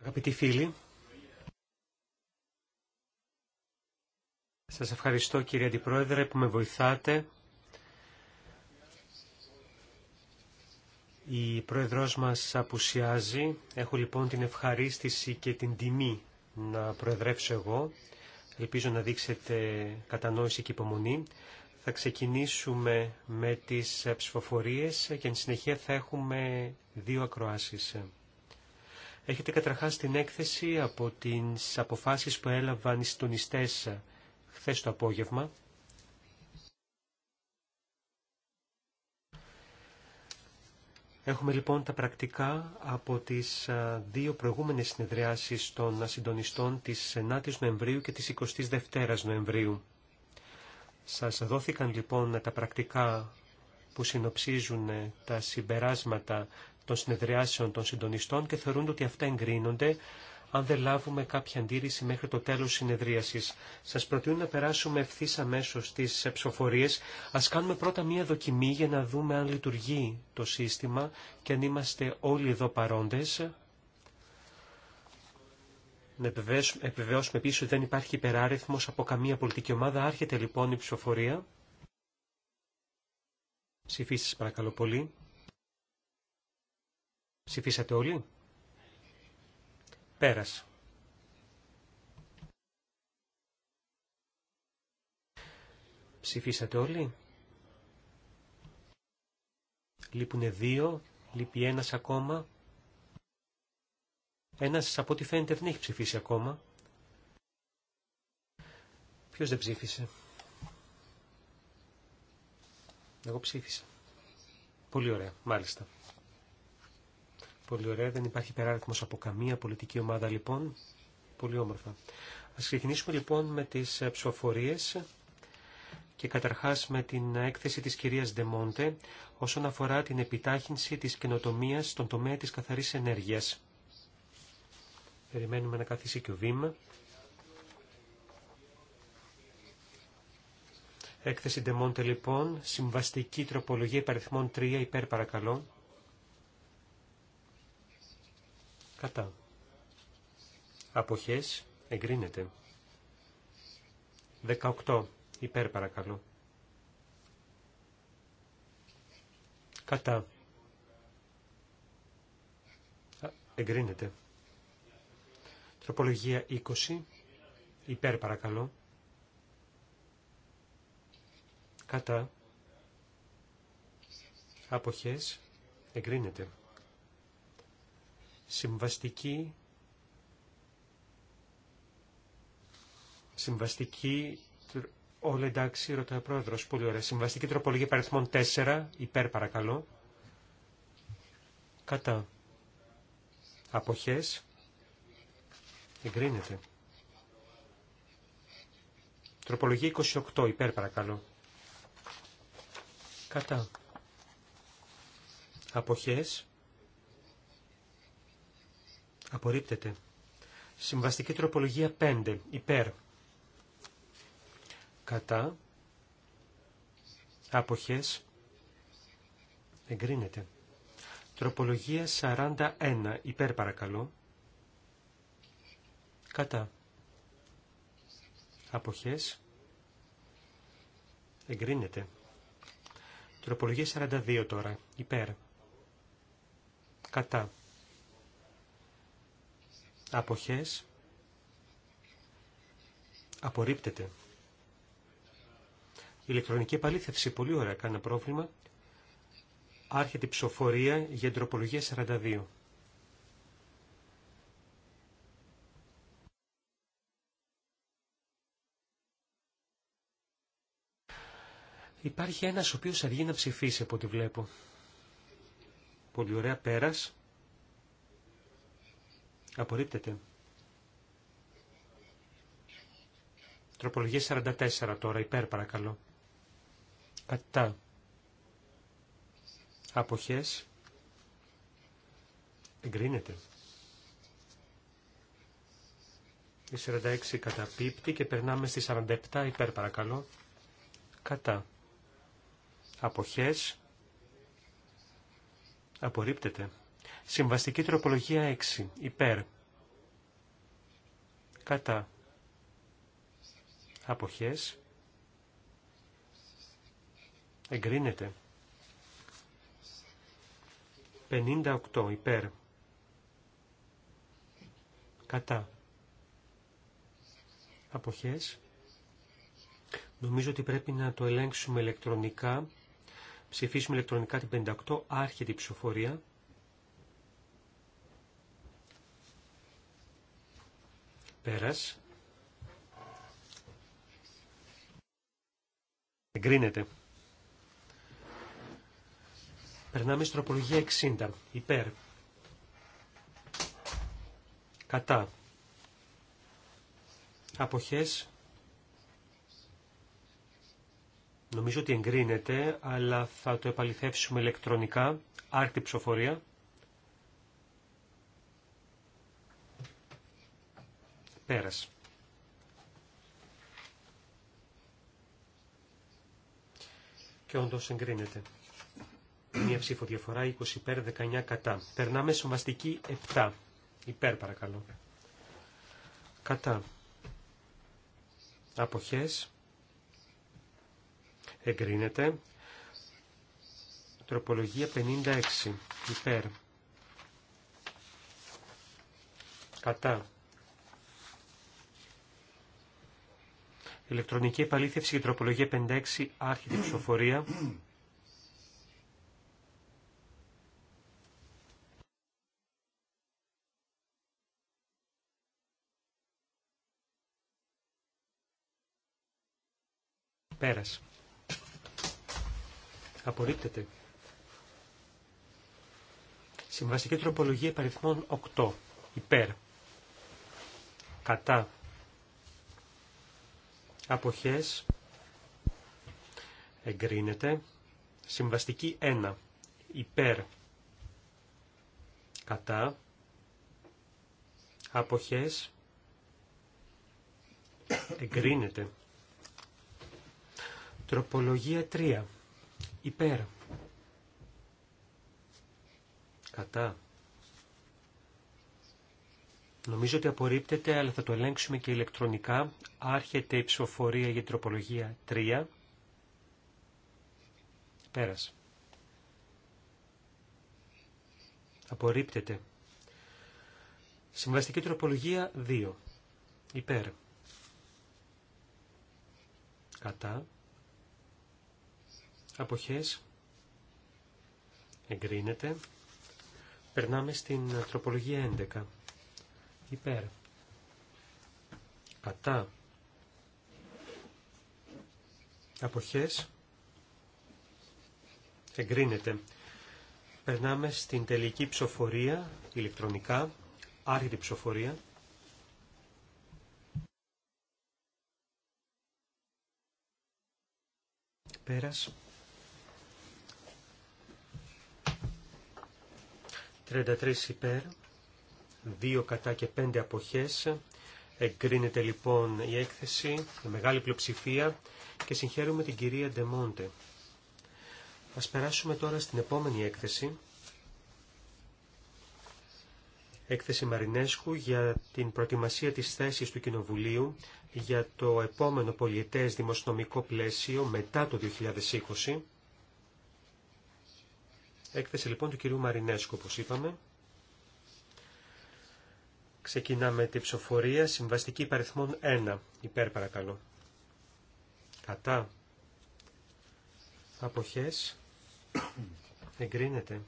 Αγαπητοί φίλοι, σας ευχαριστώ κύριε Αντιπρόεδρε που με βοηθάτε. Η πρόεδρός μας απουσιάζει. Έχω λοιπόν την ευχαρίστηση και την τιμή να προεδρεύσω εγώ. Ελπίζω να δείξετε κατανόηση και υπομονή. Θα ξεκινήσουμε με τις ε, ψηφοφορίες και εν συνεχεία θα έχουμε δύο ακροάσεις. Έχετε καταρχάς την έκθεση από τις αποφάσεις που έλαβαν οι συντονιστές χθες το απόγευμα. Έχουμε λοιπόν τα πρακτικά από τις ε, δύο προηγούμενες συνεδριάσεις των συντονιστών της 9ης Νοεμβρίου και της 22ης Νοεμβρίου. Σας δόθηκαν λοιπόν τα πρακτικά που συνοψίζουν ε, τα συμπεράσματα των συνεδριάσεων των συντονιστών και θεωρούν ότι αυτά εγκρίνονται αν δεν λάβουμε κάποια αντίρρηση μέχρι το τέλος συνεδρίασης. Σας προτείνω να περάσουμε ευθύ αμέσω στις ψηφοφορίες. Ας κάνουμε πρώτα μία δοκιμή για να δούμε αν λειτουργεί το σύστημα και αν είμαστε όλοι εδώ παρόντες. Να επιβεβαιώσουμε επίσης ότι δεν υπάρχει υπεράριθμος από καμία πολιτική ομάδα. Άρχεται λοιπόν η ψηφοφορία. Ψηφίστε παρακαλώ πολύ. Ψηφίσατε όλοι. Πέρασε. Ψηφίσατε όλοι. Λείπουνε δύο, λείπει ένας ακόμα. Ένας από ό,τι φαίνεται δεν έχει ψηφίσει ακόμα. Ποιος δεν ψήφισε. Εγώ ψήφισα. Πολύ ωραία, μάλιστα. Πολύ ωραία, δεν υπάρχει υπεράριθμος από καμία πολιτική ομάδα λοιπόν. Πολύ όμορφα. Ας ξεκινήσουμε λοιπόν με τις ε, ψηφοφορίες και καταρχάς με την έκθεση της κυρίας Ντεμόντε όσον αφορά την επιτάχυνση της καινοτομίας στον τομέα της καθαρής ενέργειας. Περιμένουμε να καθίσει και ο Βήμα. Έκθεση Ντεμόντε λοιπόν, συμβαστική τροπολογία υπαριθμών 3, υπέρ παρακαλώ. Κατά. Αποχές, εγκρίνεται. 18, υπέρ παρακαλώ. Κατά. Εγκρίνεται. Τροπολογία 20. Υπέρ παρακαλώ. Κατά. Αποχές. Εγκρίνεται. Συμβαστική. Συμβαστική. του εντάξει, ρωτάει ο πρόεδρος. Πολύ ωραία. Συμβαστική τροπολογία παριθμών 4. Υπέρ παρακαλώ. Κατά. Αποχές. Εγκρίνεται. Τροπολογία 28. Υπέρ παρακαλώ. Κατά. Αποχές. Απορρίπτεται. Συμβαστική τροπολογία 5. Υπέρ. Κατά. Αποχές. Εγκρίνεται. Τροπολογία 41. Υπέρ παρακαλώ κατά αποχές εγκρίνεται. Τροπολογία 42 τώρα, υπέρ, κατά αποχές απορρίπτεται. Ηλεκτρονική επαλήθευση, πολύ ωραία, κάνα πρόβλημα. Άρχεται η ψηφοφορία για τροπολογία 42. Υπάρχει ένας ο οποίος αργεί να ψηφίσει από ό,τι βλέπω. Πολύ ωραία πέρας. Απορρίπτεται. Τροπολογία 44 τώρα, υπέρ παρακαλώ. Κατά. Αποχές. Εγκρίνεται. Η 46 καταπίπτει και περνάμε στη 47 υπέρ παρακαλώ. Κατά αποχές απορρίπτεται. Συμβαστική τροπολογία 6 υπέρ κατά αποχές εγκρίνεται. 58 υπέρ κατά αποχές νομίζω ότι πρέπει να το ελέγξουμε ηλεκτρονικά Ψηφίσουμε ηλεκτρονικά την 58, άρχεται ψηφοφορία. Πέρας. Εγκρίνεται. Περνάμε στην τροπολογία 60. Υπέρ. Κατά. Αποχές. Νομίζω ότι εγκρίνεται, αλλά θα το επαληθεύσουμε ηλεκτρονικά. Άρτη ψηφοφορία. Πέρας. Και όντω εγκρίνεται. Μία ψήφο διαφορά, 20 υπέρ, 19 κατά. Περνάμε σωμαστική 7. Υπέρ παρακαλώ. Κατά. Αποχές εγκρίνεται. Τροπολογία 56 υπέρ. Κατά. Ηλεκτρονική επαλήθευση για τροπολογία 56 άρχιτη ψηφοφορία. πέρασε. Απορρίπτεται. Συμβαστική τροπολογία υπαριθμών 8. Υπέρ. Κατά. Αποχές. Εγκρίνεται. Συμβαστική 1. Υπέρ. Κατά. Αποχές. Εγκρίνεται. Τροπολογία 3 υπέρ. Κατά. Νομίζω ότι απορρίπτεται, αλλά θα το ελέγξουμε και ηλεκτρονικά. Άρχεται η ψηφοφορία για τροπολογία 3. Πέρας. Απορρίπτεται. Συμβαστική τροπολογία 2. Υπέρ. Κατά αποχές εγκρίνεται. Περνάμε στην τροπολογία 11. Υπέρ. Κατά. Αποχές. Εγκρίνεται. Περνάμε στην τελική ψοφορία ηλεκτρονικά. Άρχιτη ψοφορία Πέρας. 33 υπέρ, 2 κατά και 5 αποχές. Εγκρίνεται λοιπόν η έκθεση με μεγάλη πλειοψηφία και συγχαίρουμε την κυρία Ντεμόντε. Ας περάσουμε τώρα στην επόμενη έκθεση. Έκθεση Μαρινέσκου για την προετοιμασία της θέσης του Κοινοβουλίου για το επόμενο πολιετές δημοσιονομικό πλαίσιο μετά το 2020. Έκθεση λοιπόν του κυρίου Μαρινέσκου, όπως είπαμε. Ξεκινάμε τη ψηφοφορία. Συμβαστική υπαριθμών 1. Υπέρ παρακαλώ. Κατά. Αποχές. Εγκρίνεται.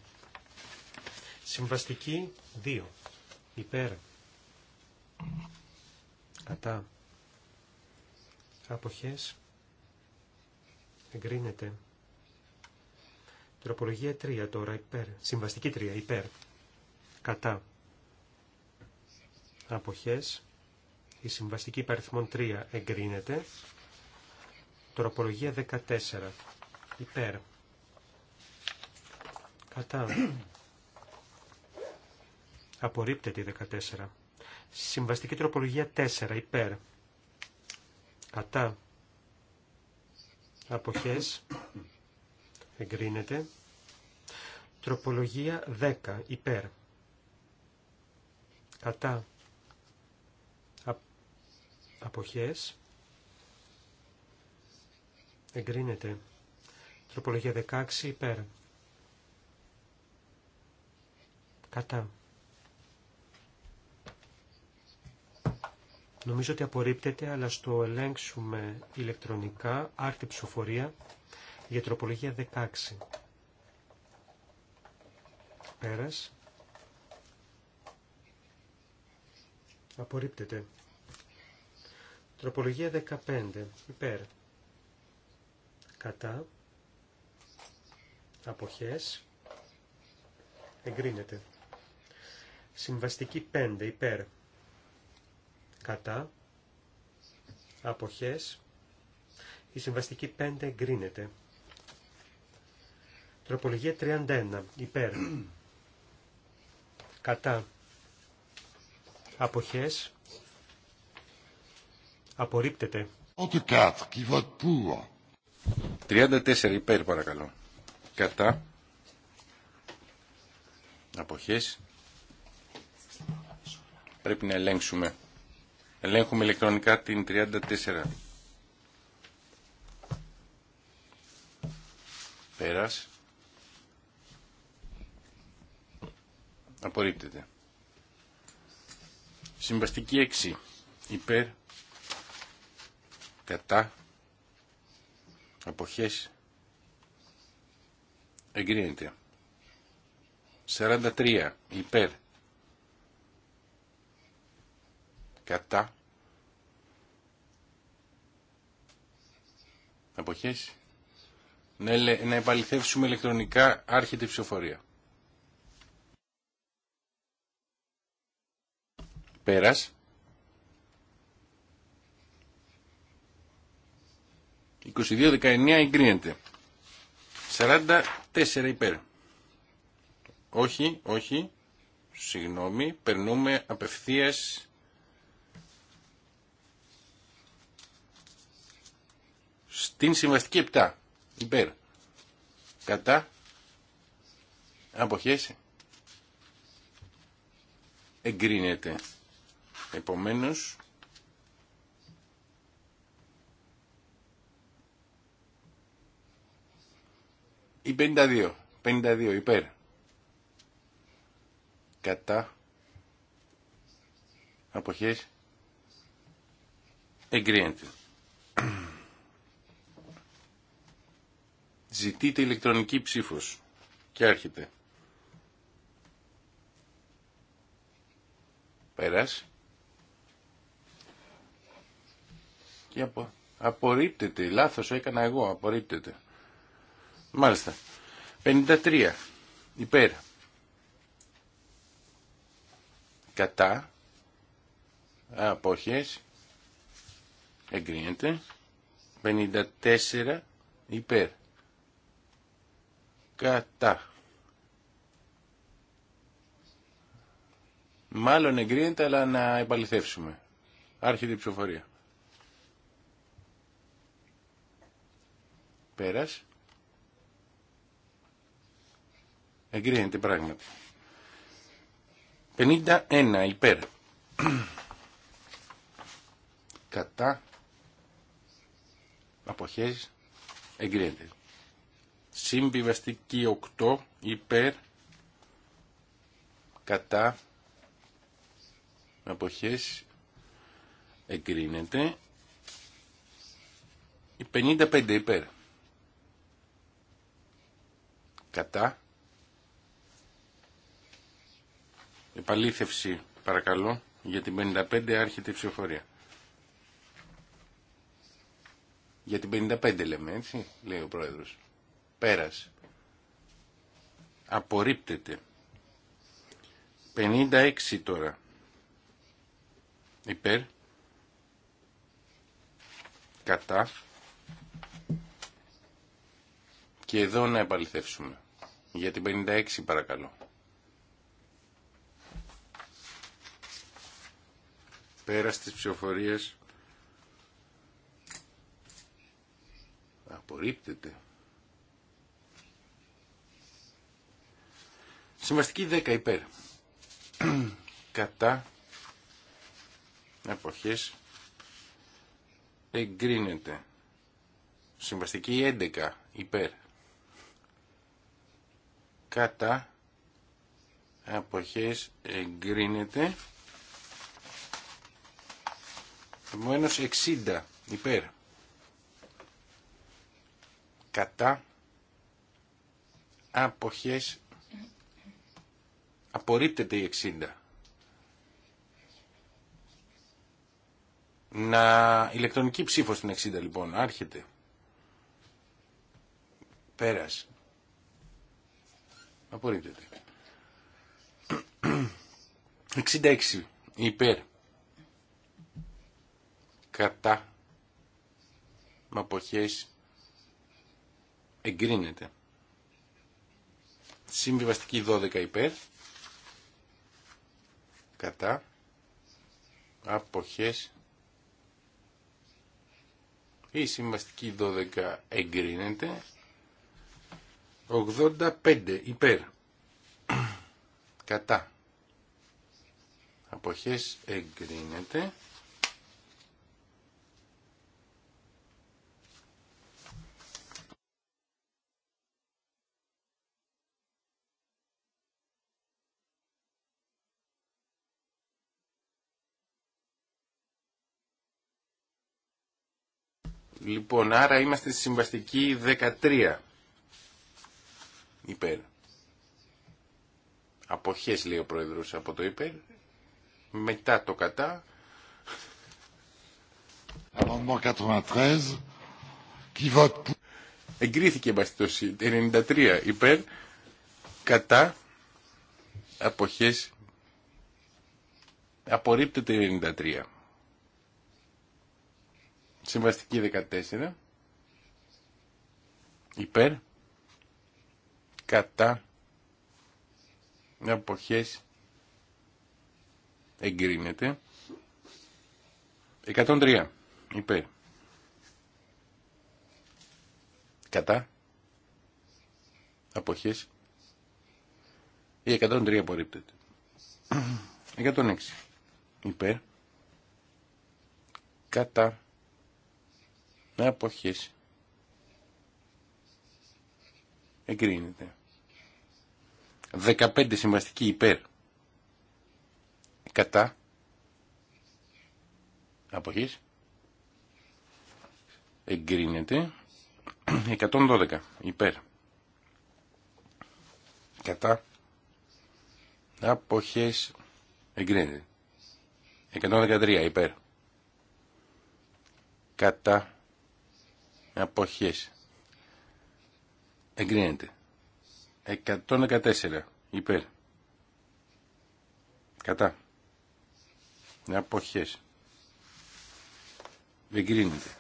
Συμβαστική 2. Υπέρ. Κατά. Αποχές. Εγκρίνεται. Τροπολογία 3 τώρα υπέρ. Συμβαστική 3 υπέρ. Κατά. Αποχές. Η συμβαστική υπαριθμών 3 εγκρίνεται. Τροπολογία 14 υπέρ. Κατά. Απορρίπτεται η 14. Συμβαστική τροπολογία 4 υπέρ. Κατά. Αποχές εγκρίνεται. Τροπολογία 10 υπέρ. Κατά αποχές εγκρίνεται. Τροπολογία 16 υπέρ. Κατά. Νομίζω ότι απορρίπτεται, αλλά στο ελέγξουμε ηλεκτρονικά, άρτη ψηφοφορία για τροπολογία 16. Πέρας. Απορρίπτεται. Τροπολογία 15. Υπέρ. Κατά. Αποχές. Εγκρίνεται. Συμβαστική 5. Υπέρ. Κατά. Αποχές. Η συμβαστική 5 εγκρίνεται. Τροπολογία 31. Υπέρ. Κατά. Αποχές. Απορρίπτεται. 34. Qui 34 υπέρ παρακαλώ. Κατά. Αποχές. Πρέπει να ελέγξουμε. Ελέγχουμε ηλεκτρονικά την 34. Πέρας. Απορρίπτεται. Συμβαστική 6. Υπέρ. Κατά. Αποχές. Εγκρίνεται. 43. Υπέρ. Κατά. Αποχές. Να, να επαληθεύσουμε ηλεκτρονικά άρχεται ψηφοφορία. Πέρας. 22-19 εγκρίνεται. 44 υπέρ. Όχι, όχι. Συγγνώμη. Περνούμε απευθείας... Στην συμβαστική 7. Υπέρ. Κατά. Αποχέσει. Εγκρίνεται. Επομένως, ή 52, 52 υπέρ, κατά, αποχές, εγκρίνεται. Ζητείτε ηλεκτρονική ψήφος και έρχεται. Πέρας. και απο... απορρίπτεται. Λάθος έκανα εγώ, απορρίπτεται. Μάλιστα. 53. Υπέρ. Κατά. Αποχές. Εγκρίνεται. 54. Υπέρ. Κατά. Μάλλον εγκρίνεται, αλλά να επαληθεύσουμε. Άρχεται η ψηφοφορία. Πέρας. Εγκρίνεται πράγματι. 51 υπέρ. Κατά. Αποχές. Εγκρίνεται. Συμβιβαστική 8 υπέρ. Κατά. Αποχές. Εγκρίνεται. 55 υπέρ. Κατά. Επαλήθευση παρακαλώ για την 55 άρχεται η ψηφοφορία. Για την 55 λέμε έτσι, λέει ο πρόεδρος. Πέρασε. Απορρίπτεται. 56 τώρα. Υπέρ. Κατά. Και εδώ να επαληθεύσουμε. Για την 56 παρακαλώ. Πέρα στις ψηφοφορίες απορρίπτεται. Συμβαστική 10 υπέρ. Κατά εποχές εγκρίνεται. Συμβαστική 11 υπέρ κατά αποχές εγκρίνεται επομένως 60 υπέρ κατά αποχές απορρίπτεται η 60 να ηλεκτρονική ψήφος στην 60 λοιπόν άρχεται πέρας Απορρίπτεται. 66 υπέρ. Κατά. Αποχές. Εγκρίνεται. Συμβιβαστική 12 υπέρ. Κατά. Αποχές. Η συμβαστική 12 εγκρίνεται. 85 υπέρ. Κατά. Αποχές εγκρίνεται. Λοιπόν, άρα είμαστε στη συμβαστική δεκατρία υπέρ. Αποχές λέει ο πρόεδρος από το υπέρ. Μετά το κατά. Εγκρίθηκε μπαστιτός 93 υπέρ. Κατά. Αποχές. Απορρίπτεται 93. Συμβαστική 14. Υπέρ κατά αποχές εγκρίνεται 103 υπέρ κατά αποχές ή 103 απορρίπτεται 106 υπέρ κατά αποχές εγκρίνεται 15 συμβαστική υπέρ. Κατά. Αποχής. Εγκρίνεται. 112 υπέρ. Κατά. Αποχές. Εγκρίνεται. 113 υπέρ. Κατά. Αποχές. Εγκρίνεται. 114 υπέρ. Κατά. Αποχές. Δεν κρίνεται.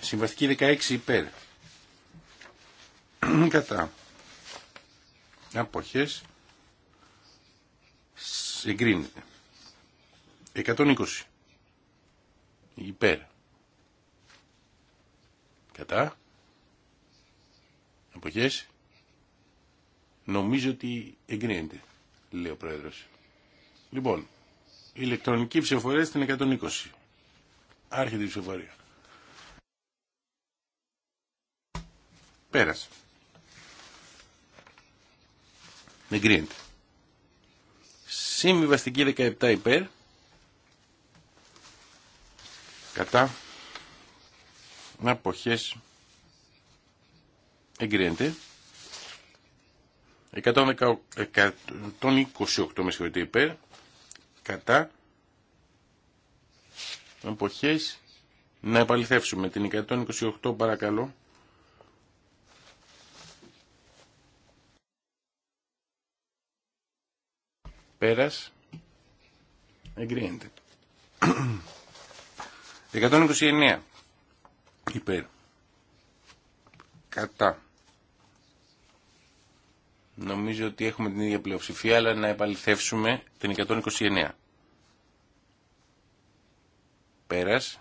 Συμβαστική 16 υπέρ. Κατά. Αποχές. Εγκρίνεται. 120. Υπέρ. Κατά. Αποχές. Νομίζω ότι εγκρίνεται, λέει ο Πρόεδρος. Λοιπόν, ηλεκτρονική ψηφοφορία στην 120. Άρχεται η ψηφοφορία. Πέρασε. Εγκρίνεται. Συμβιβαστική 17 υπέρ. Κατά. Αποχές. Εγκρίνεται. 128 με συγχωρείτε υπέρ, κατά, εποχές, να επαληθεύσουμε την 128 παρακαλώ. Πέρας, εγκρίνεται. 129 υπέρ, κατά, Νομίζω ότι έχουμε την ίδια πλειοψηφία, αλλά να επαληθεύσουμε την 129. Πέρας.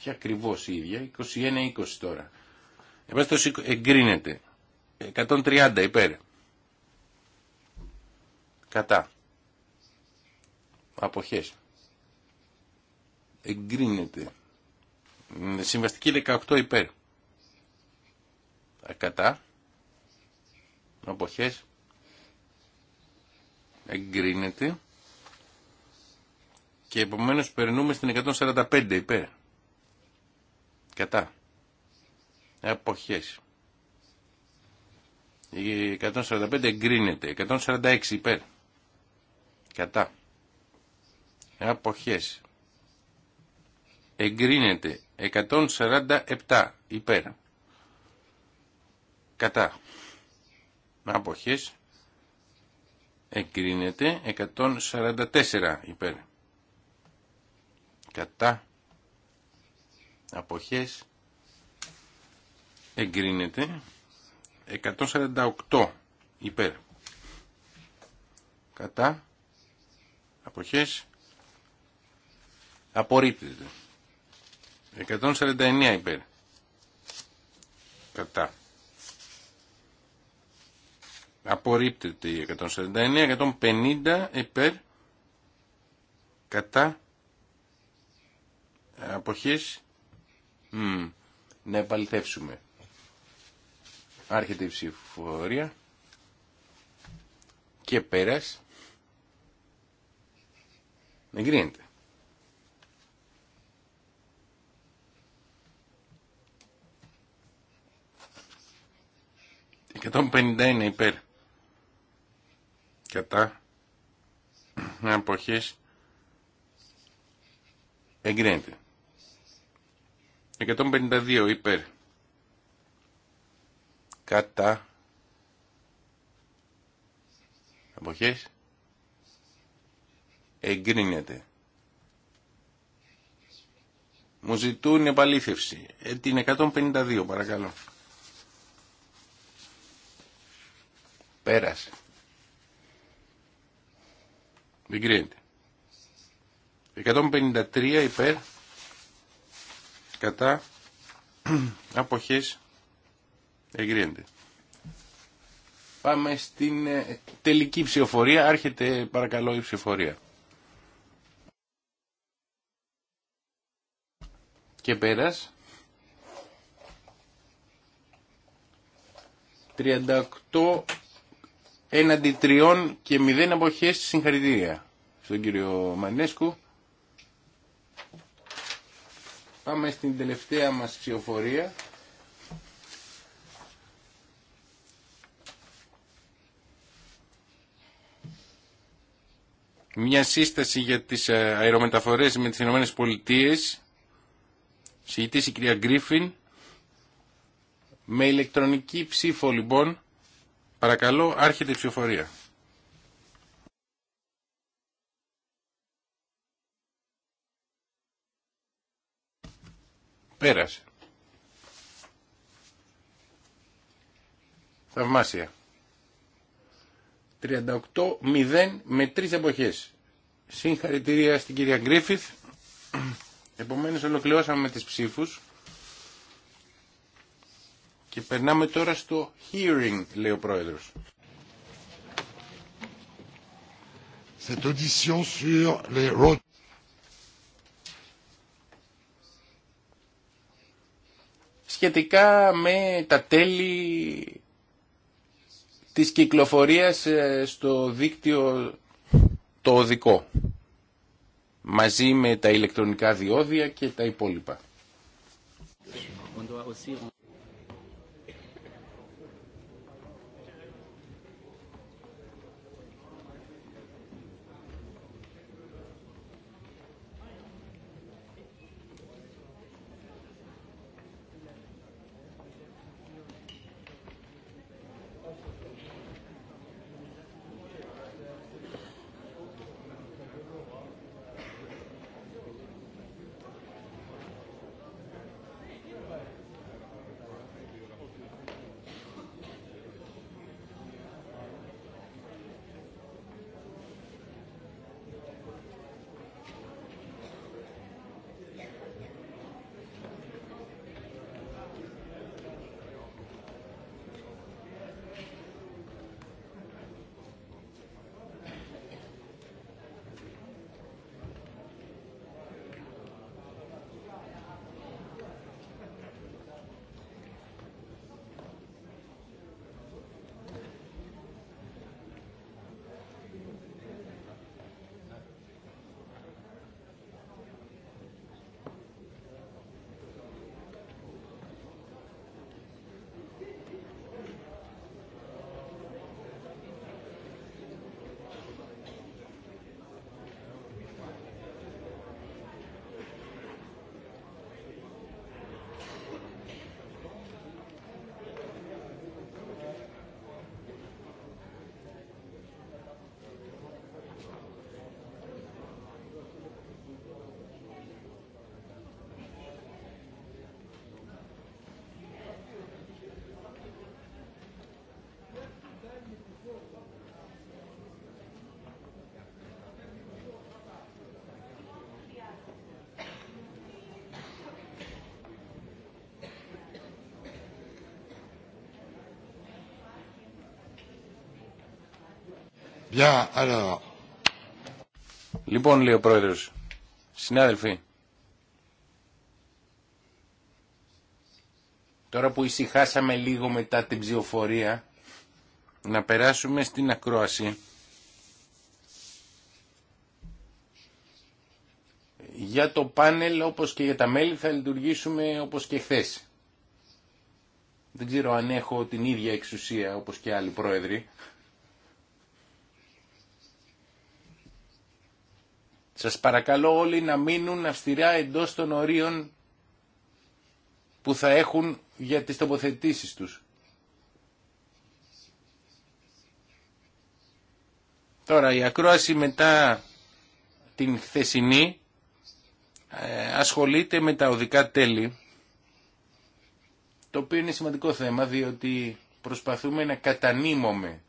Και ακριβώς η ίδια, 21-20 τώρα. το εγκρίνεται. 130 υπέρ. Κατά. Αποχές. Εγκρίνεται. Συμβαστική 18 υπέρ κατά αποχές εγκρίνεται και επομένως περνούμε στην 145 υπέρ κατά αποχές η 145 εγκρίνεται 146 υπέρ κατά αποχές εγκρίνεται 147 υπέρ κατά αποχές εγκρίνεται 144 υπέρ κατά αποχές εγκρίνεται 148 υπέρ κατά αποχές απορρίπτεται 149 υπέρ κατά απορρίπτεται η 149, 150 υπέρ κατά αποχής να επαληθεύσουμε. Άρχεται η ψηφοφορία και πέρας εγκρίνεται. 151 είναι υπέρ κατά εποχή εγκρίνεται 152 υπέρ κατά αποχές εγκρίνεται μου ζητούν επαλήθευση ε, την 152 παρακαλώ πέρασε Εγκρίνεται. 153 υπέρ κατά αποχές εγκρίνεται. Πάμε στην ε, τελική ψηφοφορία. Άρχεται παρακαλώ η ψηφοφορία. Και πέρας. 38 έναντι τριών και μηδέν αποχές συγχαρητήρια στον κύριο Μανέσκου. Πάμε στην τελευταία μας ψηφοφορία. Μια σύσταση για τις ε, αερομεταφορές με τις Ηνωμένες Πολιτείες. Συγητής η κυρία Γκρίφιν. Με ηλεκτρονική ψήφο λοιπόν Παρακαλώ, άρχεται η ψηφοφορία. Πέρασε. Θαυμάσια. 38-0 με τρεις εποχές. Συγχαρητήρια στην κυρία Γκρίφιθ. Επομένως ολοκληρώσαμε τις ψήφους. Και περνάμε τώρα στο hearing, λέει ο Πρόεδρος. Cette audition Σχετικά με τα τέλη της κυκλοφορίας ε, στο δίκτυο το οδικό μαζί με τα ηλεκτρονικά διόδια και τα υπόλοιπα. Bien, alors. Λοιπόν, λέει ο πρόεδρος, συνάδελφοι, τώρα που ησυχάσαμε λίγο μετά την ψηφοφορία, να περάσουμε στην ακρόαση για το πάνελ όπως και για τα μέλη θα λειτουργήσουμε όπως και χθε. Δεν ξέρω αν έχω την ίδια εξουσία όπως και άλλοι πρόεδροι. Σας παρακαλώ όλοι να μείνουν αυστηρά εντός των ορίων που θα έχουν για τις τοποθετήσεις τους. Τώρα η ακρόαση μετά την χθεσινή ε, ασχολείται με τα οδικά τέλη το οποίο είναι σημαντικό θέμα διότι προσπαθούμε να κατανείμουμε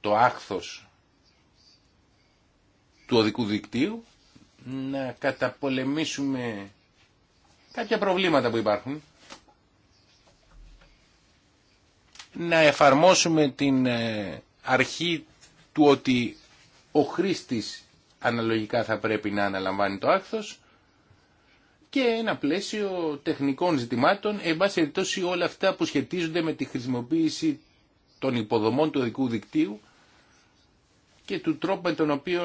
το άχθος του οδικού δικτύου να καταπολεμήσουμε κάποια προβλήματα που υπάρχουν να εφαρμόσουμε την ε, αρχή του ότι ο χρήστης αναλογικά θα πρέπει να αναλαμβάνει το άκθος και ένα πλαίσιο τεχνικών ζητημάτων, εν πάση όλα αυτά που σχετίζονται με τη χρησιμοποίηση των υποδομών του οδικού δικτύου και του τρόπου με τον οποίο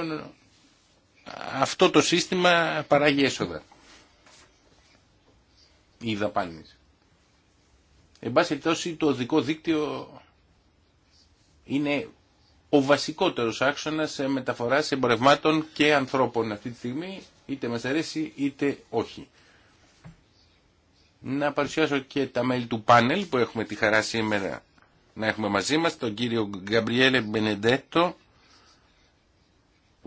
αυτό το σύστημα παράγει έσοδα. ή δαπάνηση. Εν πάση περιπτώσει το οδικό δίκτυο είναι ο βασικότερος άξονας μεταφοράς εμπορευμάτων και ανθρώπων αυτή τη στιγμή, είτε μας αρέσει είτε όχι. Να παρουσιάσω και τα μέλη του πάνελ που έχουμε τη χαρά σήμερα να έχουμε μαζί μας, τον κύριο Γκαμπριέλε Μπενεντέτο,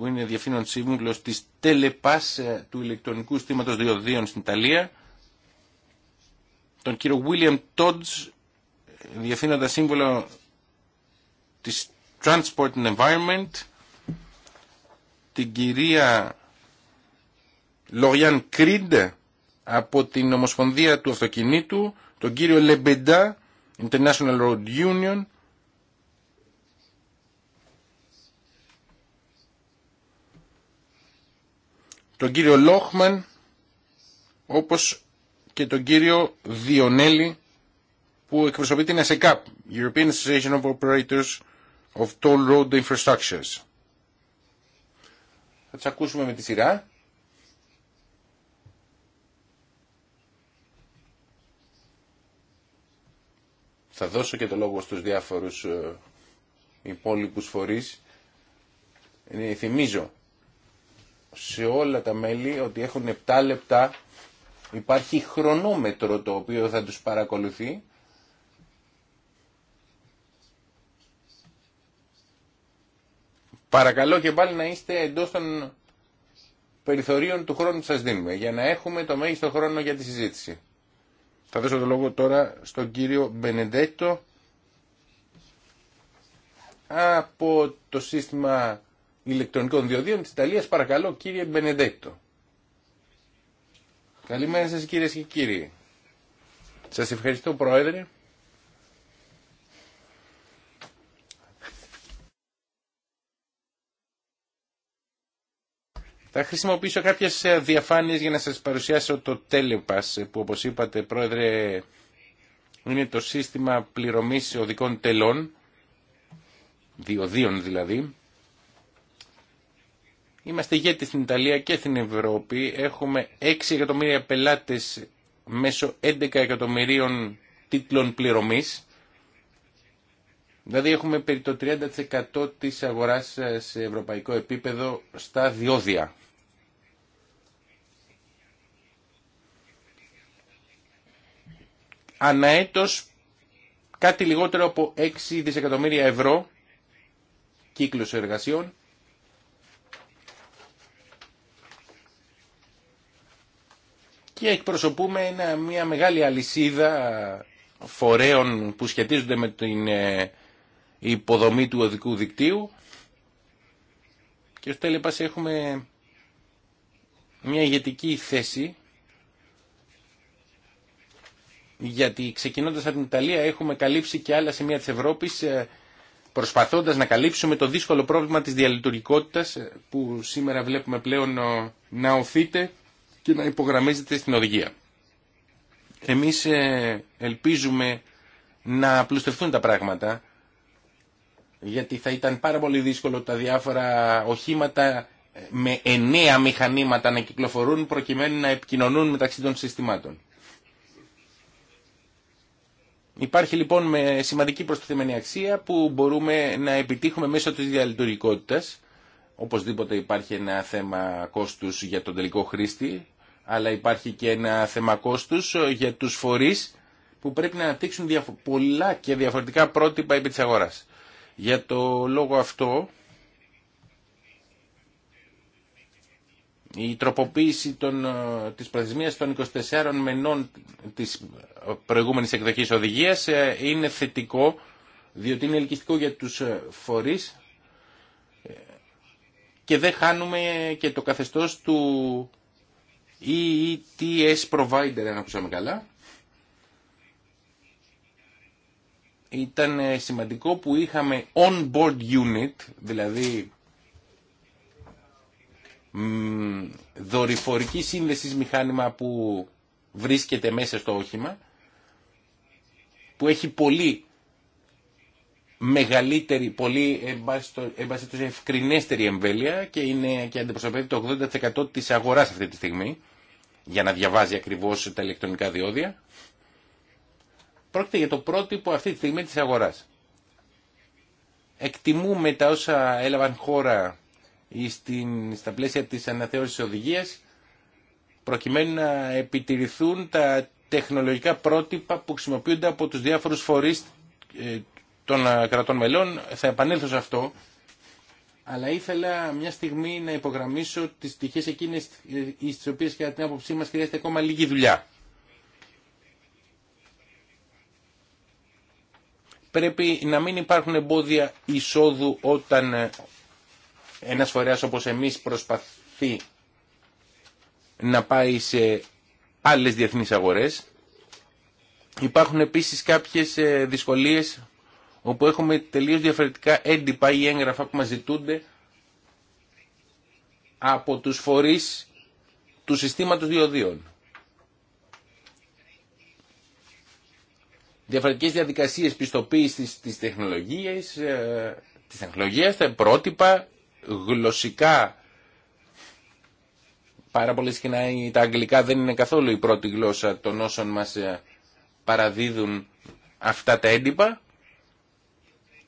που είναι διευθύνων σύμβουλος της Τελεπάς του ηλεκτρονικού στήματος διοδίων στην Ιταλία, τον κύριο William Τόντζ, διευθύνοντα σύμβουλο της Transport and Environment, την κυρία Λοριάν Κρίντ από την Ομοσπονδία του Αυτοκινήτου, τον κύριο Λεμπεντά, International Road Union, τον κύριο Λόχμαν όπως και τον κύριο Διονέλη που εκπροσωπεί την ΕΣΕΚΑΠ European Association of Operators of Toll Road Infrastructures. Θα τις ακούσουμε με τη σειρά. Θα δώσω και το λόγο στους διάφορους ε, υπόλοιπους φορείς. Ε, θυμίζω σε όλα τα μέλη ότι έχουν 7 λεπτά. Υπάρχει χρονόμετρο το οποίο θα τους παρακολουθεί. Παρακαλώ και πάλι να είστε εντός των περιθωρίων του χρόνου που σας δίνουμε για να έχουμε το μέγιστο χρόνο για τη συζήτηση. Θα δώσω το λόγο τώρα στον κύριο Μπενεντέτο από το σύστημα ηλεκτρονικών διοδίων της Ιταλίας. Παρακαλώ κύριε Μπενεντέκτο. Καλημέρα σας κύριε και κύριοι. Σας ευχαριστώ Πρόεδρε. Θα χρησιμοποιήσω κάποιες διαφάνειες για να σας παρουσιάσω το Telepass που όπως είπατε Πρόεδρε είναι το σύστημα πληρωμής οδικών τελών, διοδίων δηλαδή, Είμαστε ηγέτη στην Ιταλία και στην Ευρώπη. Έχουμε 6 εκατομμύρια πελάτες μέσω 11 εκατομμυρίων τίτλων πληρωμής. Δηλαδή έχουμε περί το 30% της αγοράς ε, σε ευρωπαϊκό επίπεδο στα διόδια. Αναέτος κάτι λιγότερο από 6 δισεκατομμύρια ευρώ κύκλος εργασιών και εκπροσωπούμε ένα, μια μεγάλη αλυσίδα φορέων που σχετίζονται με την ε, υποδομή του οδικού δικτύου και ως τέλεπας έχουμε μια ηγετική θέση γιατί ξεκινώντας από την Ιταλία έχουμε καλύψει και άλλα σημεία της Ευρώπης ε, προσπαθώντας να καλύψουμε το δύσκολο πρόβλημα της διαλειτουργικότητας ε, που σήμερα βλέπουμε πλέον να οθείται να υπογραμμίζεται στην οδηγία. Εμείς ε, ελπίζουμε να πλουστευτούν τα πράγματα γιατί θα ήταν πάρα πολύ δύσκολο τα διάφορα οχήματα ε, με εννέα μηχανήματα να κυκλοφορούν προκειμένου να επικοινωνούν μεταξύ των συστημάτων. Υπάρχει λοιπόν με σημαντική προστιθέμενη αξία που μπορούμε να επιτύχουμε μέσω της διαλειτουργικότητας. Οπωσδήποτε υπάρχει ένα θέμα κόστους για τον τελικό χρήστη αλλά υπάρχει και ένα θέμα ε, για τους φορείς που πρέπει να αναπτύξουν πολλά και διαφορετικά πρότυπα επί τη αγορά. Για το λόγο αυτό, η τροποποίηση των, ε, της προθεσμίας των 24 μενών της προηγούμενης εκδοχής οδηγίας ε, είναι θετικό, διότι είναι ελκυστικό για τους φορείς και δεν χάνουμε και το καθεστώς του ή ETS provider, αν ακούσαμε καλά. Ήταν ε, σημαντικό που είχαμε on-board unit, δηλαδή δορυφορική σύνδεση μηχάνημα που βρίσκεται μέσα στο όχημα, που έχει πολύ μεγαλύτερη, πολύ ευκρινέστερη εμβέλεια και, είναι, και αντιπροσωπεύει το 80% της αγοράς αυτή τη στιγμή για να διαβάζει ακριβώς τα ηλεκτρονικά διόδια. Πρόκειται για το πρότυπο αυτή τη στιγμή της αγοράς. Εκτιμούμε τα όσα έλαβαν χώρα στην, στα πλαίσια της αναθεώρησης οδηγίας προκειμένου να επιτηρηθούν τα τεχνολογικά πρότυπα που χρησιμοποιούνται από τους διάφορους φορείς ε, των ε, κρατών μελών. Θα επανέλθω σε αυτό αλλά ήθελα μια στιγμή να υπογραμμίσω τις πτυχές εκείνες στις οποίε κατά την άποψή μας χρειάζεται ακόμα λίγη δουλειά. Πρέπει να μην υπάρχουν εμπόδια εισόδου όταν ε, ένας φορέας όπως εμείς προσπαθεί να πάει σε άλλες διεθνείς αγορές. Υπάρχουν επίσης κάποιες ε, δυσκολίες όπου έχουμε τελείως διαφορετικά έντυπα ή έγγραφα που μας ζητούνται από τους φορείς του συστήματος διοδίων. Διαφορετικές διαδικασίες πιστοποίησης της τεχνολογίας, ε, της τεχνολογίας, τα πρότυπα, γλωσσικά, πάρα πολύ συχνά τα αγγλικά δεν είναι καθόλου η πρώτη γλώσσα των όσων μας ε, παραδίδουν αυτά τα έντυπα,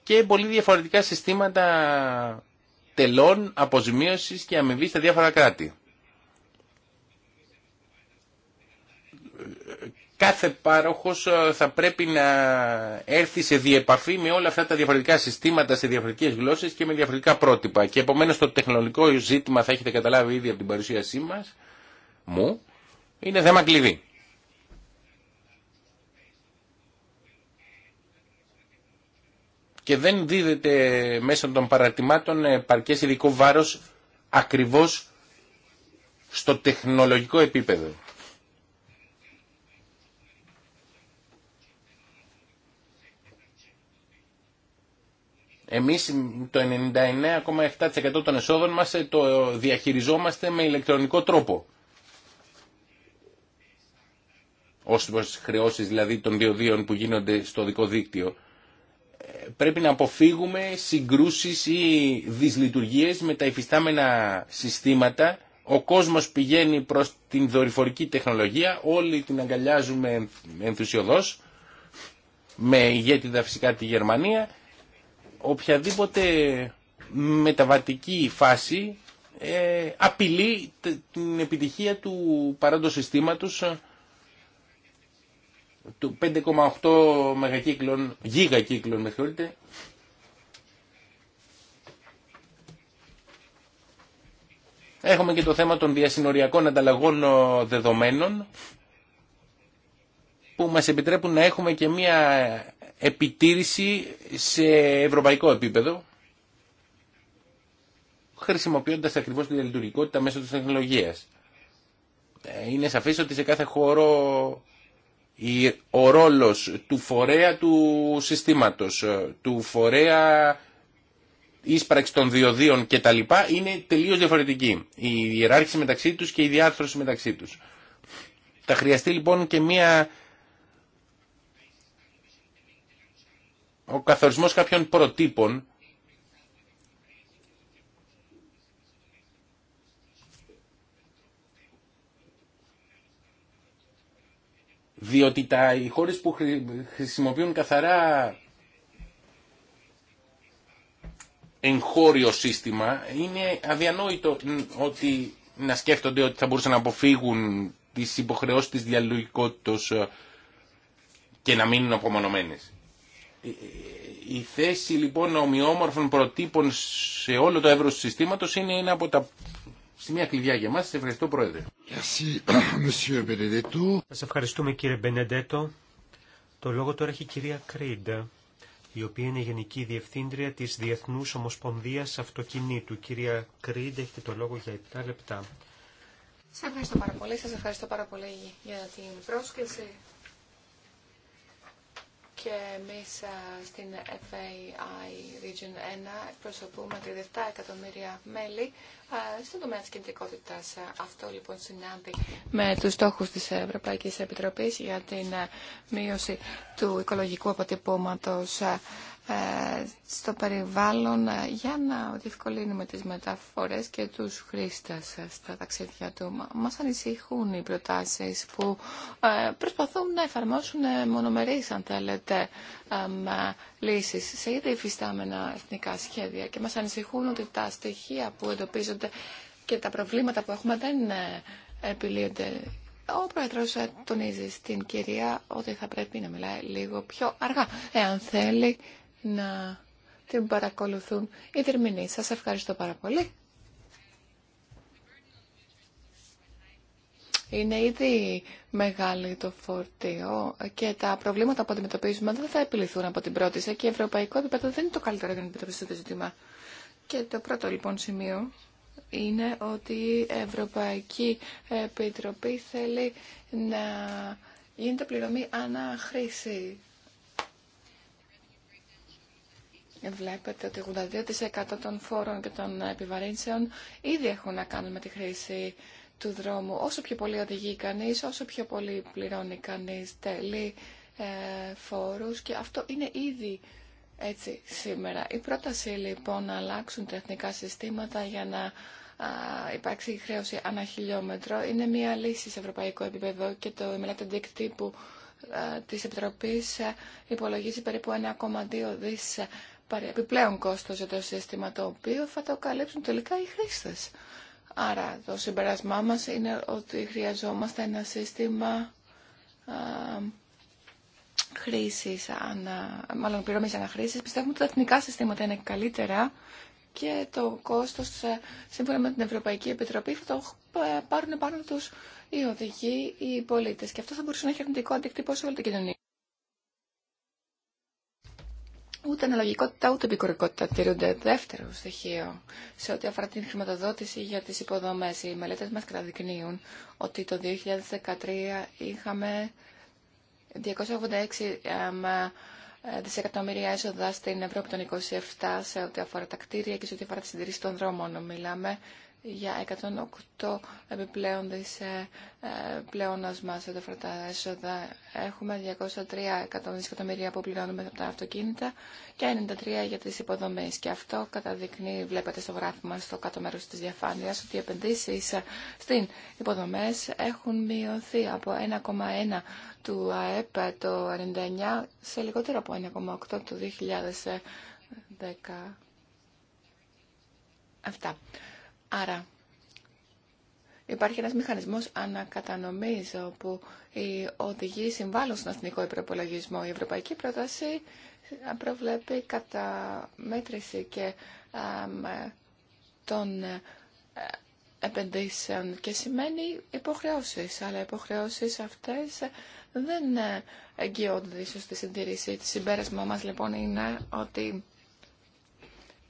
και πολύ διαφορετικά συστήματα τελών, αποζημίωσης και αμοιβή στα διάφορα κράτη. Κάθε πάροχος ε, θα πρέπει να έρθει σε διεπαφή με όλα αυτά τα διαφορετικά συστήματα σε διαφορετικές γλώσσες και με διαφορετικά πρότυπα. Και επομένως το τεχνολογικό ζήτημα θα έχετε καταλάβει ήδη από την παρουσίασή μας, μου, είναι θέμα κλειδί. και δεν δίδεται μέσω των παρατημάτων παρκές ειδικό βάρος ακριβώς στο τεχνολογικό επίπεδο. Εμείς το 99,7% των εσόδων μας το διαχειριζόμαστε με ηλεκτρονικό τρόπο. Ως χρεώσεις δηλαδή των δύο που γίνονται στο δικό δίκτυο πρέπει να αποφύγουμε συγκρούσεις ή δυσλειτουργίες με τα υφιστάμενα συστήματα. Ο κόσμος πηγαίνει προς την δορυφορική τεχνολογία, όλοι την αγκαλιάζουμε ενθουσιοδός, με ηγέτιδα φυσικά τη Γερμανία. Οποιαδήποτε μεταβατική φάση ε, απειλεί την επιτυχία του παρόντος συστήματος του 5,8 μεγακύκλων, γίγακύκλων με θεωρείτε. Έχουμε και το θέμα των διασυνοριακών ανταλλαγών ε, δεδομένων που μας επιτρέπουν να έχουμε και μία επιτήρηση σε ευρωπαϊκό επίπεδο χρησιμοποιώντας ακριβώς τη λειτουργικότητα μέσω της τεχνολογίας. Ε, είναι σαφής ότι σε κάθε χώρο ο ρόλος του φορέα του συστήματος, ε, του φορέα ίσπραξη των διοδίων κτλ. είναι τελείως διαφορετική. Η ιεράρχηση μεταξύ τους και η διάρθρωση μεταξύ τους. Θα χρειαστεί λοιπόν και μία... ο καθορισμός κάποιων προτύπων Διότι τα, οι χώρες που χρησιμοποιούν καθαρά εγχώριο σύστημα είναι αδιανόητο ότι να σκέφτονται ότι θα μπορούσαν να αποφύγουν τις υποχρεώσεις της διαλογικότητας ε, και να μείνουν απομονωμένες. Ε, ε, η θέση λοιπόν ομοιόμορφων προτύπων σε όλο το εύρος του συστήματος είναι ένα από τα σε μια κλειδιά για μας. Σε ευχαριστώ Πρόεδρε. Σας ευχαριστούμε κύριε Μπενεντέτο. Το λόγο τώρα έχει η κυρία Κρίντα, η οποία είναι Γενική Διευθύντρια της Διεθνούς Ομοσπονδίας Αυτοκινήτου. Κυρία Κρίντα, έχετε το λόγο για 7 λεπτά. Σας ευχαριστώ πάρα πολύ. Σας ευχαριστώ πάρα πολύ για την πρόσκληση και εμεί στην FAI Region 1 προσωπούμε 37 εκατομμύρια μέλη στον τομέα της κινητικότητας. Αυτό λοιπόν συνάντη με τους στόχους της Ευρωπαϊκής Επιτροπής για την μείωση του οικολογικού αποτυπώματος ε, στο περιβάλλον για να διευκολύνουμε τις μεταφορές και τους χρήστες στα ταξίδια του. Μας ανησυχούν οι προτάσεις που ε, προσπαθούν να εφαρμόσουν ε, μονομερείς, αν θέλετε, λύσεις σε ήδη υφιστάμενα εθνικά σχέδια και μας ανησυχούν ότι τα στοιχεία που εντοπίζονται και τα προβλήματα που έχουμε δεν ε, επιλύονται. Ο πρόεδρο ε, τονίζει στην κυρία ότι θα πρέπει να μιλάει λίγο πιο αργά, εάν θέλει να την παρακολουθούν οι δερμηνοί. Σας ευχαριστώ πάρα πολύ. Είναι ήδη μεγάλη το φορτίο και τα προβλήματα που αντιμετωπίζουμε δεν θα επιληθούν από την πρώτη σε και ευρωπαϊκό επίπεδο δεν είναι το καλύτερο για να αντιμετωπίσετε το ζήτημα. Και το πρώτο λοιπόν σημείο είναι ότι η Ευρωπαϊκή Επιτροπή θέλει να γίνεται πληρωμή ανά Βλέπετε ότι 82% των φόρων και των επιβαρύνσεων ήδη έχουν να κάνουν με τη χρήση του δρόμου. Όσο πιο πολύ οδηγεί κανείς, όσο πιο πολύ πληρώνει κανείς τέλη ε, φόρους και αυτό είναι ήδη έτσι σήμερα. Η πρόταση λοιπόν να αλλάξουν τα συστήματα για να υπάρξει χρέωση ανά χιλιόμετρο είναι μια λύση σε ευρωπαϊκό επίπεδο και το μελέτη που της Επιτροπής υπολογίζει περίπου 1,2 δις επιπλέον κόστος για το σύστημα το οποίο θα το καλύψουν τελικά οι χρήστες. Άρα το συμπεράσμά μας είναι ότι χρειαζόμαστε ένα σύστημα χρήσης, ανα, μάλλον πληρώμες αναχρήσεις. πιστεύουμε ότι τα εθνικά συστήματα είναι καλύτερα και το κόστος, ε, σύμφωνα με την Ευρωπαϊκή Επιτροπή, θα το ε, πάρουν πάνω τους οι οδηγοί, οι πολίτες. Και αυτό θα μπορούσε να έχει αρνητικό αντικτύπωση σε όλη την κοινωνία. Ούτε αναλογικότητα ούτε επικορικότητα τηρούνται. Δεύτερο στοιχείο σε ό,τι αφορά την χρηματοδότηση για τις υποδομές. Οι μελέτες μας καταδεικνύουν ότι το 2013 είχαμε 286 ε, δισεκατομμύρια έσοδα στην Ευρώπη των 27 σε ό,τι αφορά τα κτίρια και σε ό,τι αφορά τη συντηρήση των δρόμων. Μιλάμε για 108 επιπλέον της ε, ε πλεόνασμα σε τα έσοδα. Έχουμε 203 εκατομμύρια που πληρώνουμε από τα αυτοκίνητα και 93 για τις υποδομές. Και αυτό καταδεικνύει, βλέπετε στο γράφημα στο κάτω μέρος της διαφάνειας, ότι οι επενδύσεις στην υποδομές έχουν μειωθεί από 1,1 του ΑΕΠ το 99 σε λιγότερο από 1,8 του 2010. Άρα, υπάρχει ένας μηχανισμός ανακατανομής όπου οι οδηγοί συμβάλλουν στον εθνικό υπεροπολογισμό. Η ευρωπαϊκή πρόταση ε, προβλέπει καταμέτρηση και ε, των ε, επενδύσεων και σημαίνει υποχρεώσεις, αλλά υποχρεώσεις αυτές δεν εγγυώνται ίσως τη συντήρηση. Το συμπέρασμα μας λοιπόν είναι ότι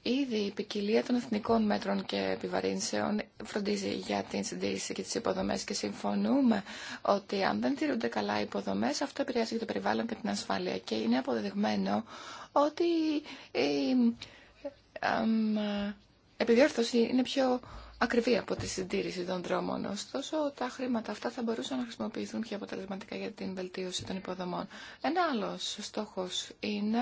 Ήδη η ποικιλία των εθνικών μέτρων και επιβαρύνσεων φροντίζει για την συντήρηση και τις υποδομές και συμφωνούμε ότι αν δεν τηρούνται καλά οι υποδομές αυτό επηρεάζει και το περιβάλλον και την ασφάλεια και είναι αποδεδειγμένο ότι η επιδιόρθωση είναι πιο ακριβή από τη συντήρηση των δρόμων. Ωστόσο, τα χρήματα αυτά θα μπορούσαν να χρησιμοποιηθούν πιο αποτελεσματικά για την βελτίωση των υποδομών. Ένα άλλος στόχος είναι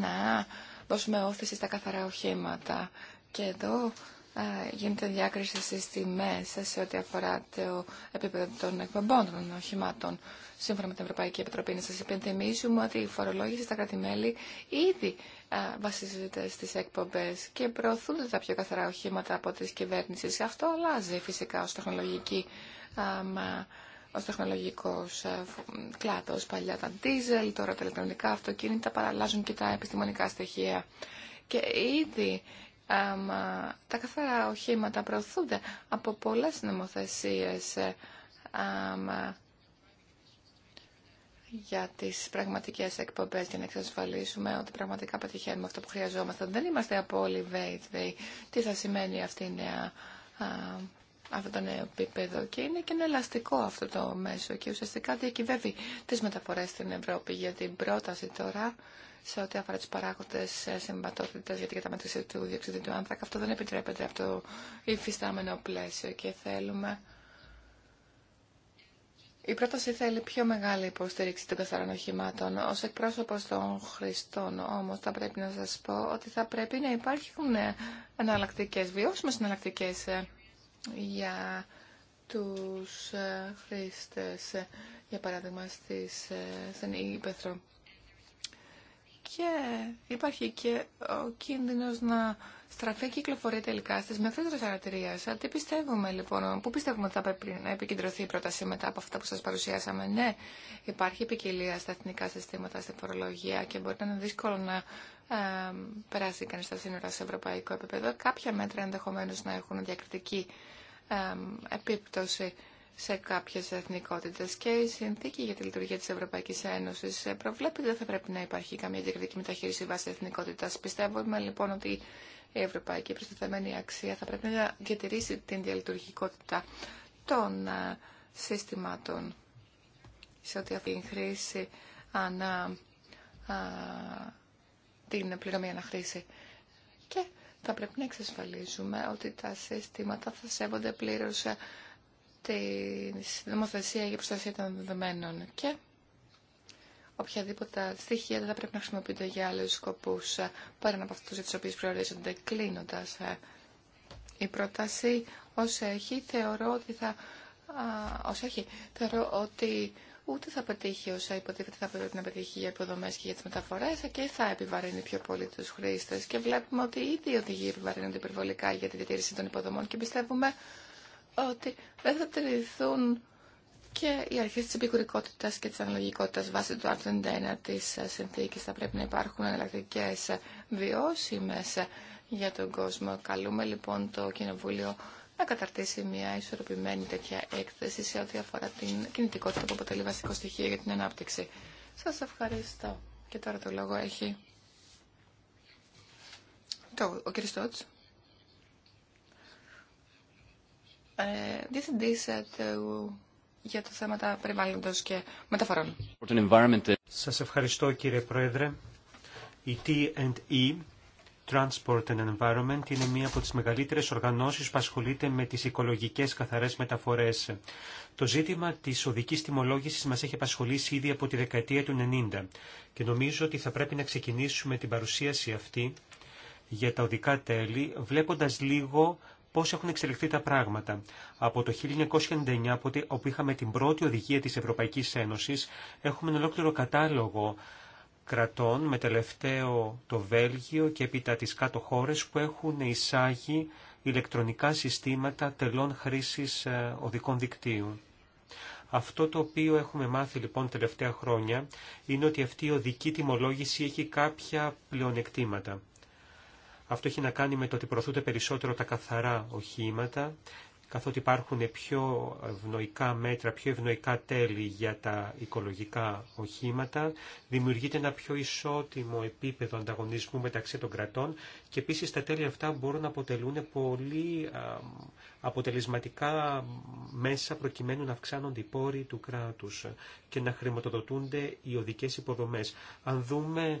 να δώσουμε όθηση στα καθαρά οχήματα. Και εδώ ε, γίνεται διάκριση στις τιμές σε ό,τι αφορά το επίπεδο των εκπομπών των οχημάτων. Σύμφωνα με την Ευρωπαϊκή Επιτροπή, να σας υπενθυμίσουμε ότι η φορολόγηση στα κρατημέλη ήδη ε, βασίζεται στις εκπομπές και προωθούνται τα πιο καθαρά οχήματα από τις κυβέρνησεις. Αυτό αλλάζει φυσικά ως τεχνολογική ε, ω τεχνολογικό ε, κλάδο. Παλιά ήταν ντίζελ, τώρα τα ηλεκτρονικά αυτοκίνητα παραλλάζουν και τα επιστημονικά στοιχεία. Και ήδη τα καθαρά οχήματα προωθούνται από πολλέ νομοθεσίε ε, για τις πραγματικές εκπομπές για να εξασφαλίσουμε ότι πραγματικά πετυχαίνουμε αυτό που χρειαζόμαστε. Δεν είμαστε από όλοι βέβαιοι τι θα σημαίνει αυτή η νέα αυτό το νέο επίπεδο και είναι και ένα ελαστικό αυτό το μέσο και ουσιαστικά διακυβεύει τις μεταφορές στην Ευρώπη για την πρόταση τώρα σε ό,τι αφορά τους παράγοντες ε, συμβατότητας για την καταμέτρηση του διοξιδίου του άνθρακα. Αυτό δεν επιτρέπεται από το υφιστάμενο πλαίσιο και θέλουμε... Η πρόταση θέλει πιο μεγάλη υποστήριξη των καθαρών οχημάτων. Ω εκπρόσωπο των χρηστών, όμω, θα πρέπει να σα πω ότι θα πρέπει να υπάρχουν ε, εναλλακτικές, βιώσιμε συναλλακτικέ. Ε, για τους ε, χρήστες, ε, για παράδειγμα, στις, ε, στην Ήπεθρο. Και υπάρχει και ο κίνδυνος να στραφεί η κυκλοφορία τελικά στις μεθόδρες αρατηρίας. Τι πιστεύουμε λοιπόν, πού πιστεύουμε ότι θα πρέπει να επικεντρωθεί η πρόταση μετά από αυτά που σας παρουσιάσαμε. Ναι, υπάρχει ποικιλία στα εθνικά συστήματα, στην φορολογία και μπορεί να είναι δύσκολο να περάσει κανείς τα σύνορα σε ευρωπαϊκό επίπεδο. Κάποια μέτρα ενδεχομένως να έχουν διακριτική επίπτωση σε κάποιες εθνικότητες και η συνθήκη για τη λειτουργία της Ευρωπαϊκής Ένωσης ε, προβλέπει ότι δεν θα πρέπει να υπάρχει καμία διακριτική μεταχείριση βάσει εθνικότητας. Πιστεύουμε λοιπόν ότι η ευρωπαϊκή προστατευμένη αξία θα πρέπει να διατηρήσει την διαλειτουργικότητα των ε, συστημάτων σε ό,τι αυτή την χρήση ανά την πληρωμή αναχρήση. Και θα πρέπει να εξασφαλίσουμε ότι τα συστήματα θα σέβονται πλήρως ε, τη νομοθεσία για προστασία των δεδομένων και οποιαδήποτε στοιχεία δεν θα πρέπει να χρησιμοποιούνται για άλλους σκοπούς ε, πέραν από αυτούς για τους οποίους προορίζονται κλείνοντας ε. η πρόταση Όσο έχει θεωρώ ότι θα έχει θεωρώ ότι ούτε θα πετύχει όσα υποτίθεται θα πρέπει να πετύχει για υποδομέ και για τι μεταφορέ και θα επιβαρύνει πιο πολύ του χρήστε. Και βλέπουμε ότι ήδη οι οδηγοί επιβαρύνονται υπερβολικά για τη διατήρηση των υποδομών και πιστεύουμε ότι δεν θα τηρηθούν και οι αρχέ τη επικουρικότητα και τη αναλογικότητα βάσει του άρθρου 91 τη συνθήκη. Θα πρέπει να υπάρχουν εναλλακτικέ βιώσιμε για τον κόσμο. Καλούμε λοιπόν το Κοινοβούλιο να καταρτήσει μια ισορροπημένη τέτοια έκθεση σε ό,τι αφορά την κινητικότητα που αποτελεί βασικό στοιχείο για την ανάπτυξη. Σας ευχαριστώ. Και τώρα το λόγο έχει το, ο κ. Στότς, ε, ε για τα θέματα περιβάλλοντος και μεταφορών. Σας ευχαριστώ κύριε Πρόεδρε. Η T&E Transport and Environment είναι μία από τις μεγαλύτερες οργανώσεις που ασχολείται με τις οικολογικές καθαρές μεταφορές. Το ζήτημα της οδικής τιμολόγησης μας έχει απασχολήσει ήδη από τη δεκαετία του 90 και νομίζω ότι θα πρέπει να ξεκινήσουμε την παρουσίαση αυτή για τα οδικά τέλη, βλέποντας λίγο πώς έχουν εξελιχθεί τα πράγματα. Από το 1999, όπου είχαμε την πρώτη οδηγία της Ευρωπαϊκής Ένωσης, έχουμε ένα ολόκληρο κατάλογο κρατών, με τελευταίο το Βέλγιο και έπειτα τις κάτω χώρες που έχουν εισάγει ηλεκτρονικά συστήματα τελών χρήσης ε, οδικών δικτύου. Αυτό το οποίο έχουμε μάθει λοιπόν τελευταία χρόνια είναι ότι αυτή η οδική τιμολόγηση έχει κάποια πλεονεκτήματα. Αυτό έχει να κάνει με το ότι προωθούνται περισσότερο τα καθαρά οχήματα, καθότι υπάρχουν πιο ευνοϊκά μέτρα, πιο ευνοϊκά τέλη για τα οικολογικά οχήματα, δημιουργείται ένα πιο ισότιμο επίπεδο ανταγωνισμού μεταξύ των κρατών και επίσης τα τέλη αυτά μπορούν να αποτελούν πολύ αποτελεσματικά μέσα προκειμένου να αυξάνονται οι πόροι του κράτους και να χρηματοδοτούνται οι οδικές υποδομές. Αν δούμε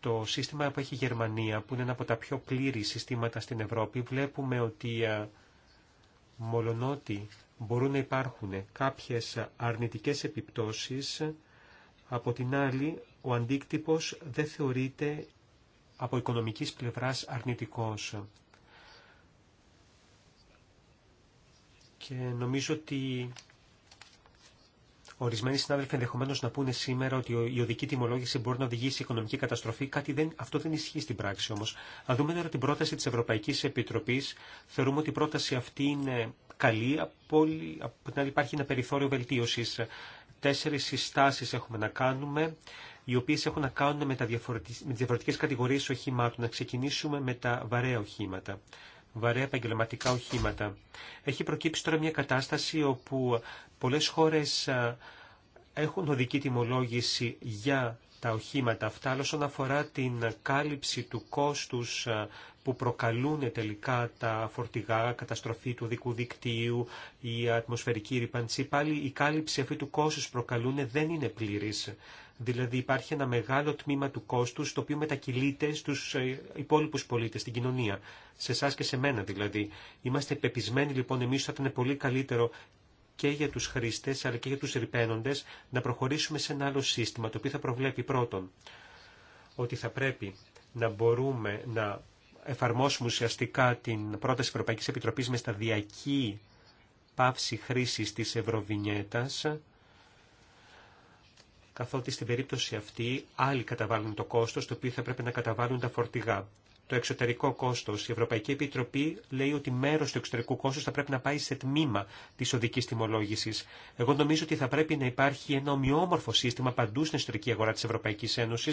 το σύστημα που έχει η Γερμανία, που είναι ένα από τα πιο πλήρη συστήματα στην Ευρώπη, βλέπουμε ότι μολονότι μπορούν να υπάρχουν κάποιες αρνητικές επιπτώσεις, από την άλλη ο αντίκτυπος δεν θεωρείται από οικονομικής πλευράς αρνητικός. Και νομίζω ότι Ορισμένοι συνάδελφοι ενδεχομένω να πούνε σήμερα ότι η οδική τιμολόγηση μπορεί να οδηγήσει σε οικονομική καταστροφή. Κάτι δεν, αυτό δεν ισχύει στην πράξη όμω. Αν δούμε τώρα την πρόταση τη Ευρωπαϊκή Επιτροπή, θεωρούμε ότι η πρόταση αυτή είναι καλή. Από, από την άλλη υπάρχει ένα περιθώριο βελτίωση. Τέσσερι συστάσει έχουμε να κάνουμε, οι οποίε έχουν να κάνουν με, με τι διαφορετικέ κατηγορίε οχημάτων. Να ξεκινήσουμε με τα βαρέα οχήματα βαρέα επαγγελματικά οχήματα. Έχει προκύψει τώρα μια κατάσταση όπου Πολλές χώρες ε, έχουν οδική τιμολόγηση για τα οχήματα αυτά, αλλά όσον αφορά την κάλυψη του κόστους ε, που προκαλούν τελικά τα φορτηγά, καταστροφή του δικού δικτύου, η ατμοσφαιρική ρήπανση, πάλι η κάλυψη αυτού του κόστους προκαλούν δεν είναι πλήρης. Δηλαδή υπάρχει ένα μεγάλο τμήμα του κόστου το οποίο μετακυλείται στου ε, υπόλοιπου πολίτε, στην κοινωνία. Σε εσά και σε μένα δηλαδή. Είμαστε πεπισμένοι λοιπόν εμεί ότι θα ήταν πολύ καλύτερο και για τους χρήστες αλλά και για τους ρηπαίνοντες να προχωρήσουμε σε ένα άλλο σύστημα το οποίο θα προβλέπει πρώτον ότι θα πρέπει να μπορούμε να εφαρμόσουμε ουσιαστικά την πρόταση Ευρωπαϊκής Επιτροπής με σταδιακή πάυση χρήσης της Ευρωβινιέτας καθότι στην περίπτωση αυτή άλλοι καταβάλουν το κόστος το οποίο θα πρέπει να καταβάλουν τα φορτηγά το εξωτερικό κόστο. Η Ευρωπαϊκή Επιτροπή λέει ότι μέρο του εξωτερικού κόστου θα πρέπει να πάει σε τμήμα τη οδική τιμολόγηση. Εγώ νομίζω ότι θα πρέπει να υπάρχει ένα ομοιόμορφο σύστημα παντού στην εσωτερική αγορά τη Ευρωπαϊκή Ένωση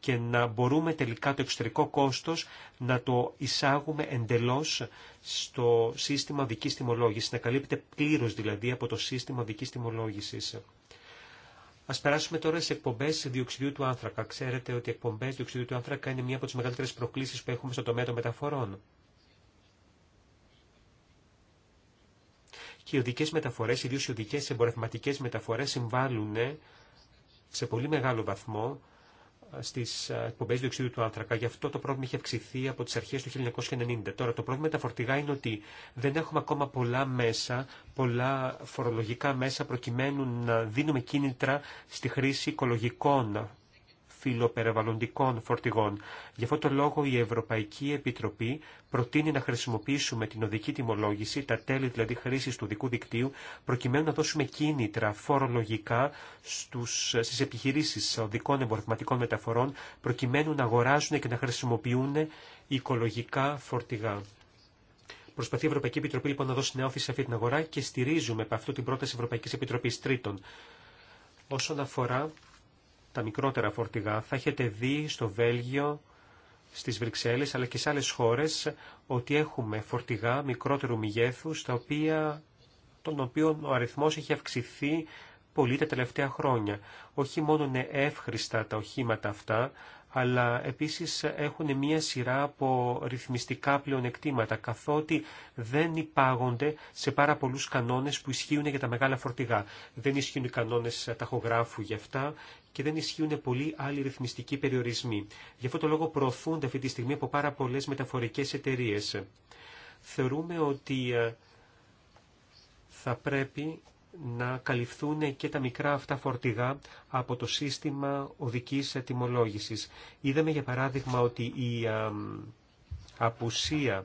και να μπορούμε τελικά το εξωτερικό κόστο να το εισάγουμε εντελώ στο σύστημα οδική τιμολόγηση. Να καλύπτεται πλήρω δηλαδή από το σύστημα οδική τιμολόγηση. Α περάσουμε τώρα σε εκπομπές διοξιδίου του άνθρακα. Ξέρετε ότι οι εκπομπές διοξιδίου του άνθρακα είναι μία από τις μεγαλύτερες προκλήσεις που έχουμε στο τομέα των μεταφορών. Και οι οδικές μεταφορές, ιδίω οι οδικές εμπορευματικέ μεταφορές, συμβάλλουν σε πολύ μεγάλο βαθμό στι ε, εκπομπέ διοξιδίου του άνθρακα. Γι' αυτό το πρόβλημα είχε αυξηθεί από τι αρχέ του 1990. Τώρα, το πρόβλημα με τα φορτηγά είναι ότι δεν έχουμε ακόμα πολλά μέσα, πολλά φορολογικά μέσα, προκειμένου να δίνουμε κίνητρα στη χρήση οικολογικών φιλοπεριβαλλοντικών φορτηγών. Γι' αυτό το λόγο η Ευρωπαϊκή Επιτροπή προτείνει να χρησιμοποιήσουμε την οδική τιμολόγηση, τα τέλη δηλαδή χρήση του δικού δικτύου, προκειμένου να δώσουμε κίνητρα φορολογικά στι επιχειρήσει οδικών εμπορευματικών μεταφορών, προκειμένου να αγοράζουν και να χρησιμοποιούν οικολογικά φορτηγά. Προσπαθεί η Ευρωπαϊκή Επιτροπή λοιπόν να δώσει νέα σε αυτή την αγορά και στηρίζουμε από αυτού την πρόταση Ευρωπαϊκή Επιτροπή. Τρίτων. όσον αφορά τα μικρότερα φορτηγά. Θα έχετε δει στο Βέλγιο, στις Βρυξέλλες, αλλά και σε άλλες χώρες, ότι έχουμε φορτηγά μικρότερου μηγέθους, τα οποία, τον οποίο ο αριθμός έχει αυξηθεί πολύ τα τελευταία χρόνια. Όχι μόνο είναι εύχριστα τα οχήματα αυτά, αλλά επίσης έχουν μία σειρά από ρυθμιστικά πλεονεκτήματα, καθότι δεν υπάγονται σε πάρα πολλούς κανόνες που ισχύουν για τα μεγάλα φορτηγά. Δεν ισχύουν οι κανόνες ταχογράφου για αυτά και δεν ισχύουν πολλοί άλλοι ρυθμιστικοί περιορισμοί. Γι' αυτό το λόγο προωθούνται αυτή τη στιγμή από πάρα πολλέ μεταφορικές εταιρείε. Θεωρούμε ότι ε, θα πρέπει να καλυφθούν και τα μικρά αυτά φορτηγά από το σύστημα οδικής ετοιμολόγησης. Είδαμε για παράδειγμα ότι η απουσία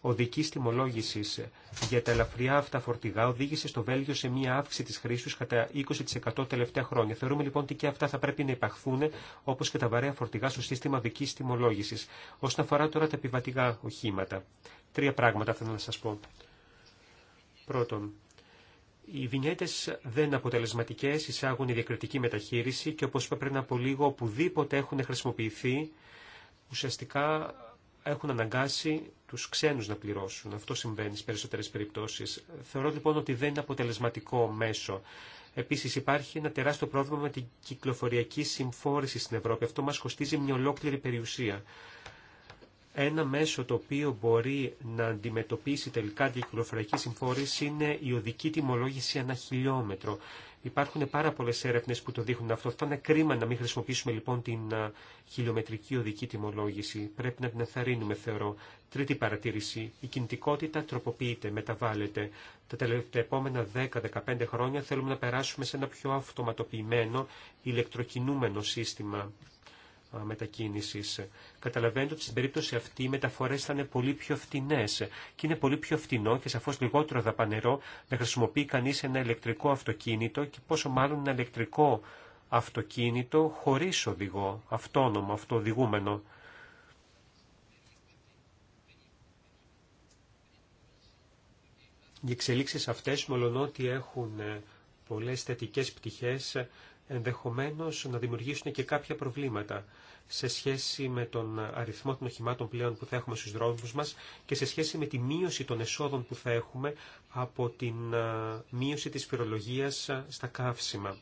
οδική τιμολόγηση για τα ελαφριά αυτά φορτηγά οδήγησε στο Βέλγιο σε μία αύξηση τη χρήση κατά 20% τελευταία χρόνια. Θεωρούμε λοιπόν ότι και αυτά θα πρέπει να υπαχθούν όπω και τα βαρέα φορτηγά στο σύστημα οδική τιμολόγηση. Όσον αφορά τώρα τα επιβατικά οχήματα, τρία πράγματα θέλω να σα πω. Πρώτον, οι βινιέτε δεν είναι αποτελεσματικές, εισάγουν η διακριτική μεταχείριση και όπω είπα πριν από λίγο, οπουδήποτε έχουν χρησιμοποιηθεί, ουσιαστικά έχουν αναγκάσει τους ξένους να πληρώσουν. Αυτό συμβαίνει στι περισσότερες περιπτώσεις. Θεωρώ λοιπόν ότι δεν είναι αποτελεσματικό μέσο. Επίση υπάρχει ένα τεράστιο πρόβλημα με την κυκλοφοριακή συμφόρηση στην Ευρώπη. Αυτό μα κοστίζει μια ολόκληρη περιουσία. Ένα μέσο το οποίο μπορεί να αντιμετωπίσει τελικά την κυκλοφοριακή συμφόρηση είναι η οδική τιμολόγηση ανά χιλιόμετρο. Υπάρχουν πάρα πολλέ έρευνε που το δείχνουν αυτό. Θα είναι κρίμα να μην χρησιμοποιήσουμε λοιπόν την χιλιομετρική οδική τιμολόγηση. Πρέπει να την ενθαρρύνουμε, θεωρώ. Τρίτη παρατήρηση. Η κινητικότητα τροποποιείται, μεταβάλλεται. Τα επόμενα 10-15 χρόνια θέλουμε να περάσουμε σε ένα πιο αυτοματοποιημένο ηλεκτροκινούμενο σύστημα μετακίνησης. Καταλαβαίνετε ότι στην περίπτωση αυτή οι μεταφορέ θα είναι πολύ πιο φτηνές και είναι πολύ πιο φτηνό και σαφώ λιγότερο δαπανερό να χρησιμοποιεί κανεί ένα ηλεκτρικό αυτοκίνητο και πόσο μάλλον ένα ηλεκτρικό αυτοκίνητο χωρί οδηγό, αυτόνομο, αυτοοδηγούμενο. Οι εξελίξεις αυτές, μολονότι έχουν ε, πολλές θετικές πτυχές, ενδεχομένως να δημιουργήσουν και κάποια προβλήματα σε σχέση με τον αριθμό των οχημάτων πλέον που θα έχουμε στους δρόμους μας και σε σχέση με τη μείωση των εσόδων που θα έχουμε από την ε, μείωση της φυρολογίας ε, στα καύσιμα.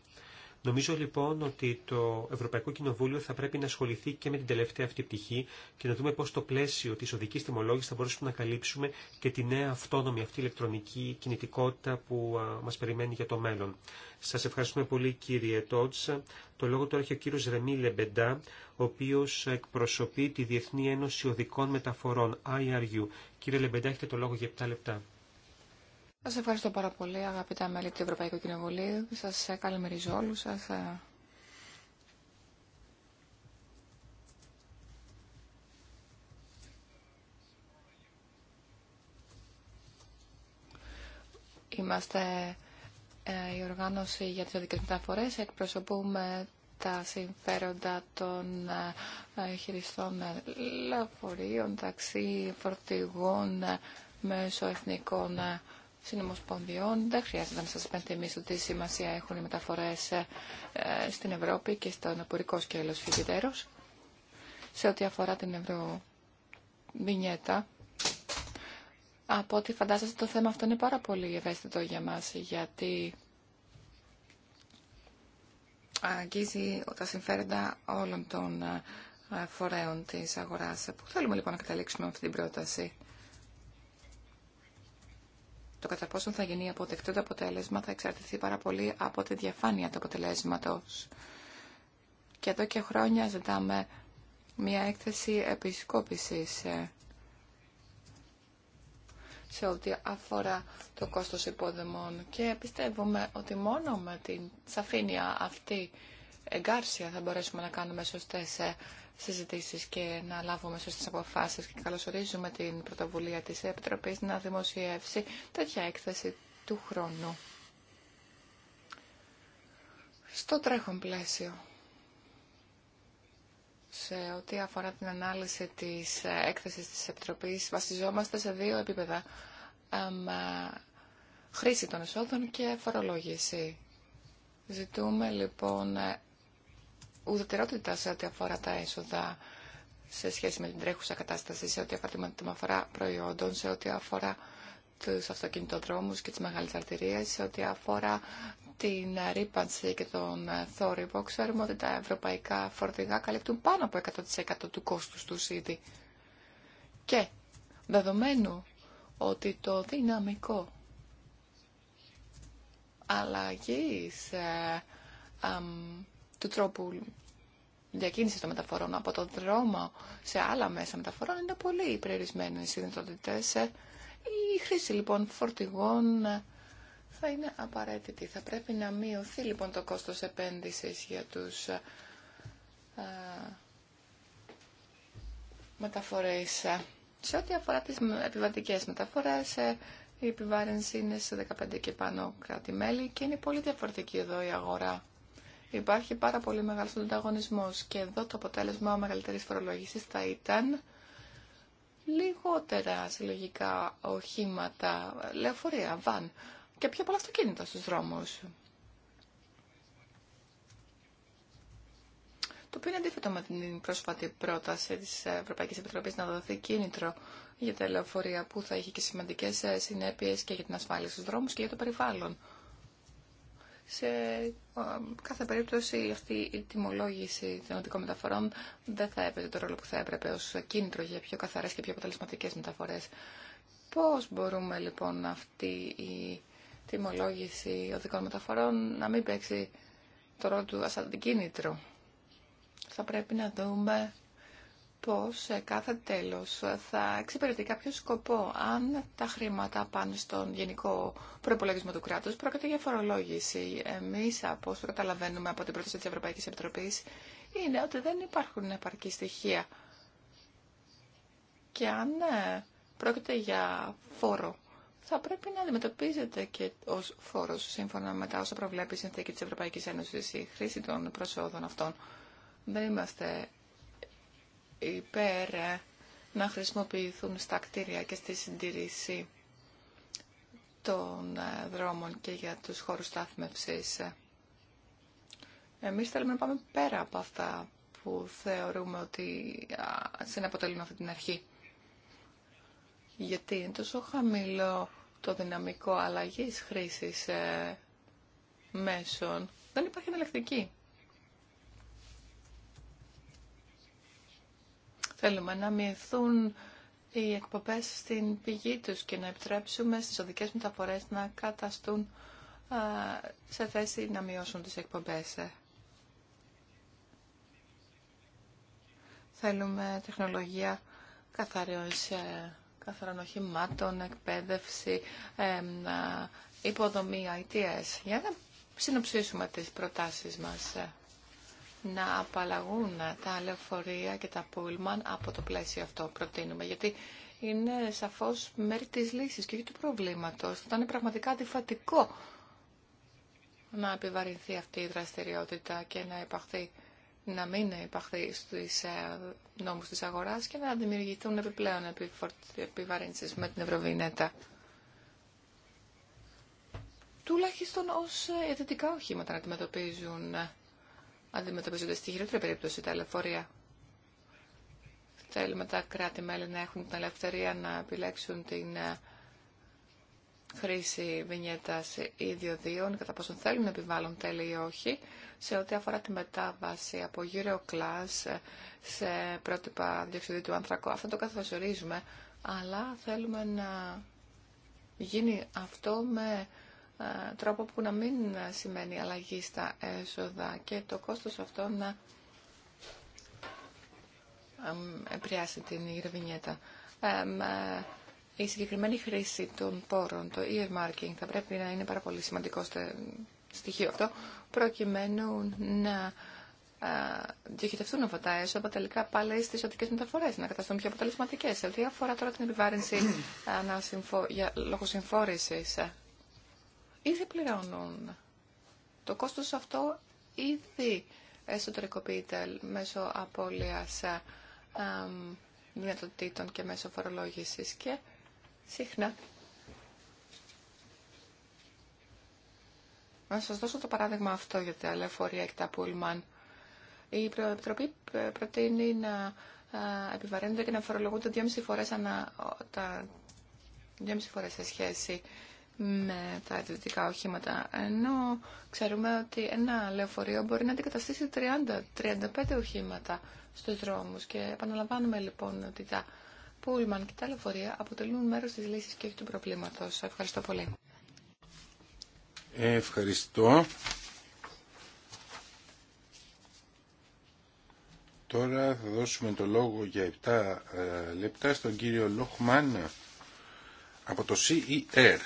Νομίζω λοιπόν ότι το Ευρωπαϊκό Κοινοβούλιο θα πρέπει να ασχοληθεί και με την τελευταία αυτή πτυχή και να δούμε πώ το πλαίσιο τη οδική τιμολόγηση θα μπορούσαμε να καλύψουμε και τη νέα αυτόνομη αυτή ηλεκτρονική κινητικότητα που μα περιμένει για το μέλλον. Σα ευχαριστούμε πολύ κύριε Τότσα. Το λόγο τώρα έχει ο κύριο Ρεμί Λεμπεντά, ο οποίο εκπροσωπεί τη Διεθνή Ένωση Οδικών Μεταφορών, IRU. Κύριε Λεμπεντά, έχετε το λόγο για 7 λεπτά. Σα ευχαριστώ πάρα πολύ αγαπητά μέλη του Ευρωπαϊκού Κοινοβουλίου. Σας ε, καλημερίζω όλους σα. Ε. Είμαστε ε, η οργάνωση για τις οδικές μεταφορές. Εκπροσωπούμε τα συμφέροντα των χειριστών λεωφορείων, ταξί, φορτηγών, μέσω εθνικών συνομοσπονδιών. Δεν χρειάζεται να σας πενθυμίσω τι σημασία έχουν οι μεταφορές ε, στην Ευρώπη και στον απορικό σκέλος φοιτητέρος. Σε ό,τι αφορά την Ευρωβινιέτα, από ό,τι φαντάζεστε το θέμα αυτό είναι πάρα πολύ ευαίσθητο για μας, γιατί αγγίζει τα συμφέροντα όλων των ε, φορέων της αγοράς. Πού θέλουμε λοιπόν να καταλήξουμε αυτή την πρόταση. Το κατά πόσο θα γίνει αποδεκτό το αποτέλεσμα θα εξαρτηθεί πάρα πολύ από τη διαφάνεια του αποτελέσματος. Και εδώ και χρόνια ζητάμε μια έκθεση επισκόπησης ε, σε ό,τι αφορά το κόστος υποδεμών και πιστεύουμε ότι μόνο με την σαφήνεια αυτή εγκάρσια θα μπορέσουμε να κάνουμε σωστές ε, Συζητήσει και να λάβουμε σωστές αποφάσεις και καλωσορίζουμε την πρωτοβουλία της Επιτροπής να δημοσιεύσει τέτοια έκθεση του χρόνου. Στο τρέχον πλαίσιο, σε ό,τι αφορά την ανάλυση της έκθεσης της Επιτροπής, βασιζόμαστε σε δύο επίπεδα. Χρήση των εσόδων και φορολόγηση. Ζητούμε λοιπόν ουδετερότητα σε ό,τι αφορά τα έσοδα σε σχέση με την τρέχουσα κατάσταση, σε ό,τι αφορά τη μεταφορά προϊόντων, σε ό,τι αφορά τους αυτοκινητοδρόμους και τι μεγάλε αρτηρίες, σε ό,τι αφορά την ρήπανση και τον θόρυβο. Ξέρουμε ότι τα ευρωπαϊκά φορτηγά καλύπτουν πάνω από 100% του κόστου του ήδη. Και δεδομένου ότι το δυναμικό αλλαγής ε, του τρόπου διακίνηση των μεταφορών από τον δρόμο σε άλλα μέσα μεταφορών είναι πολύ περιορισμένε οι δυνατότητε. Ε, η χρήση λοιπόν φορτηγών θα είναι απαραίτητη. Θα πρέπει να μειωθεί λοιπόν το κόστος επένδυσης για τους α, ε, μεταφορές. Σε ό,τι αφορά τις επιβατικές μεταφορές, ε, η επιβάρυνση είναι σε 15 και πάνω κράτη-μέλη και είναι πολύ διαφορετική εδώ η αγορά υπάρχει πάρα πολύ μεγάλο ανταγωνισμό και εδώ το αποτέλεσμα μεγαλύτερη φορολόγηση θα ήταν λιγότερα συλλογικά οχήματα, λεωφορεία, βαν και πιο πολλά αυτοκίνητα στους δρόμους. Το οποίο είναι αντίθετο με την πρόσφατη πρόταση τη Ευρωπαϊκή Επιτροπής να δοθεί κίνητρο για τα λεωφορεία που θα είχε και σημαντικέ συνέπειε και για την ασφάλεια στους δρόμου και για το περιβάλλον σε κάθε περίπτωση αυτή η τιμολόγηση των οδικών μεταφορών δεν θα έπαιζε το ρόλο που θα έπρεπε ως κίνητρο για πιο καθαρές και πιο αποτελεσματικές μεταφορές. Πώς μπορούμε λοιπόν αυτή η τιμολόγηση οδικών μεταφορών να μην παίξει το ρόλο του ασαντικίνητρου. Θα πρέπει να δούμε πως ε, κάθε τέλος θα εξυπηρετεί κάποιο σκοπό. Αν τα χρήματα πάνε στον γενικό προπολογισμό του κράτους, πρόκειται για φορολόγηση. Εμείς, από όσο καταλαβαίνουμε από την πρόταση της Ευρωπαϊκής Επιτροπής, είναι ότι δεν υπάρχουν επαρκή στοιχεία. Και αν ε, πρόκειται για φόρο, θα πρέπει να αντιμετωπίζεται και ως φόρος, σύμφωνα με τα όσα προβλέπει η Συνθήκη της Ευρωπαϊκής Ένωσης, η χρήση των προσόδων αυτών. Δεν είμαστε υπέρ ε, να χρησιμοποιηθούν στα κτίρια και στη συντήρηση των ε, δρόμων και για τους χώρους στάθμευσης. Ε, εμείς θέλουμε να πάμε πέρα από αυτά που θεωρούμε ότι συναποτελούν αυτή την αρχή. Γιατί είναι τόσο χαμηλό το δυναμικό αλλαγής χρήσης μέσων. Δεν υπάρχει εναλλακτική. Θέλουμε να μειωθούν οι εκπομπές στην πηγή τους και να επιτρέψουμε στις οδικές μεταφορές να καταστούν σε θέση να μειώσουν τις εκπομπές. Θέλουμε τεχνολογία ε, καθαρών οχημάτων, εκπαίδευση, υποδομή, ITS, για να συνοψίσουμε τις προτάσεις μας να απαλλαγούν τα λεωφορεία και τα πούλμαν από το πλαίσιο αυτό προτείνουμε. Γιατί είναι σαφώς μέρη της λύσης και όχι του προβλήματος. Θα ήταν πραγματικά αντιφατικό να επιβαρυνθεί αυτή η δραστηριότητα και να υπαχθεί να μην υπαχθεί στους ε, νόμους της αγοράς και να δημιουργηθούν επιπλέον επιβαρύνσεις με την Ευρωβινέτα. Τουλάχιστον ως ε, αιτητικά οχήματα να αντιμετωπίζουν αντιμετωπίζονται στη χειρότερη περίπτωση τα ελεφόρια. Θέλουμε τα κράτη-μέλη να έχουν την ελευθερία να επιλέξουν την ε, χρήση βινιέτα ή διοδίων, κατά πόσο θέλουν να επιβάλλουν τέλη ή όχι, σε ό,τι αφορά τη μετάβαση από γύρω κλάς ε, σε πρότυπα διοξιδίου του άνθρακου. Αυτό το καθορίζουμε, αλλά θέλουμε να γίνει αυτό με ε, τρόπο που να μην σημαίνει αλλαγή στα έσοδα και το κόστος αυτό να επηρεάσει την Ιρβινιέτα. Ε, η συγκεκριμένη χρήση των πόρων, το earmarking, θα πρέπει να είναι πάρα πολύ σημαντικό στοιχείο αυτό, προκειμένου να ε, διοχετευτούν αυτά τα έσοδα τελικά πάλι στι οδικέ μεταφορέ, να καταστούν πιο αποτελεσματικέ. Σε ό,τι αφορά τώρα την επιβάρυνση λόγω συμφόρηση, ήδη πληρώνουν. Το κόστος αυτό ήδη εσωτερικοποιείται μέσω απώλειας δυνατοτήτων και μέσω φορολόγησης και συχνά. Να σας δώσω το παράδειγμα αυτό για τα λεωφορεία και τα πούλμαν. Η Επιτροπή προτείνει να επιβαρύνονται και να φορολογούνται 2,5 φορές, ανα, τα, φορές σε σχέση με τα ιδιωτικά οχήματα. Ενώ ξέρουμε ότι ένα λεωφορείο μπορεί να αντικαταστήσει 30-35 οχήματα στους δρόμους. Και επαναλαμβάνουμε λοιπόν ότι τα πούλμαν και τα λεωφορεία αποτελούν μέρος της λύσης και του προβλήματος. Ευχαριστώ πολύ. Ευχαριστώ. Τώρα θα δώσουμε το λόγο για 7 ε, λεπτά στον κύριο Λόχμαν από το CER.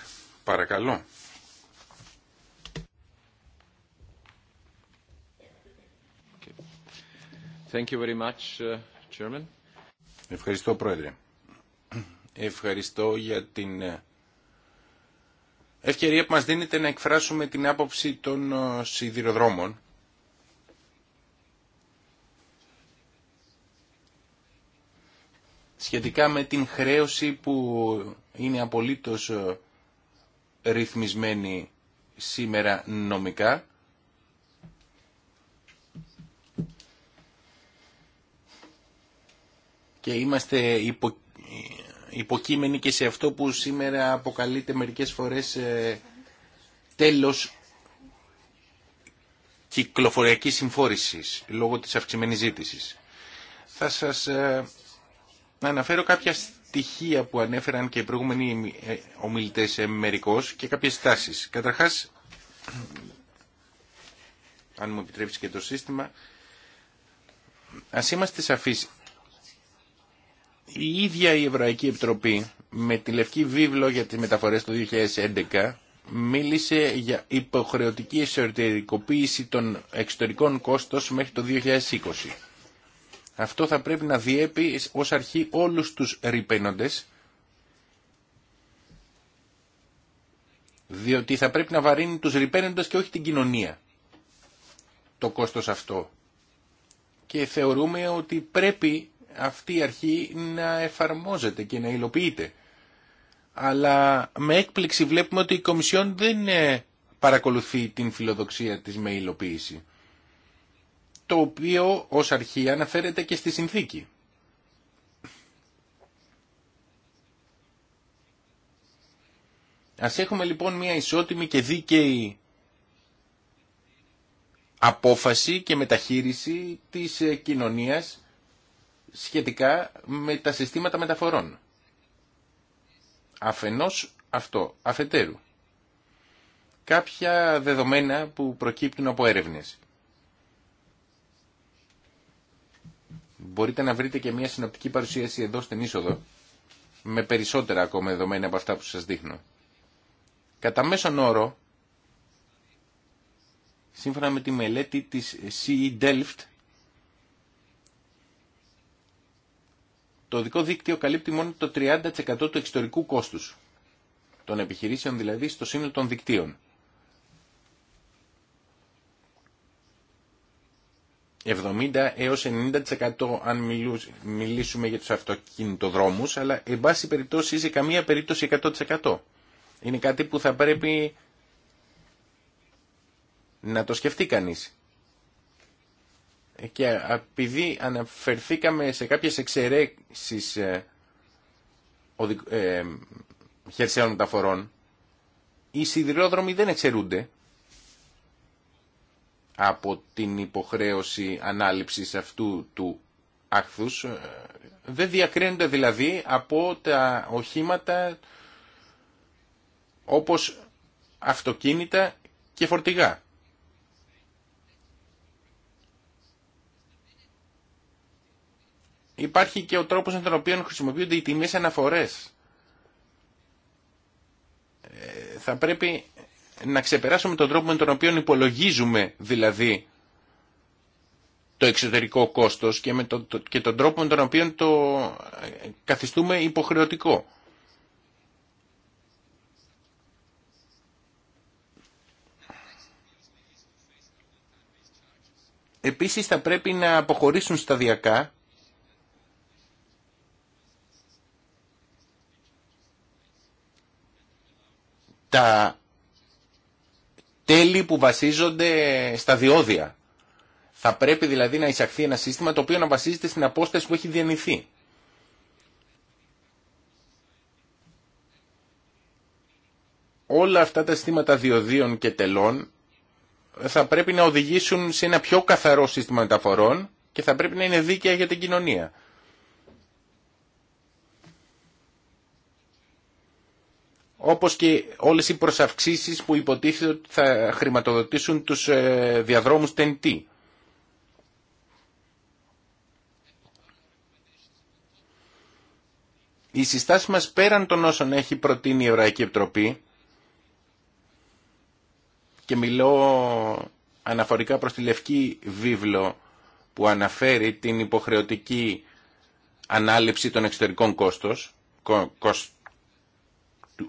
Παρακαλώ. Uh, Ευχαριστώ, Πρόεδρε. Ευχαριστώ για την ε, ευκαιρία που μας δίνεται να εκφράσουμε την άποψη των ε, σιδηροδρόμων. Σχετικά με την χρέωση που είναι απολύτως ε, ρυθμισμένη σήμερα νομικά. Και είμαστε υπο, υποκείμενοι και σε αυτό που σήμερα αποκαλείται μερικές φορές ε, τέλος κυκλοφοριακής συμφόρησης λόγω της αυξημένης ζήτησης. Θα σας ε, αναφέρω κάποια στοιχεία που ανέφεραν και οι προηγούμενοι ε, ομιλητέ ε, μερικώ και κάποιε τάσει. Καταρχά, αν μου επιτρέψει και το σύστημα, α είμαστε σαφεί. Η ίδια η Εβραϊκή Επιτροπή με τη Λευκή Βίβλο για τις μεταφορές το 2011 μίλησε για υποχρεωτική εσωτερικοποίηση των εξωτερικών κόστος μέχρι το 2020. Αυτό θα πρέπει να διέπει ως αρχή όλους τους ρηπαίνοντες, διότι θα πρέπει να βαρύνει τους ρηπαίνοντες και όχι την κοινωνία το κόστος αυτό. Και θεωρούμε ότι πρέπει αυτή η αρχή να εφαρμόζεται και να υλοποιείται. Αλλά με έκπληξη βλέπουμε ότι η Κομισιόν δεν ε, παρακολουθεί την φιλοδοξία της με υλοποίηση το οποίο ως αρχή αναφέρεται και στη συνθήκη. Ας έχουμε λοιπόν μια ισότιμη και δίκαιη απόφαση και μεταχείριση της ε, κοινωνίας σχετικά με τα συστήματα μεταφορών. Αφενός αυτό, αφετέρου. Κάποια δεδομένα που προκύπτουν από έρευνες. Μπορείτε να βρείτε και μια συνοπτική παρουσίαση εδώ στην είσοδο, με περισσότερα ακόμα δεδομένα από αυτά που σας δείχνω. Κατά μέσον όρο, σύμφωνα με τη μελέτη της CE Delft, το δικό δίκτυο καλύπτει μόνο το 30% του εξωτερικού κόστους, των επιχειρήσεων δηλαδή στο σύνολο των δικτύων. 70 έως 90% αν μιλήσουμε για τους αυτοκινητοδρόμους, αλλά εν πάση περιπτώσει σε καμία περίπτωση 100%. Είναι κάτι που θα πρέπει να το σκεφτεί κανείς. Και επειδή αναφερθήκαμε σε κάποιες εξαιρέσεις ε, ε, χερσαίων μεταφορών, οι σιδηρόδρομοι δεν εξαιρούνται από την υποχρέωση ανάληψης αυτού του άχθους. Ε, δεν διακρίνονται δηλαδή από τα οχήματα όπως αυτοκίνητα και φορτηγά. Υπάρχει και ο τρόπος με τον οποίο χρησιμοποιούνται οι τιμές αναφορές. Ε, θα πρέπει να ξεπεράσουμε τον τρόπο με τον οποίο υπολογίζουμε δηλαδή το εξωτερικό κόστος και, με το, και τον τρόπο με τον οποίο το ε, καθιστούμε υποχρεωτικό. Επίσης θα πρέπει να αποχωρήσουν σταδιακά τα τέλη που βασίζονται στα διόδια. Θα πρέπει δηλαδή να εισαχθεί ένα σύστημα το οποίο να βασίζεται στην απόσταση που έχει διανυθεί. Όλα αυτά τα συστήματα διοδίων και τελών θα πρέπει να οδηγήσουν σε ένα πιο καθαρό σύστημα μεταφορών και θα πρέπει να είναι δίκαια για την κοινωνία. όπως και όλες οι προσαυξήσεις που υποτίθεται ότι θα χρηματοδοτήσουν τους ε, διαδρόμους TNT. Η συστάσεις μας πέραν των όσων έχει προτείνει η Ευρωπαϊκή Επιτροπή και μιλώ αναφορικά προς τη Λευκή Βίβλο που αναφέρει την υποχρεωτική ανάληψη των εξωτερικών κόστος, κόστος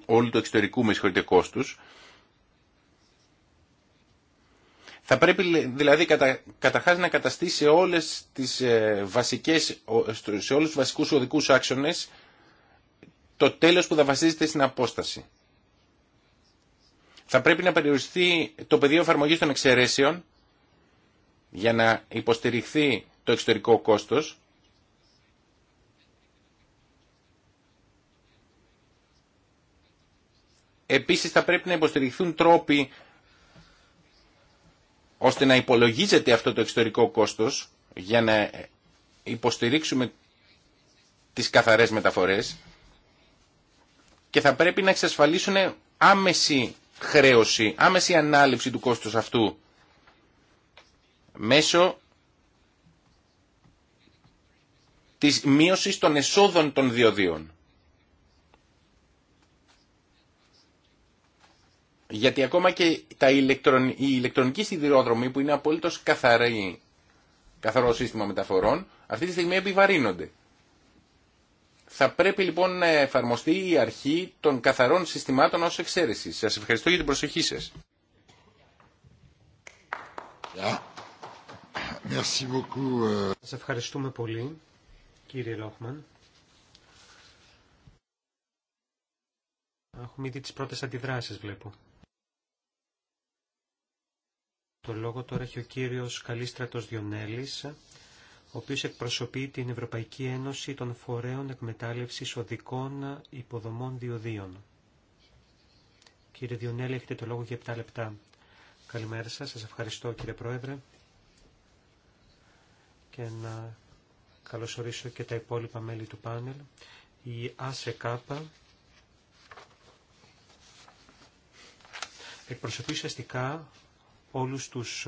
όλου του εξωτερικού με συγχωρείτε κόστου. Θα πρέπει δηλαδή κατα, καταρχάς να καταστήσει σε, όλες τις, ε, βασικές, σε όλους τους βασικούς οδικούς άξονες το τέλος που θα βασίζεται στην απόσταση. Θα πρέπει να περιοριστεί το πεδίο εφαρμογή των εξαιρέσεων για να υποστηριχθεί το εξωτερικό κόστος Επίσης θα πρέπει να υποστηριχθούν τρόποι ώστε να υπολογίζεται αυτό το εξωτερικό κόστος για να υποστηρίξουμε τις καθαρές μεταφορές και θα πρέπει να εξασφαλίσουν άμεση χρέωση, άμεση ανάληψη του κόστους αυτού μέσω της μείωσης των εσόδων των διοδίων. Γιατί ακόμα και τα ηλεκτρον, οι ηλεκτρονικοί σιδηρόδρομοι που είναι απόλυτος καθαροί, καθαρό σύστημα μεταφορών, αυτή τη στιγμή επιβαρύνονται. Θα πρέπει λοιπόν να εφαρμοστεί η αρχή των καθαρών συστημάτων ως εξαίρεση. Σας ευχαριστώ για την προσοχή σας. Euh. Σας ευχαριστούμε πολύ, κύριε Λόχμαν. Έχουμε ήδη τις πρώτες αντιδράσεις, βλέπω. Το λόγο τώρα έχει ο κύριος Καλίστρατος Διονέλης, ο οποίος εκπροσωπεί την Ευρωπαϊκή Ένωση των Φορέων Εκμετάλλευσης Οδικών Υποδομών Διοδίων. Κύριε Διονέλη, έχετε το λόγο για 7 λεπτά. Καλημέρα σας, σας ευχαριστώ κύριε Πρόεδρε. Και να καλωσορίσω και τα υπόλοιπα μέλη του πάνελ. Η ΑΣΕΚΑΠΑ εκπροσωπεί ουσιαστικά όλους τους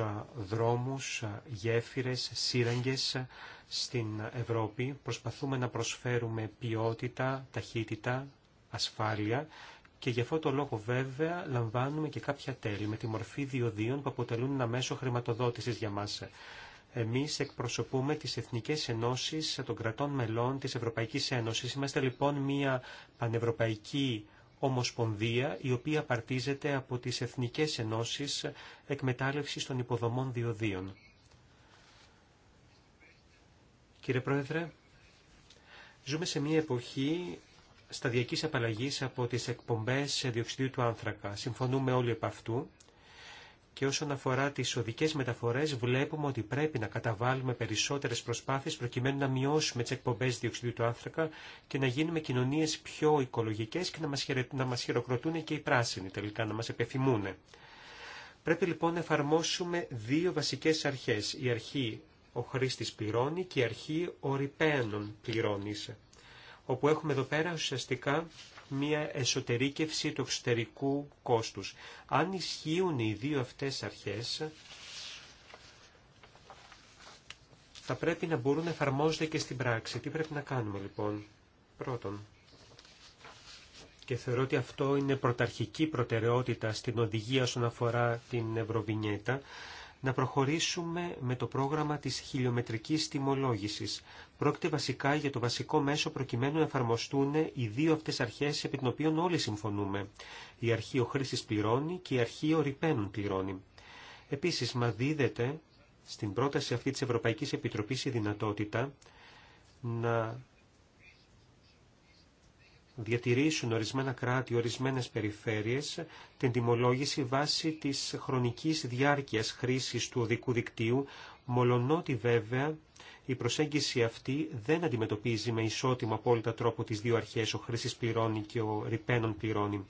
δρόμους, γέφυρες, σύραγγες στην Ευρώπη. Προσπαθούμε να προσφέρουμε ποιότητα, ταχύτητα, ασφάλεια και γι' αυτό το λόγο βέβαια λαμβάνουμε και κάποια τέλη με τη μορφή διοδίων που αποτελούν ένα μέσο χρηματοδότησης για μας. Εμείς εκπροσωπούμε τις Εθνικές Ενώσεις των Κρατών Μελών της Ευρωπαϊκής Ένωσης. Είμαστε λοιπόν μια πανευρωπαϊκή ομοσπονδία η οποία παρτίζεται από τις Εθνικές Ενώσεις Εκμετάλλευσης των Υποδομών Διοδίων. Κύριε Πρόεδρε, ζούμε σε μια εποχή σταδιακής απαλλαγής από τις εκπομπές διοξιδίου του άνθρακα. Συμφωνούμε όλοι επ' αυτού και όσον αφορά τις οδικές μεταφορές βλέπουμε ότι πρέπει να καταβάλουμε περισσότερες προσπάθειες προκειμένου να μειώσουμε τις εκπομπές διοξιδίου του άνθρακα και να γίνουμε κοινωνίες πιο οικολογικές και να μα χειροκροτούν και οι πράσινοι τελικά, να μας επιθυμούν. Πρέπει λοιπόν να εφαρμόσουμε δύο βασικέ αρχέ. Η αρχή ο χρήστης πληρώνει και η αρχή ο ρηπαίνων πληρώνει. Όπου έχουμε εδώ πέρα ουσιαστικά μια εσωτερήκευση του εξωτερικού κόστους. Αν ισχύουν οι δύο αυτές αρχές, θα πρέπει να μπορούν να εφαρμόζονται και στην πράξη. Τι πρέπει να κάνουμε λοιπόν. Πρώτον, και θεωρώ ότι αυτό είναι πρωταρχική προτεραιότητα στην οδηγία όσον αφορά την Ευρωβινιέτα, να προχωρήσουμε με το πρόγραμμα της χιλιομετρικής τιμολόγησης. Πρόκειται βασικά για το βασικό μέσο προκειμένου να εφαρμοστούν οι δύο αυτές αρχές επί των οποίων όλοι συμφωνούμε. Η αρχή ο χρήσης πληρώνει και η αρχή ο ρηπαίνων πληρώνει. Επίσης, μα δίδεται στην πρόταση αυτή της Ευρωπαϊκής Επιτροπής η δυνατότητα να διατηρήσουν ορισμένα κράτη, ορισμένες περιφέρειες, την τιμολόγηση βάσει της χρονικής διάρκειας χρήσης του οδικού δικτύου, μολονότι βέβαια η προσέγγιση αυτή δεν αντιμετωπίζει με ισότιμο απόλυτα τρόπο τις δύο αρχές, ο χρήσης πληρώνει και ο ρηπαίνων πληρώνει.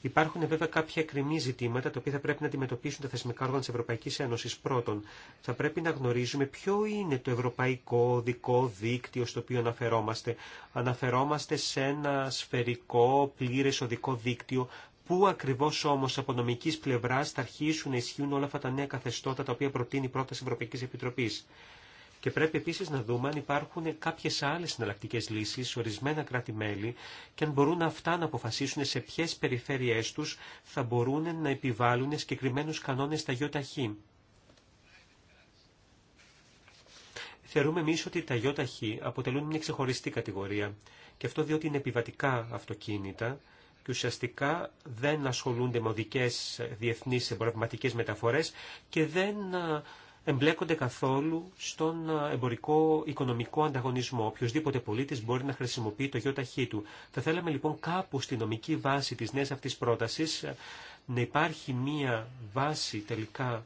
Υπάρχουν βέβαια κάποια εκκρεμή ζητήματα τα οποία θα πρέπει να αντιμετωπίσουν τα θεσμικά όργανα τη Ευρωπαϊκή Ένωση. Πρώτον, θα πρέπει να γνωρίζουμε ποιο είναι το ευρωπαϊκό οδικό δίκτυο στο οποίο αναφερόμαστε. Αναφερόμαστε σε ένα σφαιρικό πλήρε οδικό δίκτυο Πού ακριβώ όμω από νομική πλευρά θα αρχίσουν να ισχύουν όλα αυτά τα νέα καθεστώτα τα οποία προτείνει η πρόταση Ευρωπαϊκή Επιτροπή. Και πρέπει επίση να δούμε αν υπάρχουν κάποιες άλλες συναλλακτικέ λύσεις, ορισμένα κράτη-μέλη, και αν μπορούν αυτά να αποφασίσουν σε ποιε περιφέρειές του θα μπορούν να επιβάλλουν συγκεκριμένου κανόνε στα ΙΟΤΑΧΗ. Θεωρούμε εμεί ότι τα ΙΟΤΑΧΗ αποτελούν μια ξεχωριστή κατηγορία. Και αυτό διότι είναι επιβατικά αυτοκίνητα, και ουσιαστικά δεν ασχολούνται με οδικές διεθνείς εμπορευματικές μεταφορές και δεν ε, εμπλέκονται καθόλου στον ε, εμπορικό οικονομικό ανταγωνισμό. Οποιοδήποτε πολίτης μπορεί να χρησιμοποιεί το γιο ταχύ του. Θα θέλαμε λοιπόν κάπου στη νομική βάση της νέας αυτής πρότασης ε, να υπάρχει μία βάση τελικά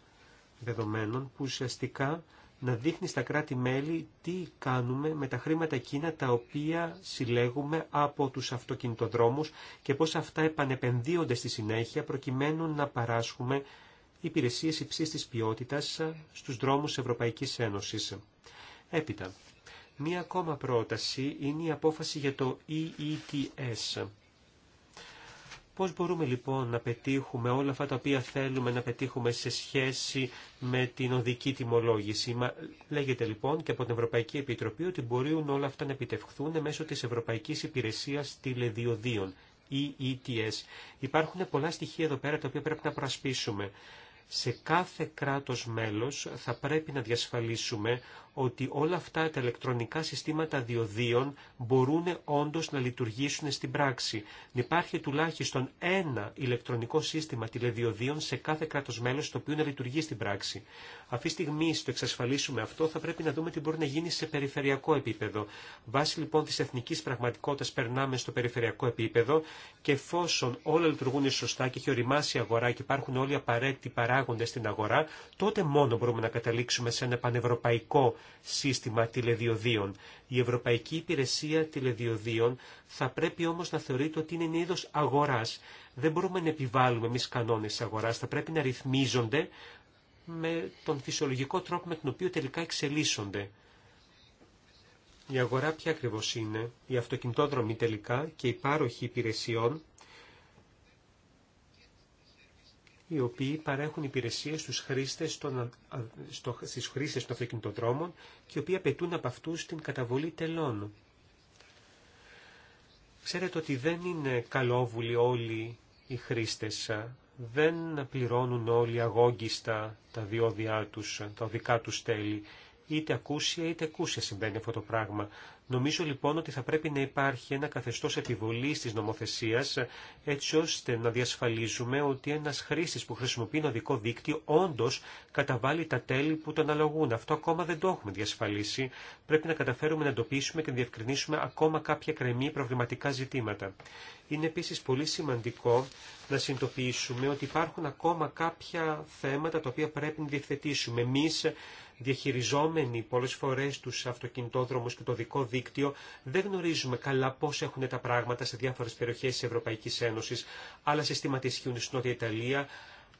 δεδομένων που ουσιαστικά να δείχνει στα κράτη-μέλη τι κάνουμε με τα χρήματα εκείνα τα οποία συλλέγουμε από τους αυτοκινητοδρόμους και πώς αυτά επανεπενδύονται στη συνέχεια προκειμένου να παράσχουμε υπηρεσίες υψής της ποιότητας στους δρόμους Ευρωπαϊκής Ένωσης. Έπειτα, μία ακόμα πρόταση είναι η απόφαση για το EETS Πώς μπορούμε λοιπόν να πετύχουμε όλα αυτά τα οποία θέλουμε να πετύχουμε σε σχέση με την οδική τιμολόγηση. λέγεται λοιπόν και από την Ευρωπαϊκή Επιτροπή ότι μπορούν όλα αυτά να επιτευχθούν μέσω της Ευρωπαϊκής Υπηρεσίας Τηλεδιοδίων, EETS. Υπάρχουν πολλά στοιχεία εδώ πέρα τα οποία πρέπει να προασπίσουμε. Σε κάθε κράτος μέλος θα πρέπει να διασφαλίσουμε ότι όλα αυτά τα ηλεκτρονικά συστήματα διοδίων μπορούν όντως να λειτουργήσουν στην πράξη. υπάρχει τουλάχιστον ένα ηλεκτρονικό σύστημα τηλεδιοδίων σε κάθε κράτος μέλος το οποίο να λειτουργεί στην πράξη. Αυτή τη στιγμή στο εξασφαλίσουμε αυτό θα πρέπει να δούμε τι μπορεί να γίνει σε περιφερειακό επίπεδο. Βάσει λοιπόν της εθνικής πραγματικότητας περνάμε στο περιφερειακό επίπεδο και εφόσον όλα λειτουργούν σωστά και έχει οριμάσει η αγορά και υπάρχουν όλοι οι απαραίτητοι παράγοντες στην αγορά, τότε μόνο μπορούμε να καταλήξουμε σε ένα πανευρωπαϊκό σύστημα τηλεδιοδίων. Η Ευρωπαϊκή Υπηρεσία Τηλεδιοδίων θα πρέπει όμως να θεωρείται ότι είναι ένα είδος αγοράς. Δεν μπορούμε να επιβάλλουμε εμεί κανόνες αγοράς, θα πρέπει να ρυθμίζονται με τον φυσιολογικό τρόπο με τον οποίο τελικά εξελίσσονται. Η αγορά ποια ακριβώς είναι, η αυτοκινητόδρομοι τελικά και η πάροχη υπηρεσιών οι οποίοι παρέχουν υπηρεσίες στους χρήστες των, στο, στις των αυτοκινητοδρόμων και οι οποίοι απαιτούν από αυτούς την καταβολή τελών. Ξέρετε ότι δεν είναι καλόβουλοι όλοι οι χρήστες, δεν πληρώνουν όλοι αγόγγιστα τα διόδια τους, τα οδικά τους τέλη. Είτε ακούσια είτε ακούσια συμβαίνει αυτό το πράγμα. Νομίζω λοιπόν ότι θα πρέπει να υπάρχει ένα καθεστώς επιβολής της νομοθεσίας έτσι ώστε να διασφαλίζουμε ότι ένας χρήστης που χρησιμοποιεί ένα δικό δίκτυο όντως καταβάλει τα τέλη που τον αναλογούν. Αυτό ακόμα δεν το έχουμε διασφαλίσει. Πρέπει να καταφέρουμε να εντοπίσουμε και να διευκρινίσουμε ακόμα κάποια κρεμή προβληματικά ζητήματα. Είναι επίσης πολύ σημαντικό να συνειδητοποιήσουμε ότι υπάρχουν ακόμα κάποια θέματα τα οποία πρέπει να διευθετήσουμε. Εμείς διαχειριζόμενοι πολλές φορές τους αυτοκινητόδρομους και το δικό δίκτυο, δεν γνωρίζουμε καλά πώς έχουν τα πράγματα σε διάφορες περιοχές της Ευρωπαϊκής Ένωσης. Άλλα συστήματα ισχύουν στην Νότια Ιταλία,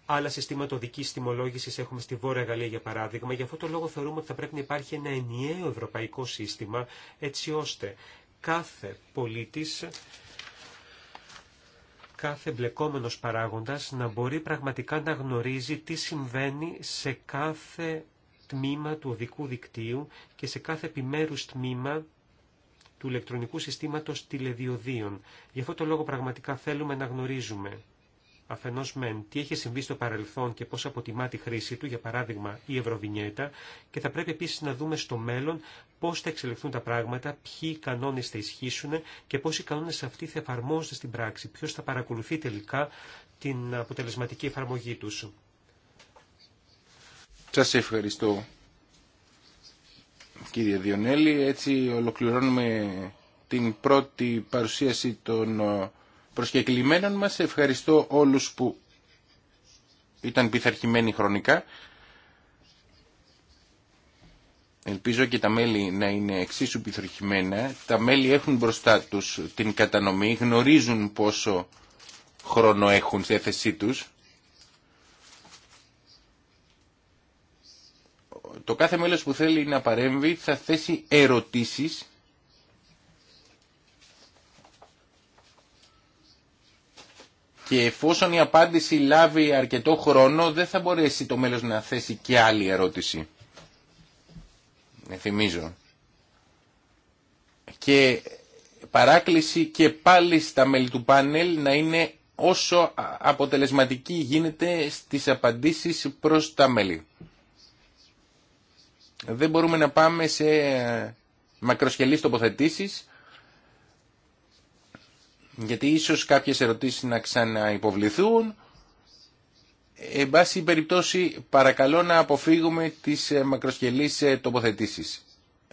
Άλλα συστήματα οδική τιμολόγηση έχουμε στη Βόρεια Γαλλία, για παράδειγμα. Γι' αυτό το λόγο θεωρούμε ότι θα πρέπει να υπάρχει ένα ενιαίο ευρωπαϊκό σύστημα, έτσι ώστε κάθε πολίτης κάθε μπλεκόμενος παράγοντας να μπορεί πραγματικά να γνωρίζει τι συμβαίνει σε κάθε τμήμα του οδικού δικτύου και σε κάθε επιμέρους τμήμα του ηλεκτρονικού συστήματος τηλεδιοδίων. Γι' αυτό το λόγο πραγματικά θέλουμε να γνωρίζουμε αφενός μεν τι έχει συμβεί στο παρελθόν και πώς αποτιμά τη χρήση του, για παράδειγμα η Ευρωβινιέτα, και θα πρέπει επίσης να δούμε στο μέλλον πώς θα εξελιχθούν τα πράγματα, ποιοι κανόνες θα ισχύσουν και πώς οι κανόνες αυτοί θα εφαρμόζονται στην πράξη, ποιος θα παρακολουθεί τελικά την αποτελεσματική εφαρμογή του. Σας ευχαριστώ κύριε Διονέλη. Έτσι ολοκληρώνουμε την πρώτη παρουσίαση των ε, προσκεκλημένων μας. Ευχαριστώ όλους που ήταν πειθαρχημένοι χρονικά. Ελπίζω και τα μέλη να είναι εξίσου πειθαρχημένα. Τα μέλη έχουν μπροστά τους την κατανομή, γνωρίζουν πόσο χρόνο έχουν στη θέση τους. το κάθε μέλος που θέλει να παρέμβει θα θέσει ερωτήσεις και εφόσον η απάντηση λάβει αρκετό χρόνο δεν θα μπορέσει το μέλος να θέσει και άλλη ερώτηση. Θυμίζω. Και παράκληση και πάλι στα μέλη του πάνελ να είναι όσο αποτελεσματική γίνεται στις απαντήσεις προς τα μέλη δεν μπορούμε να πάμε σε μακροσκελείς τοποθετήσεις γιατί ίσως κάποιες ερωτήσεις να ξαναυποβληθούν. Εν πάση περιπτώσει παρακαλώ να αποφύγουμε τις μακροσκελείς τοποθετήσεις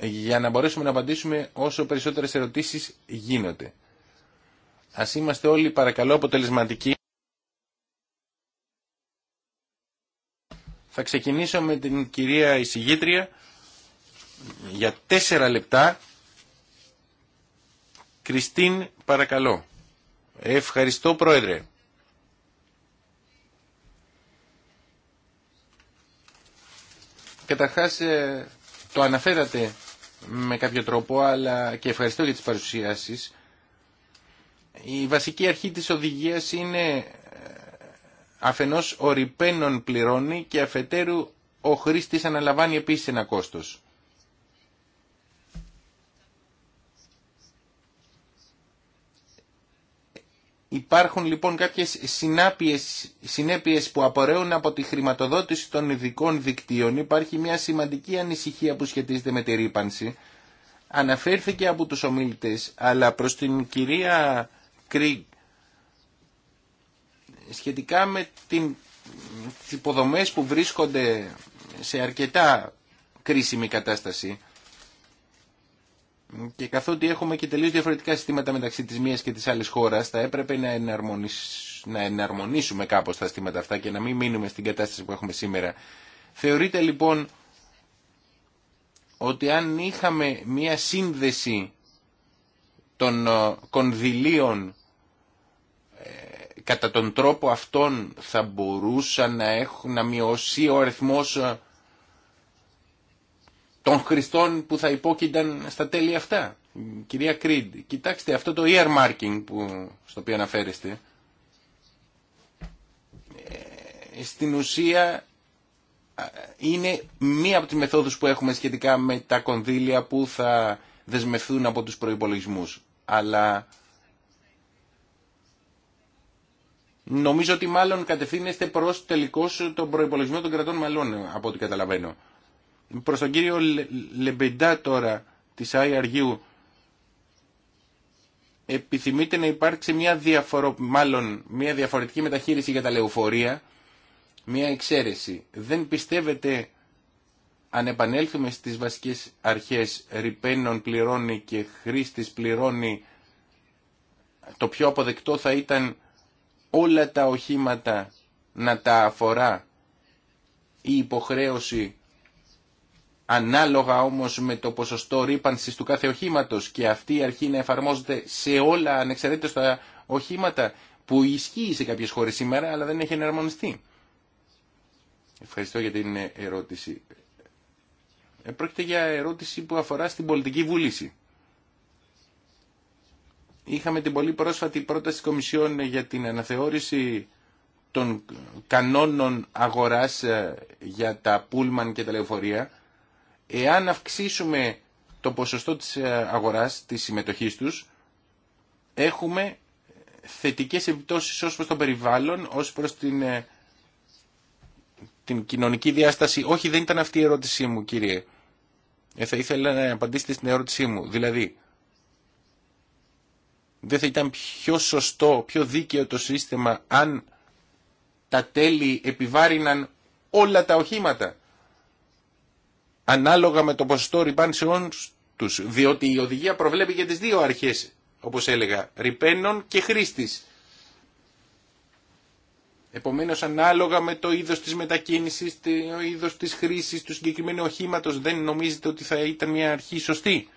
για να μπορέσουμε να απαντήσουμε όσο περισσότερες ερωτήσεις γίνονται. Ας είμαστε όλοι παρακαλώ αποτελεσματικοί. Θα ξεκινήσω με την κυρία εισηγήτρια για τέσσερα λεπτά. Κριστίν, παρακαλώ. Ευχαριστώ, Πρόεδρε. Καταρχάς, ε, το αναφέρατε με κάποιο τρόπο, αλλά και ευχαριστώ για τις παρουσιάσεις. Η βασική αρχή της οδηγίας είναι Αφενός ο ρηπαίνων πληρώνει και αφετέρου ο χρήστης αναλαμβάνει επίσης ένα κόστος. Υπάρχουν λοιπόν κάποιες συνάπιες, συνέπειες που απορρέουν από τη χρηματοδότηση των ειδικών δικτύων. Υπάρχει μια σημαντική ανησυχία που σχετίζεται με τη ρήπανση. Αναφέρθηκε από τους ομίλητες, αλλά προς την κυρία Κρή, σχετικά με την, τις υποδομές που βρίσκονται σε αρκετά κρίσιμη κατάσταση και καθότι έχουμε και τελείως διαφορετικά συστήματα μεταξύ της μίας και της άλλης χώρας θα έπρεπε να, εναρμονίσ... να εναρμονίσουμε κάπως τα συστήματα αυτά και να μην μείνουμε στην κατάσταση που έχουμε σήμερα. Θεωρείται λοιπόν ότι αν είχαμε μία σύνδεση των ε, κονδυλίων κατά τον τρόπο αυτόν θα μπορούσαν να, έχουν, να μειωθεί ο αριθμός ε, των χρηστών που θα υπόκεινταν στα τέλη αυτά. Κυρία Κρίντ, κοιτάξτε αυτό το earmarking που, στο οποίο αναφέρεστε. Ε, στην ουσία ε, είναι μία από τις μεθόδους που έχουμε σχετικά με τα κονδύλια που θα δεσμευθούν από τους προϋπολογισμούς. Αλλά Νομίζω ότι μάλλον κατευθύνεστε προ τελικώ τον προπολογισμό των κρατών μελών, από ό,τι καταλαβαίνω. Προς τον κύριο Λεμπεντά τώρα τη IRU, επιθυμείτε να υπάρξει μια, διαφορο... μια διαφορετική μεταχείριση για τα λεωφορεία, μια εξαίρεση. Δεν πιστεύετε αν επανέλθουμε στις βασικές αρχές ρηπαίνων πληρώνει και χρήστης πληρώνει, το πιο αποδεκτό θα ήταν όλα τα οχήματα να τα αφορά η υποχρέωση ανάλογα όμως με το ποσοστό ρήπανσης του κάθε οχήματος και αυτή η αρχή να εφαρμόζεται σε όλα ανεξαρτήτως τα οχήματα που ισχύει σε κάποιες χώρες σήμερα αλλά δεν έχει εναρμονιστεί. Ευχαριστώ για την ερώτηση. Ε, πρόκειται για ερώτηση που αφορά στην πολιτική βούληση είχαμε την πολύ πρόσφατη πρόταση της Κομισιόν για την αναθεώρηση των κανόνων αγοράς ε, για τα πούλμαν και τα λεωφορεία. Εάν αυξήσουμε το ποσοστό της ε, αγοράς, της συμμετοχής τους, έχουμε θετικές επιπτώσεις ως προς το περιβάλλον, ως προς την, ε, την κοινωνική διάσταση. Όχι, δεν ήταν αυτή η ερώτησή μου, κύριε. θα ήθελα να απαντήσετε στην ερώτησή μου. Δηλαδή, δεν θα ήταν πιο σωστό, πιο δίκαιο το σύστημα αν τα τέλη επιβάρυναν όλα τα οχήματα ανάλογα με το ποσοστό ρηπάνσεών τους, διότι η οδηγία προβλέπει για τις δύο αρχές, όπως έλεγα, ρηπαίνων και χρήστης. Επομένως, ανάλογα με το είδος της μετακίνησης, το είδος της χρήσης του συγκεκριμένου οχήματος, δεν νομίζετε ότι θα ήταν μια αρχή σωστή.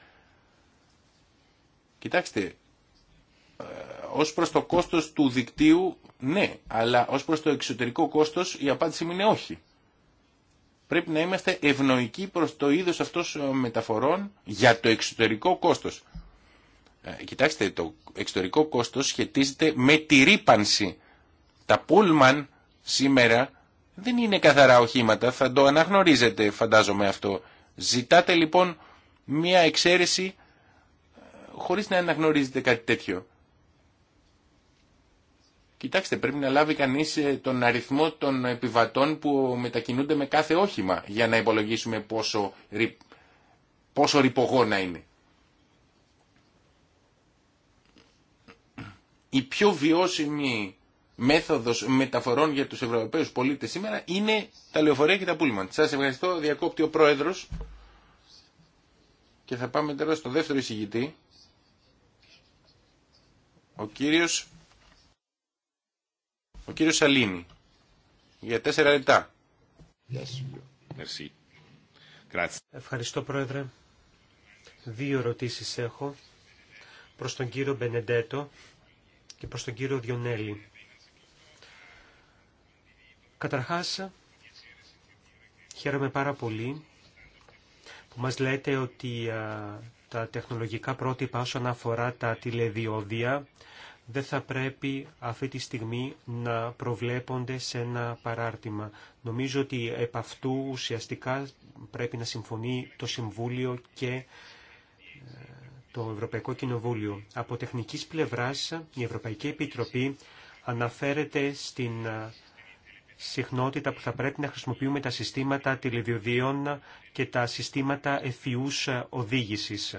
Κοιτάξτε, ε, ως προς το κόστος του δικτύου ναι, αλλά ως προς το εξωτερικό κόστος η απάντηση μου είναι όχι. Πρέπει να είμαστε ευνοϊκοί προς το είδος αυτός ε, μεταφορών για το εξωτερικό κόστος. Ε, κοιτάξτε, το εξωτερικό κόστος σχετίζεται με τη ρήπανση. Τα πούλμαν σήμερα δεν είναι καθαρά οχήματα, θα το αναγνωρίζετε φαντάζομαι αυτό. Ζητάτε λοιπόν μία εξαίρεση χωρίς να αναγνωρίζετε κάτι τέτοιο. Κοιτάξτε, πρέπει να λάβει κανείς ε, τον αριθμό των επιβατών που μετακινούνται με κάθε όχημα για να υπολογίσουμε πόσο, πόσο ρηπογόνα είναι. Η πιο βιώσιμη μέθοδος μεταφορών για τους Ευρωπαίους πολίτες σήμερα είναι τα λεωφορεία και τα πούλμαν. Σας ευχαριστώ, διακόπτει ο Πρόεδρος. Και θα πάμε τώρα στο δεύτερο εισηγητή, ο κύριος ο κύριο Σαλίνη, για τέσσερα λεπτά. Ευχαριστώ, Πρόεδρε. Δύο ερωτήσεις έχω προς τον κύριο Μπενεντέτο και προς τον κύριο Διονέλη. Καταρχάς, χαίρομαι πάρα πολύ που μας λέτε ότι τα τεχνολογικά πρότυπα όσον αφορά τα τηλεδιώδια δεν θα πρέπει αυτή τη στιγμή να προβλέπονται σε ένα παράρτημα. Νομίζω ότι επ' αυτού ουσιαστικά πρέπει να συμφωνεί το Συμβούλιο και ε, το Ευρωπαϊκό Κοινοβούλιο. Από τεχνικής πλευράς η Ευρωπαϊκή Επιτροπή αναφέρεται στην ε, συχνότητα που θα πρέπει να χρησιμοποιούμε τα συστήματα τηλεδιοδίων και τα συστήματα εφιούς ε, οδήγησης.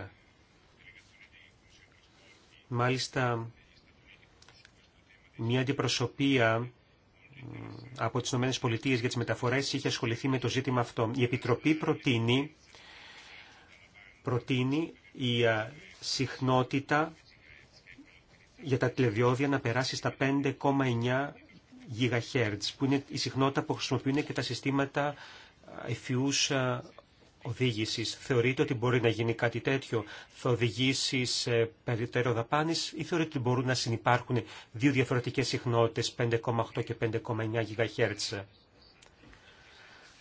Μάλιστα, μια αντιπροσωπεία από τις Πολιτείες για τις μεταφορές είχε ασχοληθεί με το ζήτημα αυτό. Η Επιτροπή προτείνει, προτείνει η συχνότητα για τα τηλεδιόδια να περάσει στα 5,9 GHz, που είναι η συχνότητα που χρησιμοποιούν και τα συστήματα εφιούς οδήγησης. Θεωρείτε ότι μπορεί να γίνει κάτι τέτοιο, θα οδηγήσει σε περιττέρω δαπάνη ή θεωρείτε ότι μπορούν να συνεπάρχουν δύο διαφορετικές συχνότητες 5,8 και 5,9 GHz.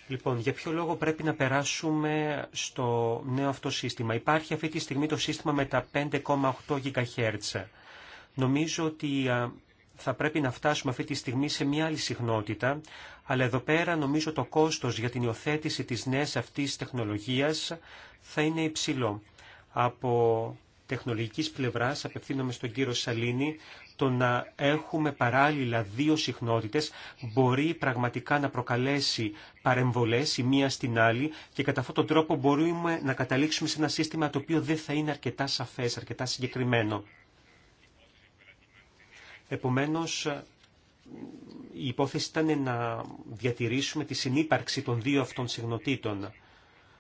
Λοιπόν, για ποιο λόγο πρέπει να περάσουμε στο νέο αυτό σύστημα. Υπάρχει αυτή τη στιγμή το σύστημα με τα 5,8 GHz. Νομίζω ότι θα πρέπει να φτάσουμε αυτή τη στιγμή σε μια άλλη συχνότητα, αλλά εδώ πέρα νομίζω το κόστος για την υιοθέτηση της νέας αυτής τεχνολογίας θα είναι υψηλό. Από τεχνολογικής πλευράς, απευθύνομαι στον κύριο Σαλίνη, το να έχουμε παράλληλα δύο συχνότητες μπορεί πραγματικά να προκαλέσει παρεμβολές η μία στην άλλη και κατά αυτόν τον τρόπο μπορούμε να καταλήξουμε σε ένα σύστημα το οποίο δεν θα είναι αρκετά σαφές, αρκετά συγκεκριμένο. Επομένως, η υπόθεση ήταν να διατηρήσουμε τη συνύπαρξη των δύο αυτών συγνωτήτων.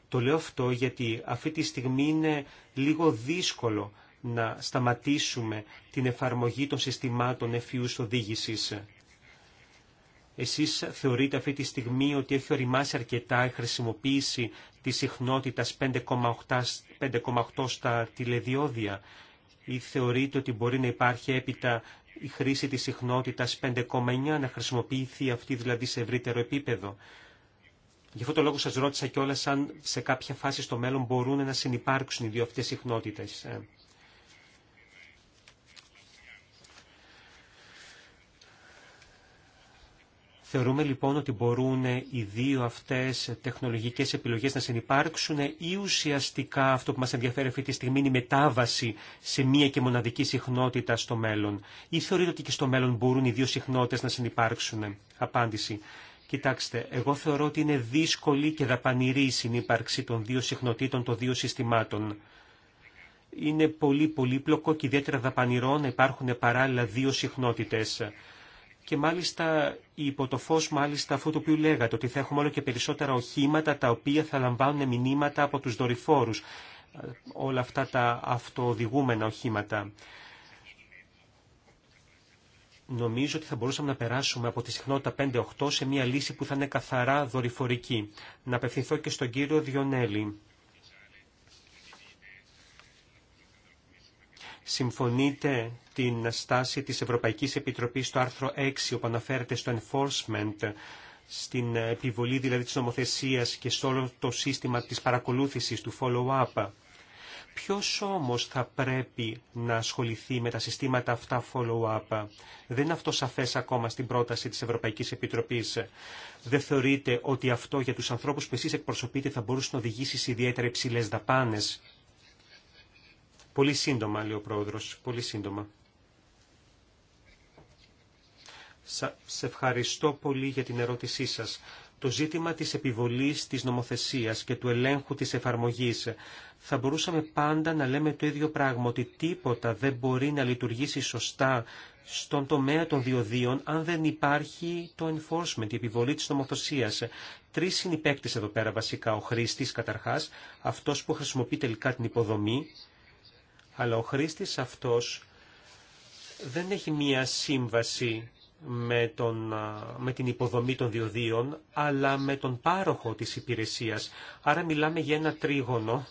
Το λέω αυτό γιατί αυτή τη στιγμή είναι λίγο δύσκολο να σταματήσουμε την εφαρμογή των συστημάτων εφιούς οδήγησης. Εσείς θεωρείτε αυτή τη στιγμή ότι έχει οριμάσει αρκετά η χρησιμοποίηση της συχνότητας 5,8 στα τηλεδιώδια ή θεωρείτε ότι μπορεί να υπάρχει έπειτα η χρήση της συχνότητας 5,9 να χρησιμοποιηθεί αυτή δηλαδή σε ευρύτερο επίπεδο. Γι' αυτό το λόγο σας ρώτησα κιόλας αν σε κάποια φάση στο μέλλον μπορούν να συνεπάρξουν οι δύο αυτές συχνότητες. Ε, Θεωρούμε λοιπόν ότι μπορούν οι δύο αυτές τεχνολογικές επιλογές να συνεπάρξουν ή ουσιαστικά αυτό που μας ενδιαφέρει αυτή τη στιγμή είναι η μετάβαση σε μία και μοναδική συχνότητα στο μέλλον. Ή θεωρείτε ότι και στο μέλλον μπορούν οι δύο συχνότητες να συνεπάρξουν. Απάντηση. Κοιτάξτε, εγώ θεωρώ ότι είναι δύσκολη και δαπανηρή η συνύπαρξη των δύο συχνοτήτων των δύο συστημάτων. Είναι πολύ πολύπλοκο και ιδιαίτερα δαπανηρό να υπάρχουν παράλληλα δύο συχνότητες και μάλιστα υπό το φω, μάλιστα αυτού το οποίο λέγατε ότι θα έχουμε όλο και περισσότερα οχήματα τα οποία θα λαμβάνουν μηνύματα από τους δορυφόρους ε, όλα αυτά τα αυτοοδηγούμενα οχήματα. Νομίζω ότι θα μπορούσαμε να περάσουμε από τη συχνότητα 5-8 σε μια λύση που θα είναι καθαρά δορυφορική. Να απευθυνθώ και στον κύριο Διονέλη. συμφωνείτε την στάση της Ευρωπαϊκής Επιτροπής στο άρθρο 6 όπου αναφέρεται στο enforcement στην επιβολή δηλαδή της νομοθεσίας και στο όλο το σύστημα της παρακολούθησης του follow-up. Ποιος όμως θα πρέπει να ασχοληθεί με τα συστήματα αυτά follow-up. Δεν είναι αυτό σαφές ακόμα στην πρόταση της Ευρωπαϊκής Επιτροπής. Δεν θεωρείτε ότι αυτό για τους ανθρώπους που εσείς εκπροσωπείτε θα μπορούσε να οδηγήσει σε ιδιαίτερα υψηλέ δαπάνες. Πολύ σύντομα, λέει ο πρόεδρος, πολύ σύντομα. Σε ευχαριστώ πολύ για την ερώτησή σας. Το ζήτημα της επιβολής της νομοθεσίας και του ελέγχου της εφαρμογής θα μπορούσαμε πάντα να λέμε το ίδιο πράγμα, ότι τίποτα δεν μπορεί να λειτουργήσει σωστά στον τομέα των διοδίων αν δεν υπάρχει το enforcement, η επιβολή της νομοθεσίας. Τρεις είναι εδώ πέρα βασικά. Ο χρήστης καταρχάς, αυτός που χρησιμοποιεί τελικά την υποδομή, αλλά ο χρήστης αυτός δεν έχει μία σύμβαση με, τον, με την υποδομή των διοδίων, αλλά με τον πάροχο της υπηρεσίας. Άρα μιλάμε για ένα τρίγωνο,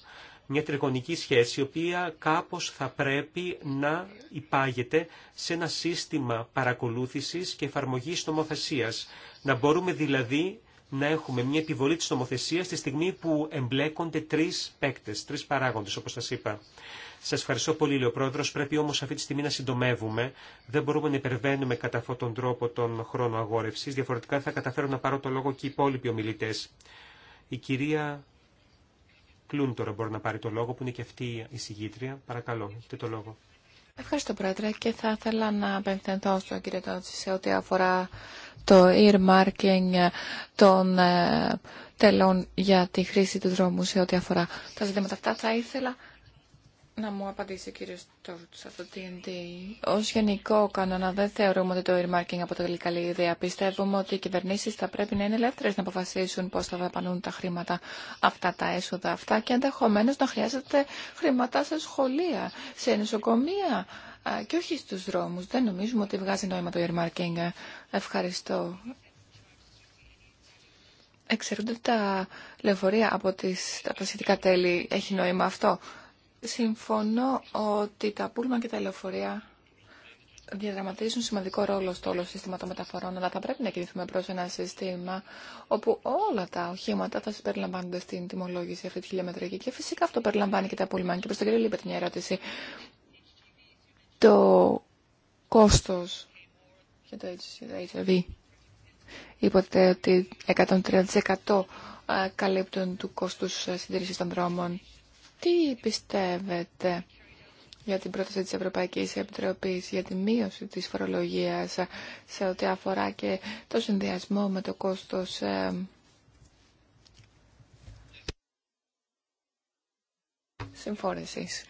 μια τριγωνική σχέση, η οποία κάπως θα πρέπει να υπάγεται σε ένα σύστημα παρακολούθησης και εφαρμογής νομοθεσίας. Να μπορούμε δηλαδή να έχουμε μια επιβολή της νομοθεσίας τη στιγμή που εμπλέκονται τρεις παίκτες, τρεις παράγοντες, όπως σας είπα. Σα ευχαριστώ πολύ, λέει ο πρόεδρο. Πρέπει όμω αυτή τη στιγμή να συντομεύουμε. Δεν μπορούμε να υπερβαίνουμε κατά αυτόν τον τρόπο τον χρόνο αγόρευση. Διαφορετικά θα καταφέρω να πάρω το λόγο και οι υπόλοιποι ομιλητέ. Η κυρία Κλούν τώρα μπορεί να πάρει το λόγο, που είναι και αυτή η συγγήτρια. Παρακαλώ, έχετε το λόγο. Ευχαριστώ, Πρόεδρε, και θα ήθελα να απευθυνθώ στον κύριο Τότση σε ό,τι αφορά το earmarking των ε, τελών για τη χρήση του δρόμου σε ό,τι αφορά τα ζητήματα αυτά. Θα ήθελα να μου απαντήσει ο κύριος Τόρτς από το D&D. Ως γενικό κανόνα δεν θεωρούμε ότι το earmarking αποτελεί καλή ιδέα. Πιστεύουμε ότι οι κυβερνήσεις θα πρέπει να είναι ελεύθερες να αποφασίσουν πώς θα δαπανούν τα χρήματα αυτά, τα έσοδα αυτά και ενδεχομένω να χρειάζεται χρήματα σε σχολεία, σε νοσοκομεία και όχι στους δρόμους. Δεν νομίζουμε ότι βγάζει νόημα το earmarking. Ευχαριστώ. Εξαιρούνται τα λεωφορεία από, τις, τα σχετικά τέλη. Έχει νόημα αυτό. Συμφωνώ ότι τα πούλμα και τα ελεοφορία διαδραματίζουν σημαντικό ρόλο στο όλο σύστημα των μεταφορών, αλλά θα πρέπει να κινηθούμε προ ένα σύστημα όπου όλα τα οχήματα θα συμπεριλαμβάνονται στην τιμολόγηση αυτή τη χιλιομετρική. Και φυσικά αυτό περιλαμβάνει και τα πούλμα. Και προ τον κύριο Λίπερ, μια ερώτηση. Το κόστο για το HIV. Είπατε ότι 130% ε, καλύπτουν του κόστου ε, συντήρηση των δρόμων. Τι πιστεύετε για την πρόταση της Ευρωπαϊκής Επιτροπής για τη μείωση της φορολογίας σε ό,τι αφορά και το συνδυασμό με το κόστος ε, συμφόρησης.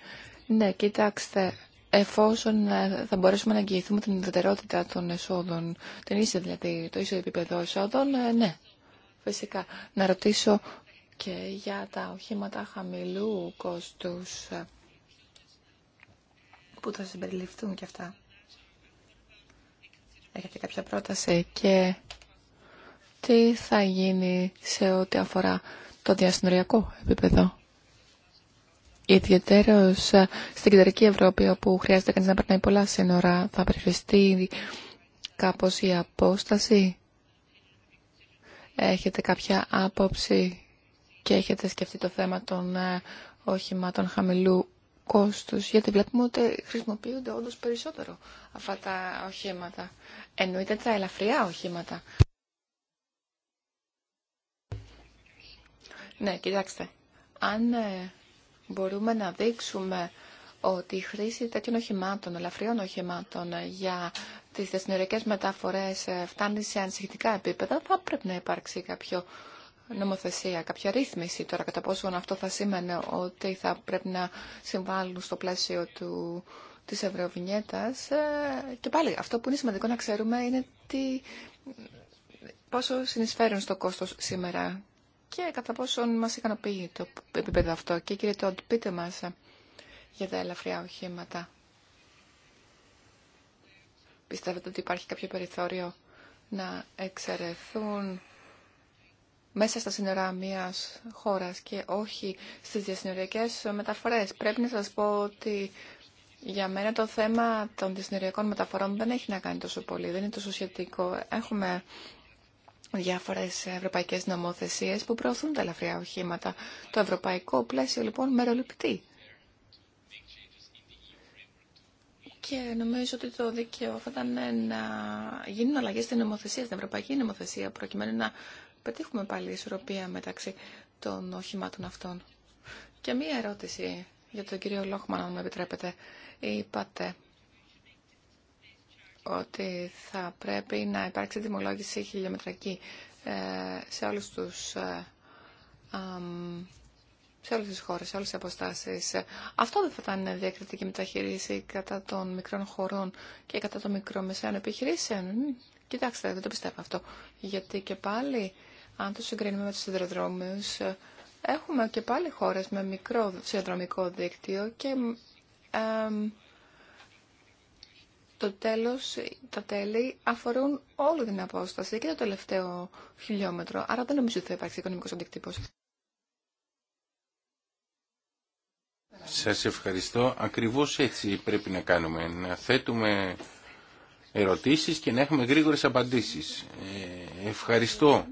Ναι, κοιτάξτε, εφόσον ε, θα μπορέσουμε να εγγυηθούμε την ιδιαιτερότητα των εσόδων, την ίση δηλαδή, το ίσο επίπεδο εσόδων, ε, ναι, φυσικά. Να ρωτήσω και για τα οχήματα χαμηλού κόστους ε, που θα συμπεριληφθούν και αυτά. Έχετε κάποια πρόταση και τι θα γίνει σε ό,τι αφορά το διασυνοριακό επίπεδο. Ιδιαίτερως ε, στην κεντρική Ευρώπη όπου χρειάζεται κανείς να περνάει πολλά σύνορα θα περιοριστεί κάπως η απόσταση. Έχετε κάποια άποψη και έχετε σκεφτεί το θέμα των ε, οχημάτων χαμηλού κόστους, γιατί βλέπουμε ότι χρησιμοποιούνται όντω περισσότερο αυτά τα οχήματα. Εννοείται τα ελαφριά οχήματα. Ναι, κοιτάξτε, αν ε, μπορούμε να δείξουμε ότι η χρήση τέτοιων οχημάτων, ελαφριών οχημάτων ε, για τις δεσμευτικές μεταφορές φτάνει σε ανησυχητικά επίπεδα, θα πρέπει να υπάρξει κάποιο νομοθεσία, κάποια ρύθμιση τώρα κατά πόσο αυτό θα σήμαινε ότι θα πρέπει να συμβάλλουν στο πλαίσιο του, της Ευρωβινιέτας ε, και πάλι αυτό που είναι σημαντικό να ξέρουμε είναι τι, πόσο συνεισφέρουν στο κόστος σήμερα και κατά πόσο μας ικανοποιεί το επίπεδο αυτό. Και κύριε Τόντ, πείτε μας για τα ελαφριά οχήματα. Πιστεύετε ότι υπάρχει κάποιο περιθώριο να εξαιρεθούν μέσα στα σύνορα μια χώρας και όχι στις διασυνοριακές μεταφορές. Πρέπει να σας πω ότι για μένα το θέμα των διασυνοριακών μεταφορών δεν έχει να κάνει τόσο πολύ, δεν είναι τόσο σχετικό. Έχουμε διάφορες ευρωπαϊκές νομοθεσίες που προωθούν τα ελαφριά οχήματα. Το ευρωπαϊκό πλαίσιο λοιπόν μεροληπτεί. Και νομίζω ότι το δίκαιο θα ήταν να γίνουν αλλαγέ στην νομοθεσία, στην ευρωπαϊκή νομοθεσία, προκειμένου να πετύχουμε πάλι ισορροπία μεταξύ των οχημάτων αυτών. Και μία ερώτηση για τον κύριο Λόχμαν, αν μου επιτρέπετε. Είπατε ότι θα πρέπει να υπάρξει τιμολόγηση χιλιόμετρακή ε, σε όλους τους ε, σε όλες τις χώρες, σε όλες τις αποστάσεις. Αυτό δεν θα ήταν διακριτική μεταχείριση κατά των μικρών χωρών και κατά των μικρών μεσαίων επιχειρήσεων. Κοιτάξτε, δεν το πιστεύω αυτό. Γιατί και πάλι αν το συγκρίνουμε με τους ε, έχουμε και πάλι χώρες με μικρό σιδηροδρομικό δίκτυο και το τέλος, τα τέλη αφορούν όλη την απόσταση και το τελευταίο χιλιόμετρο. Άρα δεν νομίζω ότι θα υπάρξει οικονομικός αντικτύπωση. Σας ευχαριστώ. Ακριβώς έτσι πρέπει να κάνουμε. Να θέτουμε ερωτήσεις και να έχουμε γρήγορες απαντήσεις. Ε, ευχαριστώ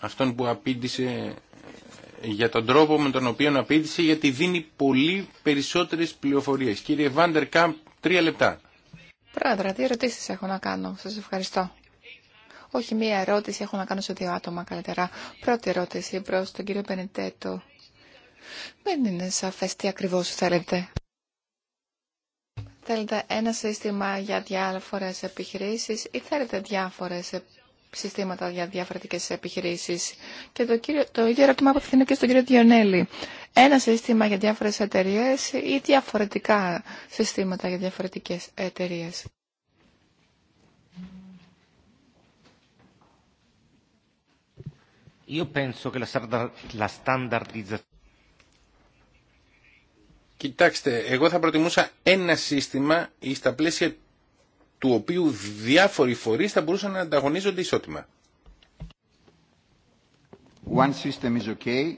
αυτόν που απήντησε ε, για τον τρόπο με τον οποίο απήντησε γιατί δίνει πολύ περισσότερες πληροφορίες. Κύριε Βάντερ Κάμπ, τρία λεπτά. Πρόεδρε, δύο ερωτήσεις έχω να κάνω. Σας ευχαριστώ. Όχι, μία ερώτηση έχω να κάνω σε δύο άτομα καλύτερα. Πρώτη ερώτηση προς τον κύριο Πενιτέτο. Δεν είναι σαφές τι ακριβώς θέλετε. Θέλετε ένα σύστημα για διάφορες επιχειρήσεις ή θέλετε διάφορες συστήματα για διαφορετικέ επιχειρήσει. Και το, κύριο, το ίδιο ερώτημα απευθύνω και στον κύριο Διονέλη. Ένα σύστημα για διάφορε εταιρείε ή διαφορετικά συστήματα για διαφορετικέ εταιρείε. Io penso che la standardizzazione Κοιτάξτε, εγώ θα προτιμούσα ένα σύστημα ή στα πλαίσια του οποίου διάφοροι φορείς θα μπορούσαν να ανταγωνίζονται ισότιμα. One is okay,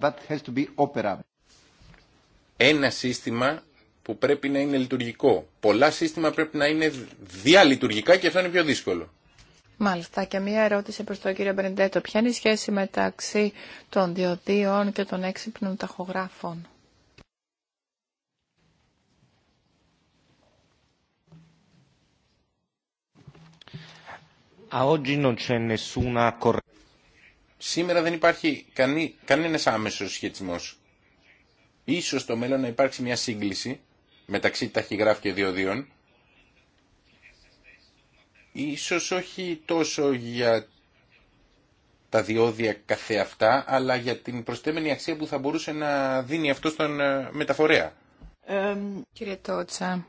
but has to be Ένα σύστημα που πρέπει να είναι λειτουργικό. Πολλά σύστημα πρέπει να είναι διαλειτουργικά και αυτό είναι πιο δύσκολο. Μάλιστα και μία ερώτηση προς τον κύριο Μπενιντέτο. Ποια είναι η σχέση μεταξύ των διοδίων και των έξυπνων ταχογράφων. Σήμερα δεν υπάρχει κανένα κανένας άμεσος σχετισμός. Ίσως στο μέλλον να υπάρξει μια σύγκληση μεταξύ ταχυγράφ και διοδίων. Ίσως όχι τόσο για τα διόδια καθεαυτά, αλλά για την προστέμενη αξία που θα μπορούσε να δίνει αυτό στον ε, μεταφορέα. κύριε Τότσα,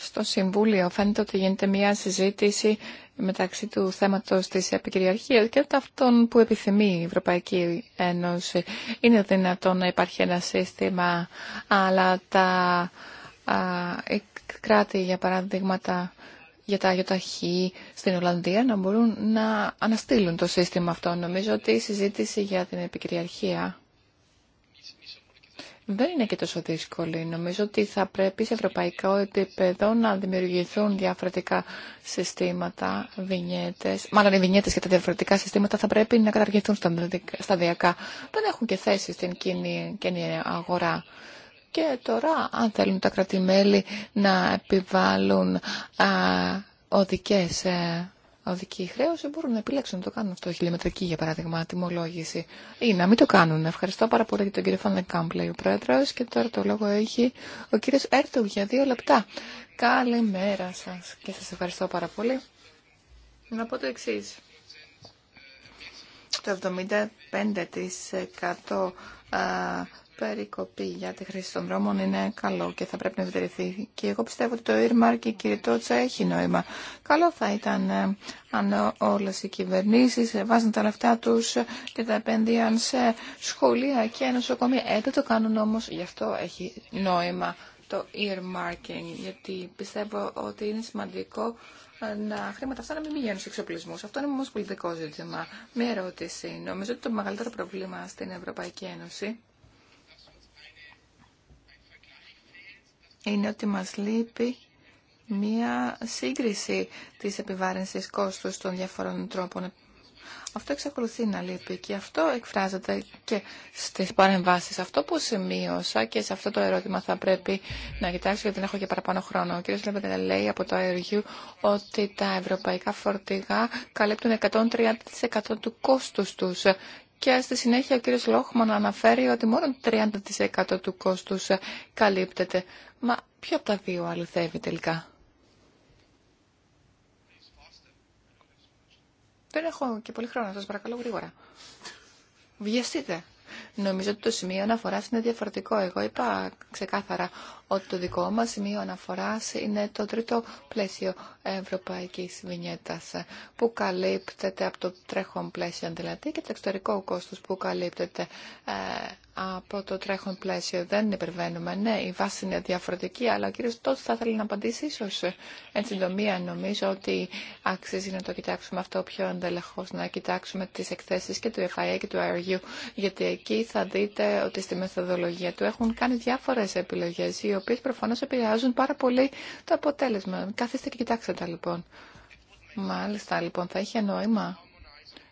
στο Συμβούλιο φαίνεται ότι γίνεται μια συζήτηση μεταξύ του θέματος της επικυριαρχίας και αυτών που επιθυμεί η Ευρωπαϊκή Ένωση. Είναι δυνατόν να υπάρχει ένα σύστημα, αλλά τα κράτη, για παράδειγμα, τα, για τα γιοταχή στην Ολλανδία να μπορούν να αναστείλουν το σύστημα αυτό. Νομίζω ότι η συζήτηση για την επικυριαρχία δεν είναι και τόσο δύσκολη. Νομίζω ότι θα πρέπει σε ευρωπαϊκό επίπεδο να δημιουργηθούν διαφορετικά συστήματα, βινιέτε. Μάλλον οι βινιέτε και τα διαφορετικά συστήματα θα πρέπει να καταργηθούν σταδιακά. Δεν έχουν και θέση στην κοινή, αγορά. Και τώρα, αν θέλουν τα κρατημέλη να επιβάλλουν α, οδικές ε, οδική χρέωση μπορούν να επιλέξουν να το κάνουν αυτό, χιλιομετρική για παράδειγμα τιμολόγηση, ή να μην το κάνουν. Ευχαριστώ πάρα πολύ για τον κύριο Κάμπ, λέει ο πρόεδρο, και τώρα το λόγο έχει ο κύριο Έρτουγ για δύο λεπτά. Καλημέρα σα και σα ευχαριστώ πάρα πολύ. Να πω το εξή. Το 75% περικοπή για τη χρήση των δρόμων είναι καλό και θα πρέπει να ευτερηθεί. Και εγώ πιστεύω ότι το Ήρμαρ και η Κυριτότσα έχει νόημα. Καλό θα ήταν ε, αν όλε οι κυβερνήσει βάζουν τα λεφτά του και τα επένδυαν σε σχολεία και νοσοκομεία. Ε, δεν το κάνουν όμω, γι' αυτό έχει νόημα το earmarking, γιατί πιστεύω ότι είναι σημαντικό ε, να χρήματα αυτά να μην πηγαίνουν σε εξοπλισμού. Αυτό είναι όμω πολιτικό ζήτημα. Μία ερώτηση. Νομίζω ότι το μεγαλύτερο πρόβλημα στην Ευρωπαϊκή Ένωση είναι ότι μας λείπει μία σύγκριση της επιβάρυνσης κόστους των διαφορών τρόπων. Αυτό εξακολουθεί να λείπει και αυτό εκφράζεται και στις παρεμβάσεις. Αυτό που σημείωσα και σε αυτό το ερώτημα θα πρέπει να κοιτάξω γιατί δεν έχω και παραπάνω χρόνο. Ο κ. Λεπέντε λέει από το αεριού ότι τα ευρωπαϊκά φορτηγά καλύπτουν 130% του κόστους τους και στη συνέχεια ο κύριος Λόχμαν αναφέρει ότι μόνο το 30% του κόστους ε, καλύπτεται. Μα ποιο από τα δύο αληθεύει τελικά. Δεν έχω και πολύ χρόνο, σας παρακαλώ γρήγορα. Βιαστείτε. Νομίζω ότι το σημείο αναφορά είναι διαφορετικό. Εγώ είπα ξεκάθαρα ότι το δικό μα σημείο αναφορά είναι το τρίτο πλαίσιο Ευρωπαϊκή βινιέτα που καλύπτεται από το τρέχον πλαίσιο δηλαδή και το εξωτερικό κόστο που καλύπτεται ε, από το τρέχον πλαίσιο. Δεν υπερβαίνουμε. Ναι, η βάση είναι διαφορετική, αλλά ο κύριος Τότς θα ήθελε να απαντήσει ίσως εν συντομία. Νομίζω ότι αξίζει να το κοιτάξουμε αυτό πιο εντελεχώς, να κοιτάξουμε τις εκθέσεις και του FIA και του IRU, γιατί εκεί θα δείτε ότι στη μεθοδολογία του έχουν κάνει διάφορες επιλογές, οι οποίες προφανώς επηρεάζουν πάρα πολύ το αποτέλεσμα. Καθίστε και κοιτάξτε τα λοιπόν. Μάλιστα λοιπόν, θα είχε νόημα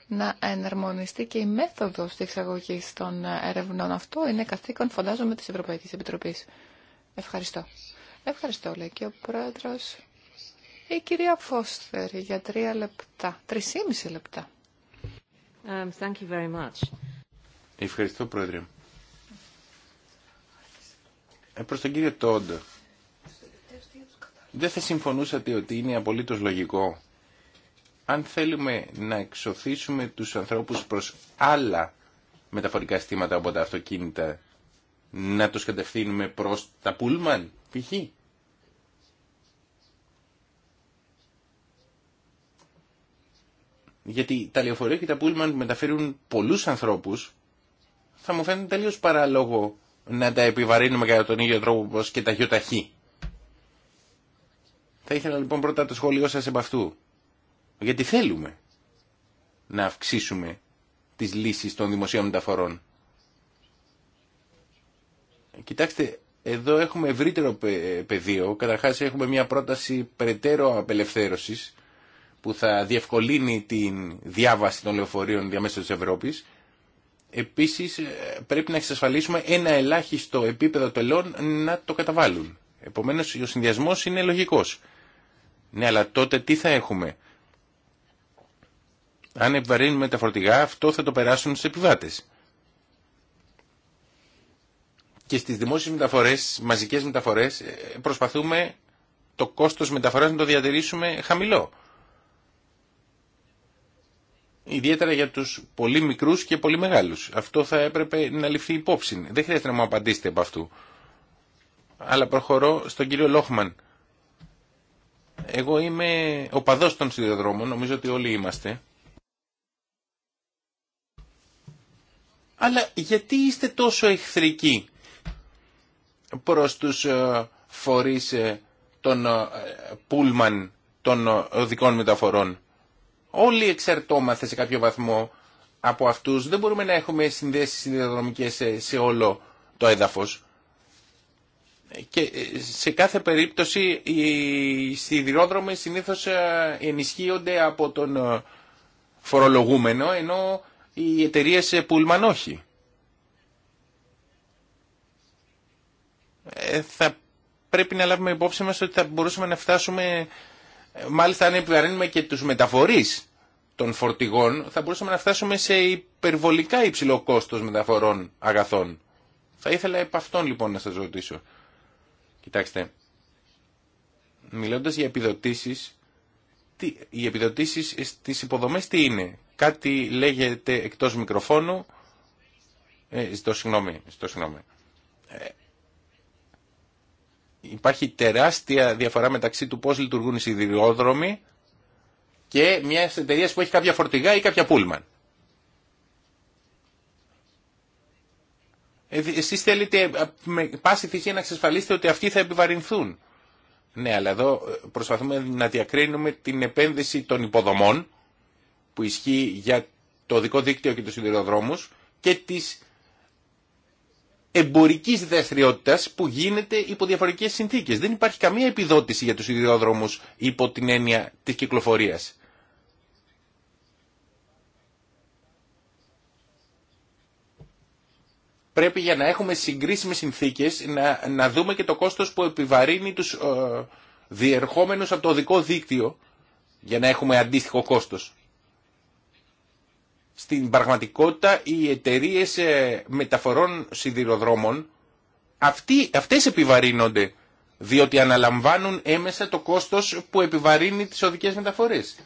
να εναρμονιστεί και η μέθοδος της εξαγωγή των ερευνών. Αυτό είναι καθήκον, φαντάζομαι, της Ευρωπαϊκής Επιτροπής. Ευχαριστώ. Ευχαριστώ, λέει και ο Πρόεδρος. Η κυρία Φώστερ για τρία λεπτά, τρισήμιση λεπτά. Um, thank you very much. Ευχαριστώ, Πρόεδρε. Ε, προς τον κύριο Τόντ, δεν θα συμφωνούσατε ότι είναι απολύτως λογικό αν θέλουμε να εξωθήσουμε τους ανθρώπους προς άλλα μεταφορικά στήματα από τα αυτοκίνητα, να τους κατευθύνουμε προς τα πούλμαν, π.χ. Γιατί τα λεωφορεία και τα πούλμαν μεταφέρουν πολλούς ανθρώπους, θα μου φαίνεται τελείως παράλογο να τα επιβαρύνουμε κατά τον ίδιο τρόπο όπως και τα γιοταχή. Θα ήθελα λοιπόν πρώτα το σχόλιο σας επ' αυτού. Γιατί θέλουμε να αυξήσουμε τις λύσεις των δημοσίων μεταφορών. Κοιτάξτε, εδώ έχουμε ευρύτερο πεδίο. Καταρχάς έχουμε μια πρόταση περαιτέρω απελευθέρωσης που θα διευκολύνει την διάβαση των λεωφορείων διαμέσου της Ευρώπης. Επίσης πρέπει να εξασφαλίσουμε ένα ελάχιστο επίπεδο τελών να το καταβάλουν. Επομένως ο συνδυασμός είναι λογικός. Ναι, αλλά τότε τι θα έχουμε. Αν επιβαρύνουμε τα φορτηγά, αυτό θα το περάσουν στους επιβάτες. Και στις δημόσιες μεταφορές, μαζικές μεταφορές, ε, προσπαθούμε το κόστος μεταφοράς να το διατηρήσουμε χαμηλό. Ιδιαίτερα για τους πολύ μικρούς και πολύ μεγάλους. Αυτό θα έπρεπε να ληφθεί υπόψη. Δεν χρειάζεται να μου απαντήσετε από αυτού. Αλλά προχωρώ στον κύριο Λόχμαν. Εγώ είμαι παδός των σιδηροδρόμων, νομίζω ότι όλοι είμαστε. Αλλά γιατί είστε τόσο εχθρικοί προς τους ε, φορείς ε, των ε, πούλμαν των οδικών μεταφορών. Όλοι εξαρτώμαστε σε κάποιο βαθμό από αυτούς. Δεν μπορούμε να έχουμε συνδέσεις συνδεδρομικές σε όλο το έδαφος. Και σε κάθε περίπτωση οι σιδηρόδρομοι συνήθως ενισχύονται από τον φορολογούμενο, ενώ οι εταιρείε Πούλμαν ε, όχι. Ε, θα πρέπει να λάβουμε υπόψη μας ότι θα μπορούσαμε να φτάσουμε, ε, μάλιστα αν επιβαρύνουμε και τους μεταφορείς των φορτηγών, θα μπορούσαμε να φτάσουμε σε υπερβολικά υψηλό κόστος μεταφορών αγαθών. Θα ήθελα επ' αυτόν λοιπόν να σας ρωτήσω. Κοιτάξτε, μιλώντας για επιδοτήσεις, τι, οι επιδοτήσεις στις υποδομές τι είναι. Κάτι λέγεται εκτός μικροφώνου. Ε, στο συγγνώμη, στο συγγνώμη. Ε, υπάρχει τεράστια διαφορά μεταξύ του πώς λειτουργούν οι σιδηρόδρομοι και μια εταιρεία που έχει κάποια φορτηγά ή κάποια πούλμαν. Ε, εσείς θέλετε ε, με πάση θυσία να εξασφαλίσετε ότι αυτοί θα επιβαρυνθούν. Ναι, αλλά εδώ ε, προσπαθούμε να διακρίνουμε την επένδυση των υποδομών που ισχύει για το δικό δίκτυο και τους σιδηροδρόμους και της εμπορικής δραστηριότητα που γίνεται υπό διαφορετικές συνθήκες. Δεν υπάρχει καμία επιδότηση για τους σιδηροδρόμους υπό την έννοια της κυκλοφορίας. πρέπει για να έχουμε συγκρίσιμες συνθήκες να, δούμε και το κόστος που επιβαρύνει τους ε, διερχόμενους από το οδικό δίκτυο για να έχουμε αντίστοιχο κόστος στην πραγματικότητα οι εταιρείε ε, μεταφορών σιδηροδρόμων αυτοί, αυτές επιβαρύνονται διότι αναλαμβάνουν έμεσα το κόστος που επιβαρύνει τις οδικές μεταφορές.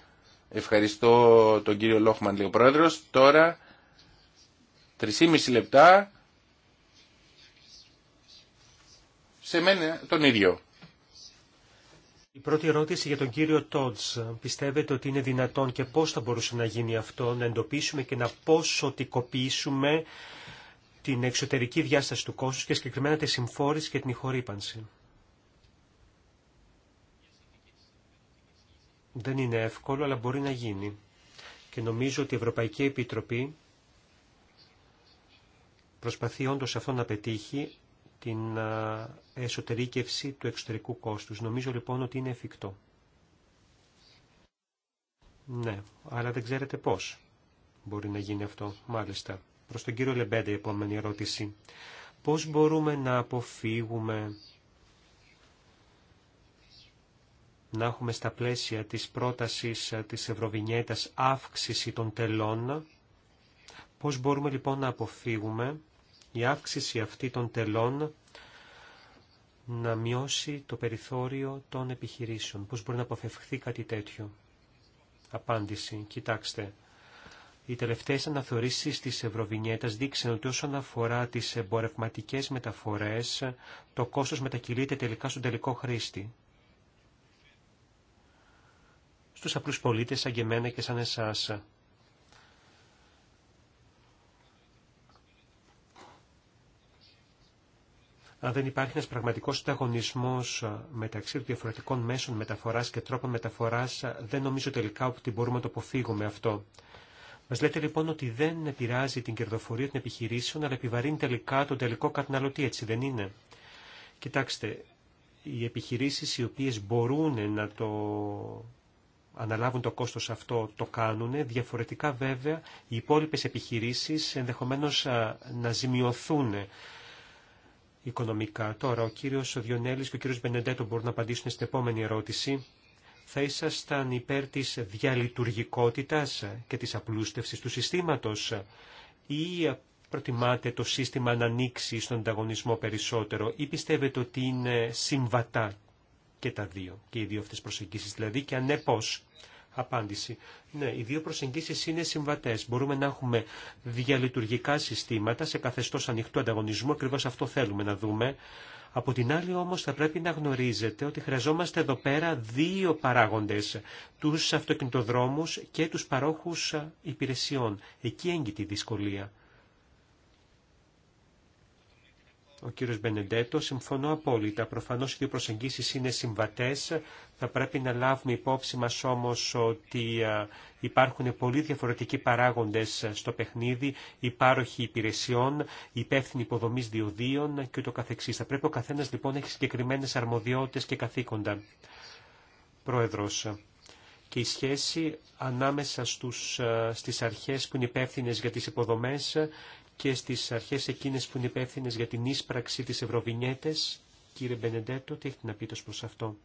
Ευχαριστώ τον κύριο Λόχμαν, λέει ο πρόεδρος. Τώρα, 3,5 λεπτά, σε μένα τον ίδιο. Η πρώτη ερώτηση για τον κύριο Τόντς. Πιστεύετε ότι είναι δυνατόν και πώς θα μπορούσε να γίνει αυτό, να εντοπίσουμε και να ποσοτικοποιήσουμε την εξωτερική διάσταση του κόσμου και συγκεκριμένα τη συμφόρηση και την ηχορύπανση. Δεν είναι εύκολο, αλλά μπορεί να γίνει. Και νομίζω ότι η Ευρωπαϊκή Επιτροπή προσπαθεί όντως αυτό να πετύχει, την εσωτερήκευση του εξωτερικού κόστους. Νομίζω λοιπόν ότι είναι εφικτό. Ναι, αλλά δεν ξέρετε πώς μπορεί να γίνει αυτό. Μάλιστα. Προς τον κύριο Λεμπέντε η επόμενη ερώτηση. Πώς μπορούμε να αποφύγουμε να έχουμε στα πλαίσια της πρότασης της Ευρωβινιέτας αύξηση των τελών. Πώς μπορούμε λοιπόν να αποφύγουμε η αύξηση αυτή των τελών να μειώσει το περιθώριο των επιχειρήσεων. Πώς μπορεί να αποφευχθεί κάτι τέτοιο. Απάντηση. Κοιτάξτε. Οι τελευταίες αναθεωρήσεις της Ευρωβινιέτας δείξαν ότι όσον αφορά τις εμπορευματικές μεταφορές, το κόστος μετακυλείται τελικά στον τελικό χρήστη. Στους απλούς πολίτες, σαν και εμένα και σαν εσάς. αν δεν υπάρχει ένας πραγματικός συνταγωνισμό ε, μεταξύ των διαφορετικών μέσων μεταφοράς και τρόπων μεταφοράς, ε, δεν νομίζω τελικά ότι μπορούμε να το αποφύγουμε αυτό. Μας λέτε λοιπόν ότι δεν επηρεάζει την κερδοφορία των επιχειρήσεων, αλλά επιβαρύνει τελικά τον τελικό καταναλωτή, έτσι δεν είναι. Κοιτάξτε, οι επιχειρήσεις οι οποίες μπορούν να το αναλάβουν το κόστος αυτό, το κάνουν. Διαφορετικά βέβαια οι υπόλοιπες επιχειρήσεις ενδεχομένως ε, να ζημιωθούν οικονομικά. Τώρα ο κύριος Διονέλης και ο κύριος Μπενεντέτο μπορούν να απαντήσουν στην επόμενη ερώτηση. Θα ήσασταν υπέρ της διαλειτουργικότητας και της απλούστευσης του συστήματος ή προτιμάτε το σύστημα να ανοίξει στον ανταγωνισμό περισσότερο ή πιστεύετε ότι είναι συμβατά και τα δύο, και οι δύο αυτές προσεγγίσεις δηλαδή και αν ναι, Απάντηση. Ναι, οι δύο προσεγγίσεις είναι συμβατές. Μπορούμε να έχουμε διαλειτουργικά συστήματα σε καθεστώς ανοιχτού ανταγωνισμού, ακριβώ αυτό θέλουμε να δούμε. Από την άλλη όμως θα πρέπει να γνωρίζετε ότι χρειαζόμαστε εδώ πέρα δύο παράγοντες, τους αυτοκινητοδρόμους και τους παρόχους υπηρεσιών. Εκεί έγκυται η δυσκολία. ο κύριος Μπενεντέτο. Συμφωνώ απόλυτα. Προφανώς οι δύο προσεγγίσεις είναι συμβατές. Θα πρέπει να λάβουμε υπόψη μας όμως ότι υπάρχουν πολύ διαφορετικοί παράγοντες στο παιχνίδι, υπάροχοι υπηρεσιών, υπεύθυνοι υποδομής διοδίων και καθεξής. Θα πρέπει ο καθένας λοιπόν να έχει συγκεκριμένε αρμοδιότητες και καθήκοντα. Πρόεδρος και η σχέση ανάμεσα στους, στις αρχές που είναι υπεύθυνε για τις υποδομές και στις αρχές εκείνες που είναι υπεύθυνε για την ίσπραξη της Ευρωβινιέτες. Κύριε Μπενεντέτο, τι έχετε να πείτε προς αυτό.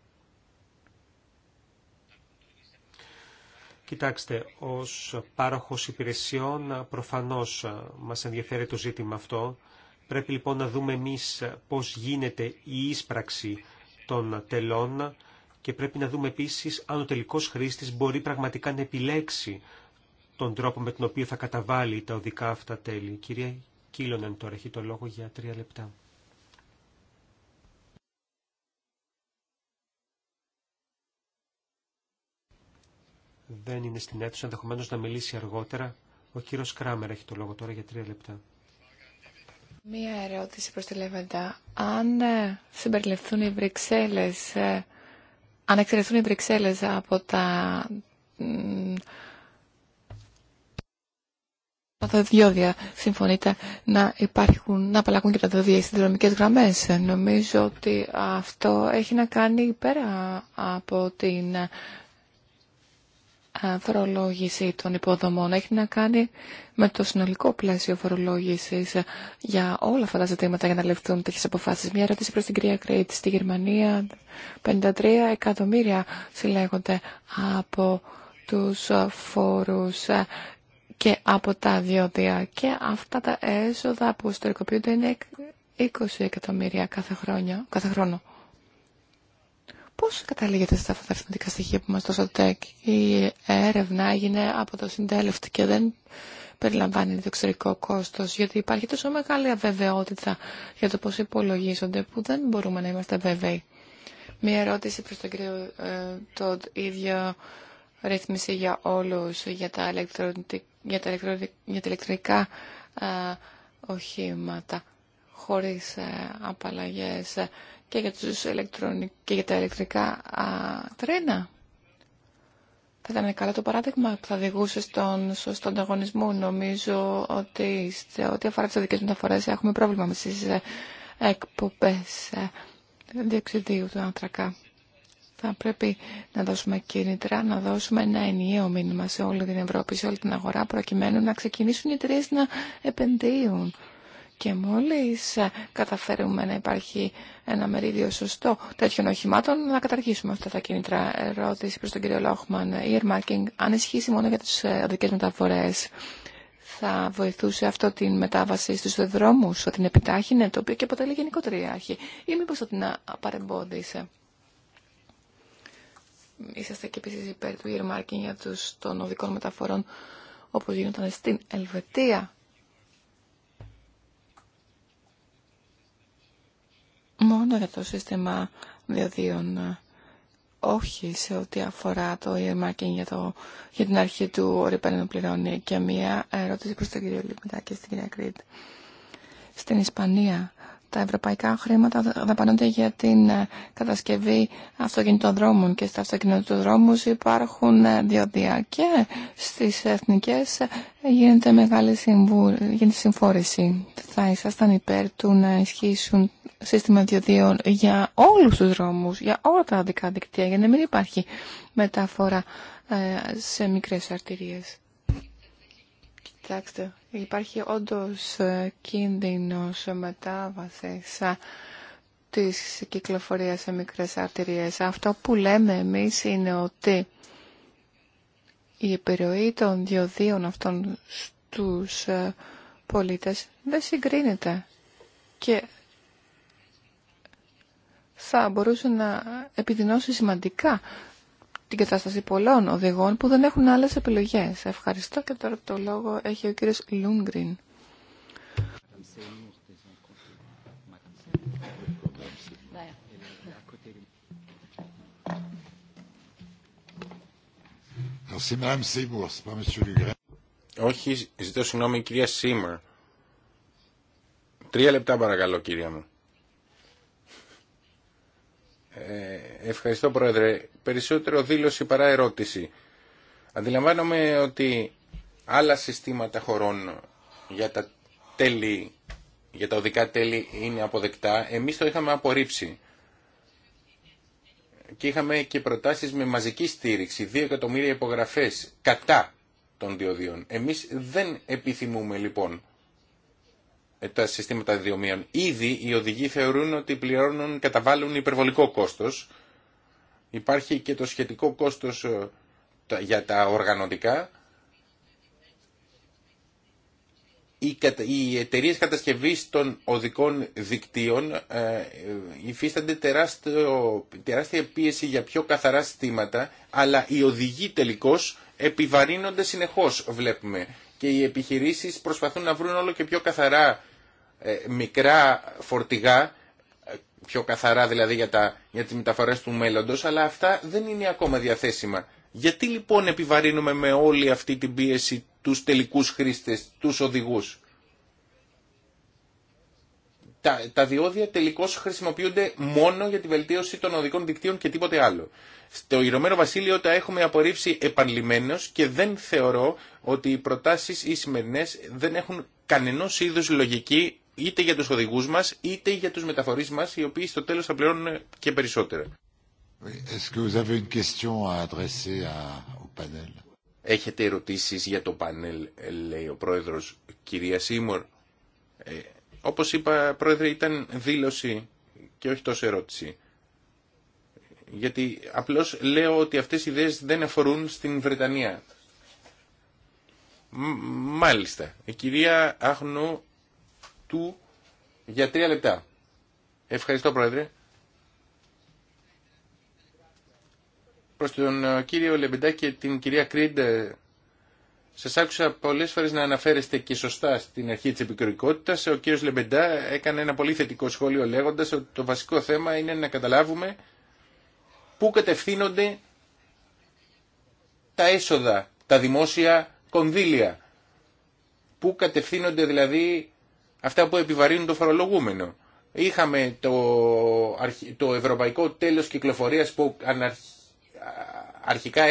Κοιτάξτε, ως πάροχος υπηρεσιών προφανώς μας ενδιαφέρει το ζήτημα αυτό. Πρέπει λοιπόν να δούμε εμείς πώς γίνεται η ίσπραξη των τελών και πρέπει να δούμε επίσης αν ο τελικός χρήστης μπορεί πραγματικά να επιλέξει τον τρόπο με τον οποίο θα καταβάλει τα οδικά αυτά τέλη. Η κυρία Κίλωνεν τώρα έχει το λόγο για τρία λεπτά. Δεν είναι στην αίθουσα, ενδεχομένω να μιλήσει αργότερα. Ο κύριος Κράμερ έχει το λόγο τώρα για τρία λεπτά. Μία ερώτηση προς τη Λεβέντα. Αν ε, συμπεριληφθούν οι Βρυξέλλες, ε, αν εξαιρεθούν οι Βρυξέλλες από τα τα διόδια. Συμφωνείτε να υπάρχουν, να απαλλαγούν και τα διόδια οι συνδρομικές γραμμές. Νομίζω ότι αυτό έχει να κάνει πέρα από την φορολόγηση των υποδομών. Έχει να κάνει με το συνολικό πλαίσιο φορολόγηση για όλα αυτά τα ζητήματα για να λεφτούν τέτοιε αποφάσει. Μια ερώτηση προ την κυρία Κρέιτ. Στη Γερμανία 53 εκατομμύρια συλλέγονται από του φόρου και από τα διόδια και αυτά τα έσοδα που ιστορικοποιούνται είναι 20 εκατομμύρια κάθε, χρόνια, χρόνο. Πώς καταλήγεται στα αυτά τα στοιχεία που μας δώσατε η έρευνα έγινε από το συντέλευτη και δεν περιλαμβάνει το εξωτερικό κόστος γιατί υπάρχει τόσο μεγάλη αβεβαιότητα για το πώς υπολογίζονται που δεν μπορούμε να είμαστε βέβαιοι. Μία ερώτηση προς τον κύριο ε, το ίδιο ρύθμιση για όλους για τα ηλεκτρονικά για τα, για ηλεκτρικά ε, οχήματα χωρίς ε, απαλλαγές ε, και για, τους και για τα ηλεκτρικά τρένα. Θα ήταν καλό το παράδειγμα που θα οδηγούσε στον σωστό ανταγωνισμό. Νομίζω ότι ό,τι αφορά τις δικές μεταφορές έχουμε πρόβλημα με τις εκπομπές διεξιδίου του άνθρακα θα πρέπει να δώσουμε κίνητρα, να δώσουμε ένα ενιαίο μήνυμα σε όλη την Ευρώπη, σε όλη την αγορά, προκειμένου να ξεκινήσουν οι εταιρείε να επενδύουν. Και μόλις καταφέρουμε να υπάρχει ένα μερίδιο σωστό τέτοιων οχημάτων, να καταργήσουμε αυτά τα κίνητρα. Ερώτηση προς τον κύριο Λόχμαν, earmarking, αν ισχύσει μόνο για τις ε, οδικές μεταφορές, θα βοηθούσε αυτό την μετάβαση στους δρόμους, ότι την επιτάχυνε, το οποίο και αποτελεί γενικότερη άρχη, ή μήπως θα την παρεμπόδισε είσαστε και επίσης υπέρ του earmarking για τους των οδικών μεταφορών όπως γίνονταν στην Ελβετία. Μόνο για το σύστημα διοδίων, όχι σε ό,τι αφορά το earmarking για, το, για την αρχή του ορυπαίνου πληρώνει. Και μία ερώτηση προς τον κύριο Λιμπιντάκη και στην κυρία Κρήτη Στην Ισπανία τα ευρωπαϊκά χρήματα δαπανούνται για την ε, κατασκευή αυτοκινητοδρόμων και στα αυτοκινητοδρόμους υπάρχουν ε, διόδια και στις εθνικές ε, γίνεται μεγάλη γίνεται συμφόρηση. Θα ήσασταν υπέρ του να ισχύσουν σύστημα διοδίων για όλους τους δρόμους, για όλα τα δικά δικτύα, για να μην υπάρχει μεταφορά σε μικρές αρτηρίες. Κοιτάξτε, Υπάρχει όντως ε, κίνδυνος μετάβασης ε, της κυκλοφορίας σε μικρές αρτηρίες. Αυτό που λέμε εμείς είναι ότι η επιρροή των διοδίων αυτών στους ε, πολίτες δεν συγκρίνεται και θα μπορούσε να επιδεινώσει σημαντικά την κατάσταση πολλών οδηγών που δεν έχουν άλλες επιλογές. Ευχαριστώ και τώρα το λόγο έχει ο κύριος Λούγκριν. Όχι, ζητώ συγγνώμη κυρία Σίμερ. Τρία λεπτά παρακαλώ κυρία μου. Ε, ευχαριστώ Πρόεδρε. Περισσότερο δήλωση παρά ερώτηση. Αντιλαμβάνομαι ότι άλλα συστήματα χωρών για τα τέλη, για τα οδικά τέλη είναι αποδεκτά. Εμείς το είχαμε απορρίψει. Και είχαμε και προτάσεις με μαζική στήριξη, 2 εκατομμύρια υπογραφές κατά των διοδίων. Εμείς δεν επιθυμούμε λοιπόν ε, τα συστήματα διομοίων. Ήδη οι οδηγοί θεωρούν ότι πληρώνουν, καταβάλουν υπερβολικό κόστος. Υπάρχει και το σχετικό κόστος ε, για τα οργανωτικά. Οι εταιρείε κατασκευής των οδικών δικτύων ε, υφίστανται τεράστια πίεση για πιο καθαρά συστήματα, αλλά οι οδηγοί τελικώς επιβαρύνονται συνεχώς, βλέπουμε και οι επιχειρήσεις προσπαθούν να βρουν όλο και πιο καθαρά ε, μικρά φορτηγά, ε, πιο καθαρά δηλαδή για, τα, για τις μεταφορές του μέλλοντος, αλλά αυτά δεν είναι ακόμα διαθέσιμα. Γιατί λοιπόν επιβαρύνουμε με όλη αυτή την πίεση τους τελικούς χρήστες, τους οδηγούς τα, τα διόδια τελικώς χρησιμοποιούνται μόνο για τη βελτίωση των οδικών δικτύων και τίποτε άλλο. Στο Ηρωμένο Βασίλειο τα έχουμε απορρίψει επανειλημμένω και δεν θεωρώ ότι οι προτάσεις οι σημερινέ δεν έχουν κανενός είδου λογική είτε για τους οδηγού μας είτε για τους μεταφορεί μα, οι οποίοι στο τέλος θα πληρώνουν και περισσότερα. Έχετε ερωτήσει για το πανέλ, λέει ο πρόεδρο κυρία Σίμορ. Ε, όπως είπα, πρόεδρε, ήταν δήλωση και όχι τόσο ερώτηση. Γιατί απλώς λέω ότι αυτές οι ιδέες δεν αφορούν στην Βρετανία. Μάλιστα. Η κυρία Άχνου του για τρία λεπτά. Ευχαριστώ πρόεδρε. Προς τον ε, κύριο Λεμπεντά και την κυρία Κρίντ σας άκουσα πολλέ φορέ να αναφέρεστε και σωστά στην αρχή της επικροικότητα. Ο κ. Λεμπεντά έκανε ένα πολύ θετικό σχόλιο λέγοντα ότι το βασικό θέμα είναι να καταλάβουμε πού κατευθύνονται τα έσοδα, τα δημόσια κονδύλια. Πού κατευθύνονται δηλαδή αυτά που επιβαρύνουν το φορολογούμενο. Είχαμε το, το ευρωπαϊκό τέλος κυκλοφορίας που αρχικά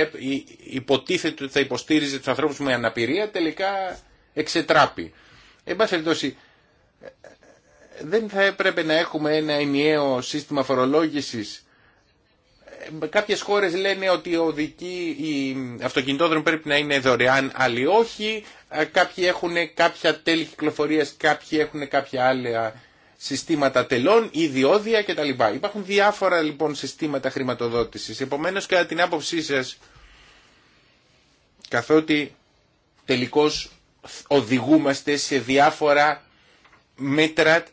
υποτίθεται ότι θα υποστήριζε τους ανθρώπους με αναπηρία, τελικά εξετράπη. Εν πάση δεν θα έπρεπε να έχουμε ένα ενιαίο σύστημα φορολόγησης. Ε, κάποιες χώρες λένε ότι οι οδικοί, οι αυτοκινητόδρομοι πρέπει να είναι δωρεάν, άλλοι όχι. Ε, κάποιοι έχουν κάποια τέλη κυκλοφορίας, κάποιοι έχουν κάποια άλλα συστήματα τελών και τα κτλ. Υπάρχουν διάφορα λοιπόν συστήματα χρηματοδότησης. Επομένως κατά την άποψή σας, καθότι τελικώς οδηγούμαστε σε διάφορα μέτρα,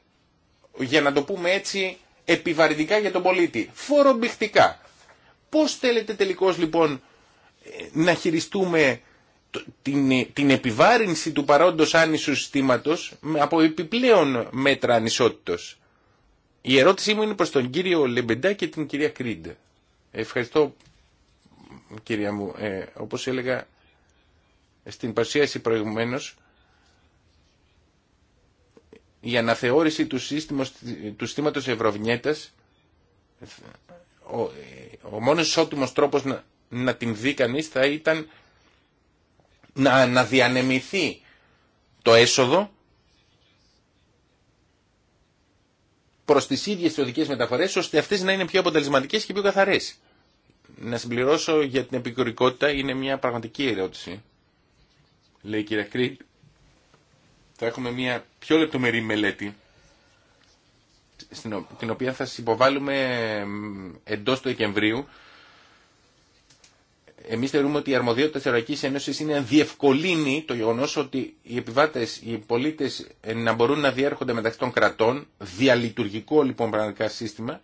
για να το πούμε έτσι, επιβαρυντικά για τον πολίτη, φορομπηχτικά. Πώς θέλετε τελικώς λοιπόν να χειριστούμε την, την επιβάρυνση του παρόντος άνισου συστήματος από επιπλέον μέτρα ανισότητος. Η ερώτησή μου είναι προς τον κύριο Λεμπεντά και την κυρία Κρίντ. Ευχαριστώ κυρία μου. Ε, όπως έλεγα στην παρουσίαση προηγουμένως, η αναθεώρηση του, συστήματος του συστήματος Ευρωβινιέτας ο, ο μόνος ισότιμος τρόπος να, να την δει κανείς θα ήταν να διανεμηθεί το έσοδο προς τις ίδιες οδικές μεταφορές ώστε αυτές να είναι πιο αποτελεσματικές και πιο καθαρές. Να συμπληρώσω για την επικουρικότητα είναι μια πραγματική ερώτηση. Λέει η κυρία θα έχουμε μια πιο λεπτομερή μελέτη την οποία θα σας υποβάλουμε εντός του Δεκεμβρίου Εμεί θεωρούμε ότι η αρμοδιότητα τη Ευρωπαϊκή Ένωση είναι να διευκολύνει το γεγονό ότι οι επιβάτε, οι πολίτε ε, να μπορούν να διέρχονται μεταξύ των κρατών, διαλειτουργικό λοιπόν πραγματικά σύστημα,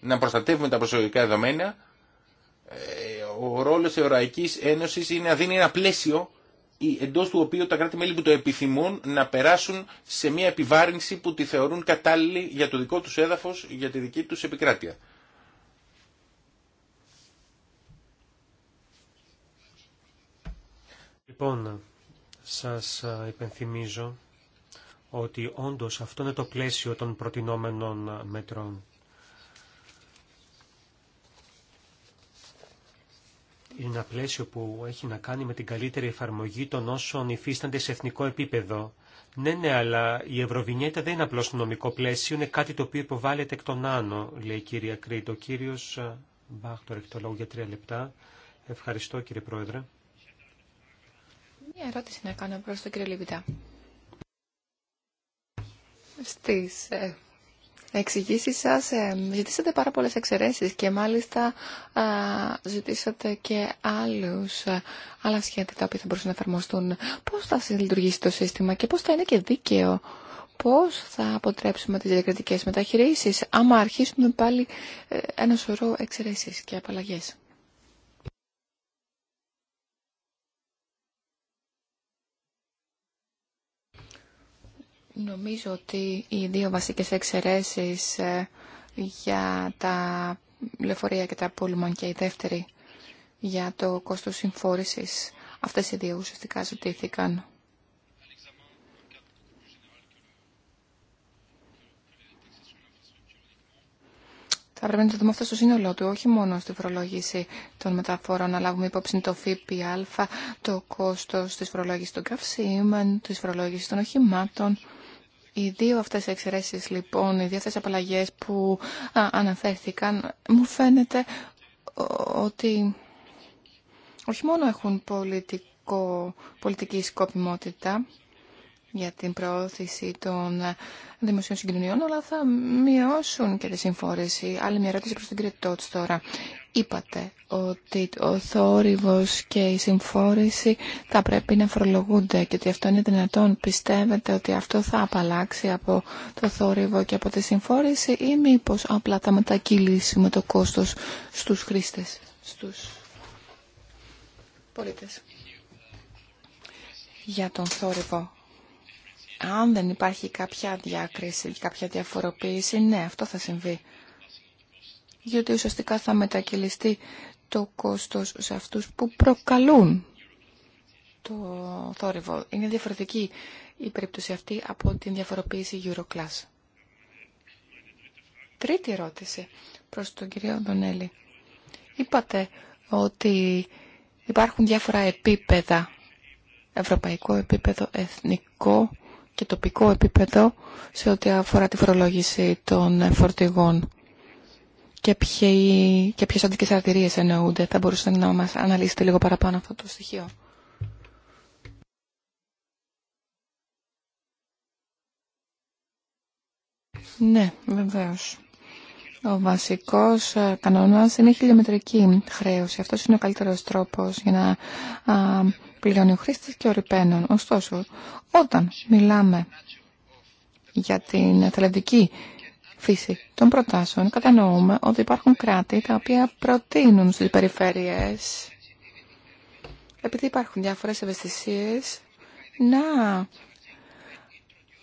να προστατεύουμε τα προσωπικά δεδομένα. Ε, ο ρόλο τη Ευρωπαϊκή Ένωση είναι να δίνει ένα πλαίσιο εντό του οποίου τα κράτη-μέλη που το επιθυμούν να περάσουν σε μια επιβάρυνση που τη θεωρούν κατάλληλη για το δικό του έδαφο, για τη δική του επικράτεια. Λοιπόν, σας υπενθυμίζω ότι όντως αυτό είναι το πλαίσιο των προτινόμενων μέτρων. Είναι ένα πλαίσιο που έχει να κάνει με την καλύτερη εφαρμογή των όσων υφίστανται σε εθνικό επίπεδο. Ναι, ναι, αλλά η Ευρωβινιέτα δεν είναι απλώ νομικό πλαίσιο, είναι κάτι το οποίο υποβάλλεται εκ των άνω, λέει η κυρία Κρήτο. Ο κύριο Μπάχτορ έχει το λόγο για τρία λεπτά. Ευχαριστώ κύριε Πρόεδρε. Μια ερώτηση να κάνω προς τον κύριο Λιβιτά. Στις ε, εξηγήσεις σας ε, ζητήσατε πάρα πολλές εξαιρέσεις και μάλιστα ζητήσατε και άλλους, ε, άλλα σχέδια τα οποία θα μπορούσαν να εφαρμοστούν. Πώς θα λειτουργήσει το σύστημα και πώς θα είναι και δίκαιο πώς θα αποτρέψουμε τις διακριτικές μεταχειρήσεις άμα αρχίσουμε πάλι ε, ένα σωρό εξαιρέσεις και απαλλαγές. Νομίζω ότι οι δύο βασικές εξαιρέσεις ε, για τα λεωφορεία και τα πούλμαν και η δεύτερη για το κόστος συμφόρησης, αυτές οι δύο ουσιαστικά ζητήθηκαν. Θα πρέπει να το δούμε αυτό στο σύνολό του, όχι μόνο στη φορολόγηση των μεταφορών, αλλά λάβουμε υπόψη το ΦΠΑ, το κόστος της φορολόγησης των καυσίμων, της φορολόγησης των οχημάτων οι δύο αυτές εξαιρέσεις λοιπόν, οι δύο αυτές απαλλαγές που αναφέρθηκαν, μου φαίνεται ότι όχι μόνο έχουν πολιτικό, πολιτική σκοπιμότητα, για την προώθηση των δημοσίων συγκοινωνιών, αλλά θα μειώσουν και τη συμφόρηση. Άλλη μια ερώτηση προς την κύριε Τότς τώρα. Είπατε ότι ο θόρυβος και η συμφόρηση θα πρέπει να φορολογούνται και ότι αυτό είναι δυνατόν. Πιστεύετε ότι αυτό θα απαλλάξει από το θόρυβο και από τη συμφόρηση ή μήπως απλά θα μετακυλήσουμε το κόστος στους χρήστες, στους πολίτες. Για τον θόρυβο αν δεν υπάρχει κάποια διάκριση, κάποια διαφοροποίηση, ναι, αυτό θα συμβεί. Γιατί ουσιαστικά θα μετακυλιστεί το κόστος σε αυτούς που προκαλούν το θόρυβο. Είναι διαφορετική η περίπτωση αυτή από την διαφοροποίηση Euroclass. Τρίτη ερώτηση προς τον κύριο Δονέλη. Είπατε ότι υπάρχουν διάφορα επίπεδα, ευρωπαϊκό επίπεδο, εθνικό και τοπικό επίπεδο σε ό,τι αφορά τη φορολόγηση των φορτηγών και, ποιοι, και ποιες αντικές αρτηρίες εννοούνται. Θα μπορούσατε να μας αναλύσετε λίγο παραπάνω αυτό το στοιχείο. Ναι, βεβαίως. Ο βασικός ε, κανόνας είναι η χιλιομετρική χρέωση. Αυτός είναι ο καλύτερος τρόπος για να πληρώνει ο χρήστης και ο Ωστόσο, όταν μιλάμε για την θελευτική φύση των προτάσεων, κατανοούμε ότι υπάρχουν κράτη τα οποία προτείνουν στις περιφέρειες, επειδή υπάρχουν διάφορες ευαισθησίες, να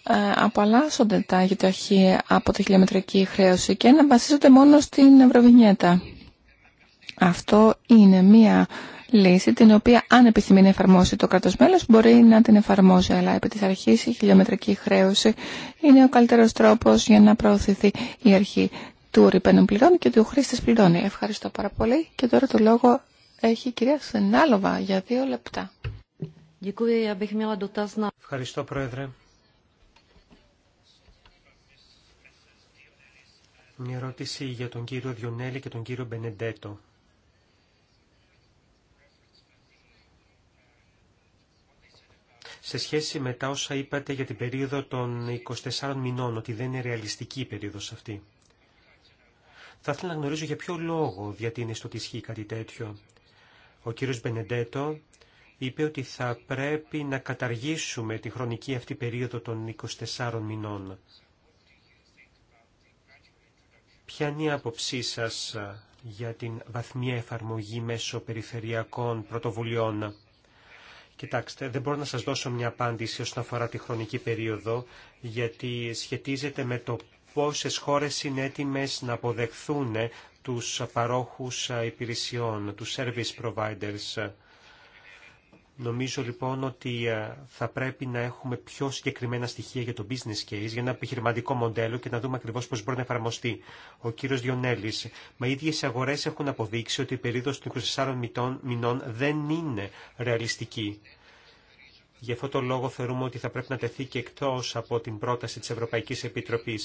ε, απαλλάσσονται τα γητοχεία από τη χιλιομετρική χρέωση και να βασίζονται μόνο στην Ευρωβινιέτα. Αυτό είναι μία λύση την οποία αν επιθυμεί να εφαρμόσει το κράτος μέλος μπορεί να την εφαρμόσει αλλά επί της αρχής η χιλιομετρική χρέωση είναι ο καλύτερος τρόπος για να προωθηθεί η αρχή του ρηπαίνων πληρών και του χρήστης πληρώνει. Ευχαριστώ πάρα πολύ και τώρα το λόγο έχει η κυρία Σενάλοβα για δύο λεπτά. Ευχαριστώ Πρόεδρε. Μια ερώτηση για τον κύριο Διονέλη και τον κύριο Μπενεντέτο. σε σχέση με τα όσα είπατε για την περίοδο των 24 μηνών, ότι δεν είναι ρεαλιστική η περίοδος αυτή. Θα ήθελα να γνωρίζω για ποιο λόγο διατείνεστε ότι ισχύει κάτι τέτοιο. Ο κύριος Μπενεντέτο είπε ότι θα πρέπει να καταργήσουμε τη χρονική αυτή περίοδο των 24 μηνών. Ποια είναι η άποψή σας για την βαθμία εφαρμογή μέσω περιφερειακών πρωτοβουλειών. Κοιτάξτε, δεν μπορώ να σας δώσω μια απάντηση όσον αφορά τη χρονική περίοδο, γιατί σχετίζεται με το πόσες χώρες είναι έτοιμες να αποδεχθούν τους παρόχους ε, υπηρεσιών, τους service providers. Νομίζω λοιπόν ότι ε, θα πρέπει να έχουμε πιο συγκεκριμένα στοιχεία για το business case, για ένα επιχειρηματικό μοντέλο και να δούμε ακριβώ πώ μπορεί να εφαρμοστεί. Ο κύριο Διονέλη, μα οι ίδιε αγορέ έχουν αποδείξει ότι η περίοδο των 24 μηνών δεν είναι ρεαλιστική. Γι' αυτό το λόγο θεωρούμε ότι θα πρέπει να τεθεί και εκτό από την πρόταση τη Ευρωπαϊκή Επιτροπή.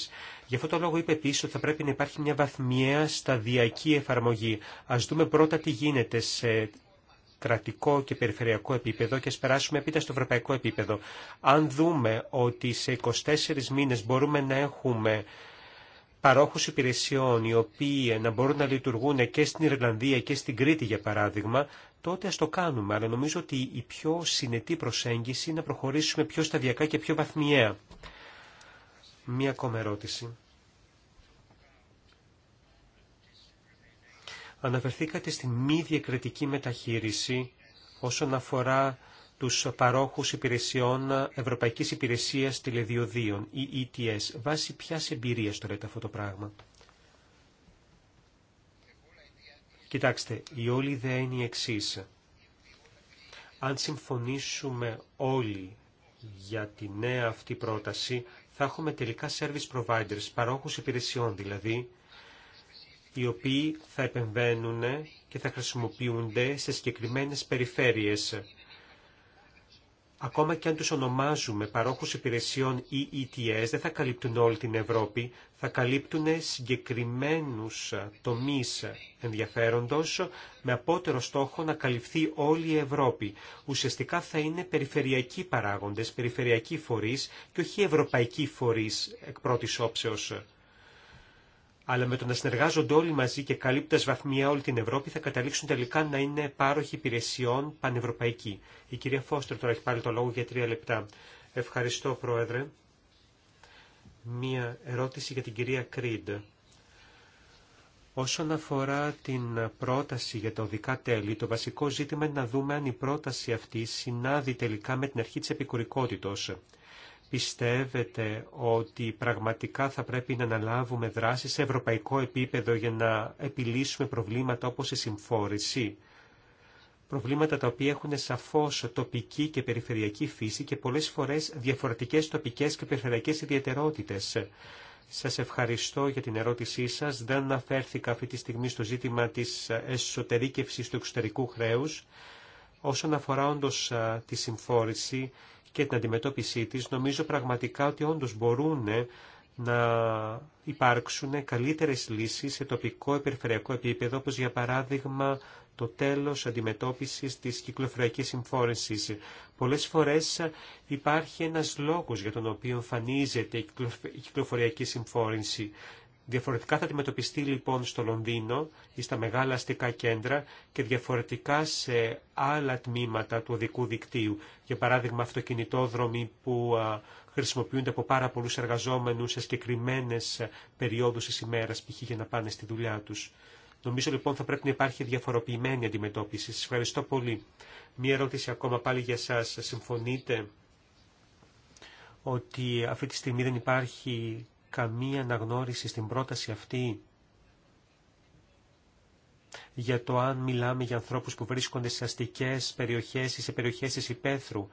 Γι' αυτό το λόγο είπε επίση ότι θα πρέπει να υπάρχει μια βαθμιαία σταδιακή εφαρμογή. Α δούμε πρώτα τι γίνεται σε κρατικό και περιφερειακό επίπεδο και ας περάσουμε επίτα στο ευρωπαϊκό επίπεδο. Αν δούμε ότι σε 24 μήνες μπορούμε να έχουμε παρόχους υπηρεσιών οι οποίοι να μπορούν να λειτουργούν και στην Ιρλανδία και στην Κρήτη για παράδειγμα, τότε ας το κάνουμε. Αλλά νομίζω ότι η πιο συνετή προσέγγιση είναι να προχωρήσουμε πιο σταδιακά και πιο βαθμιαία. Μία ακόμα ερώτηση. Αναφερθήκατε στη μη διακριτική μεταχείριση όσον αφορά τους παρόχους υπηρεσιών Ευρωπαϊκής Υπηρεσίας Τηλεδιοδίων, ή ETS. Βάσει ποιας εμπειρίας το λέτε αυτό το πράγμα. Κοιτάξτε, η ets βασει ποια εμπειρια ιδέα είναι η ολη ιδεα ειναι η εξη Αν συμφωνήσουμε όλοι για τη νέα αυτή πρόταση, θα έχουμε τελικά service providers, παρόχους υπηρεσιών δηλαδή, οι οποίοι θα επεμβαίνουν και θα χρησιμοποιούνται σε συγκεκριμένες περιφέρειες. Ακόμα και αν τους ονομάζουμε παρόχους υπηρεσιών ή e ETS, δεν θα καλύπτουν όλη την Ευρώπη, θα καλύπτουν συγκεκριμένους τομείς ενδιαφέροντος, με απότερο στόχο να καλυφθεί όλη η Ευρώπη. Ουσιαστικά θα είναι περιφερειακοί παράγοντες, περιφερειακοί φορείς και όχι ευρωπαϊκοί φορείς εκ πρώτης όψεως αλλά με το να συνεργάζονται όλοι μαζί και καλύπτοντα βαθμία όλη την Ευρώπη θα καταλήξουν τελικά να είναι πάροχοι υπηρεσιών πανευρωπαϊκοί. Η κυρία Φώστερ τώρα έχει πάρει το λόγο για τρία λεπτά. Ευχαριστώ, Πρόεδρε. Μία ερώτηση για την κυρία Κρίντ. Όσον αφορά την πρόταση για τα οδικά τέλη, το βασικό ζήτημα είναι να δούμε αν η πρόταση αυτή συνάδει τελικά με την αρχή της επικουρικότητος. Πιστεύετε ότι πραγματικά θα πρέπει να αναλάβουμε δράση σε ευρωπαϊκό επίπεδο για να επιλύσουμε προβλήματα όπως η συμφόρηση. Προβλήματα τα οποία έχουν σαφώς τοπική και περιφερειακή φύση και πολλές φορές διαφορετικές τοπικές και περιφερειακές ιδιαιτερότητες. Σας ευχαριστώ για την ερώτησή σας. Δεν αναφέρθηκα αυτή τη στιγμή στο ζήτημα της εσωτερήκευσης του εξωτερικού χρέους. Όσον αφορά όντως τη συμφόρηση, και την αντιμετώπιση της, νομίζω πραγματικά ότι όντως μπορούν να υπάρξουν καλύτερες λύσεις σε τοπικό περιφερειακό επίπεδο, όπως για παράδειγμα το τέλος αντιμετώπισης της κυκλοφοριακής συμφόρησης. Πολλές φορές υπάρχει ένας λόγος για τον οποίο εμφανίζεται η κυκλοφοριακή συμφόρηση. Διαφορετικά θα αντιμετωπιστεί λοιπόν στο Λονδίνο ή στα μεγάλα αστικά κέντρα και διαφορετικά σε άλλα τμήματα του οδικού δικτύου. Για παράδειγμα αυτοκινητόδρομοι που χρησιμοποιούνται από πάρα πολλούς εργαζόμενους σε συγκεκριμένε περιόδους της ημέρας, π.χ. για να πάνε στη δουλειά τους. Νομίζω λοιπόν θα πρέπει να υπάρχει διαφοροποιημένη αντιμετώπιση. Σας ευχαριστώ πολύ. Μία ερώτηση ακόμα πάλι για εσά. Συμφωνείτε ότι αυτή τη στιγμή δεν υπάρχει καμία αναγνώριση στην πρόταση αυτή για το αν μιλάμε για ανθρώπους που βρίσκονται σε αστικές περιοχές ή σε περιοχές της υπαίθρου.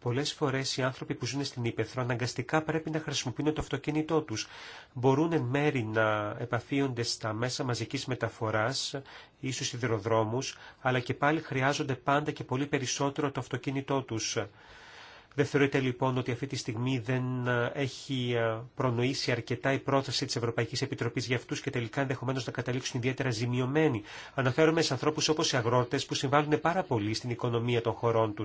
Πολλές φορές οι άνθρωποι που ζουν στην Ήπεθρο αναγκαστικά πρέπει να χρησιμοποιούν το αυτοκίνητό τους. Μπορούν εν μέρη να επαφίονται στα μέσα μαζικής μεταφοράς ή στους σιδηροδρόμους, αλλά και πάλι χρειάζονται πάντα και πολύ περισσότερο το αυτοκίνητό τους. Δεν θεωρείτε λοιπόν ότι αυτή τη στιγμή δεν ε, έχει ε, προνοήσει αρκετά η πρόταση τη Ευρωπαϊκή Επιτροπή για αυτού και τελικά ενδεχομένω να καταλήξουν ιδιαίτερα ζημιωμένοι. Αναφέρομαι σε ανθρώπου όπω οι αγρότε που συμβάλλουν πάρα πολύ στην οικονομία των χωρών του.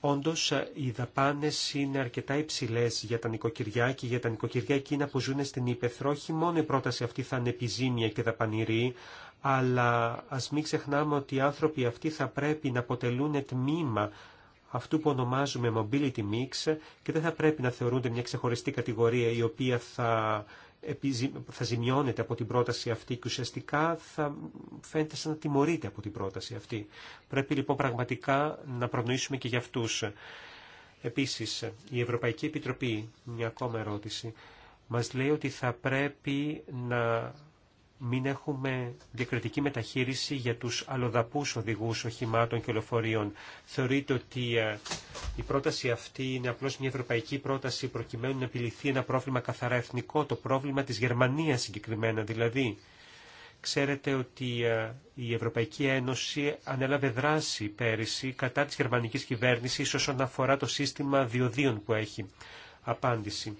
Όντω, ε, οι δαπάνε είναι αρκετά υψηλέ για τα νοικοκυριά και για τα νοικοκυριά εκείνα που ζουν στην Ήπεθρο. Όχι μόνο η πρόταση αυτή θα είναι επιζήμια και δαπανηρή, αλλά α μην ξεχνάμε ότι οι άνθρωποι αυτοί θα πρέπει να αποτελούν τμήμα αυτού που ονομάζουμε mobility mix και δεν θα πρέπει να θεωρούνται μια ξεχωριστή κατηγορία η οποία θα, θα ζημιώνεται από την πρόταση αυτή και ουσιαστικά θα φαίνεται σαν να τιμωρείται από την πρόταση αυτή. Πρέπει λοιπόν πραγματικά να προνοήσουμε και για αυτούς. Επίσης, η Ευρωπαϊκή Επιτροπή, μια ακόμα ερώτηση, μας λέει ότι θα πρέπει να μην έχουμε διακριτική μεταχείριση για τους αλλοδαπούς οδηγούς οχημάτων και ολοφορείων. Θεωρείτε ότι ε, η πρόταση αυτή είναι απλώς μια ευρωπαϊκή πρόταση προκειμένου να επιληθεί ένα πρόβλημα καθαρά εθνικό, το πρόβλημα της Γερμανίας συγκεκριμένα δηλαδή. Ξέρετε ότι ε, η Ευρωπαϊκή Ένωση ανέλαβε δράση πέρυσι κατά της γερμανικής κυβέρνησης όσον αφορά το σύστημα διοδίων που έχει. Απάντηση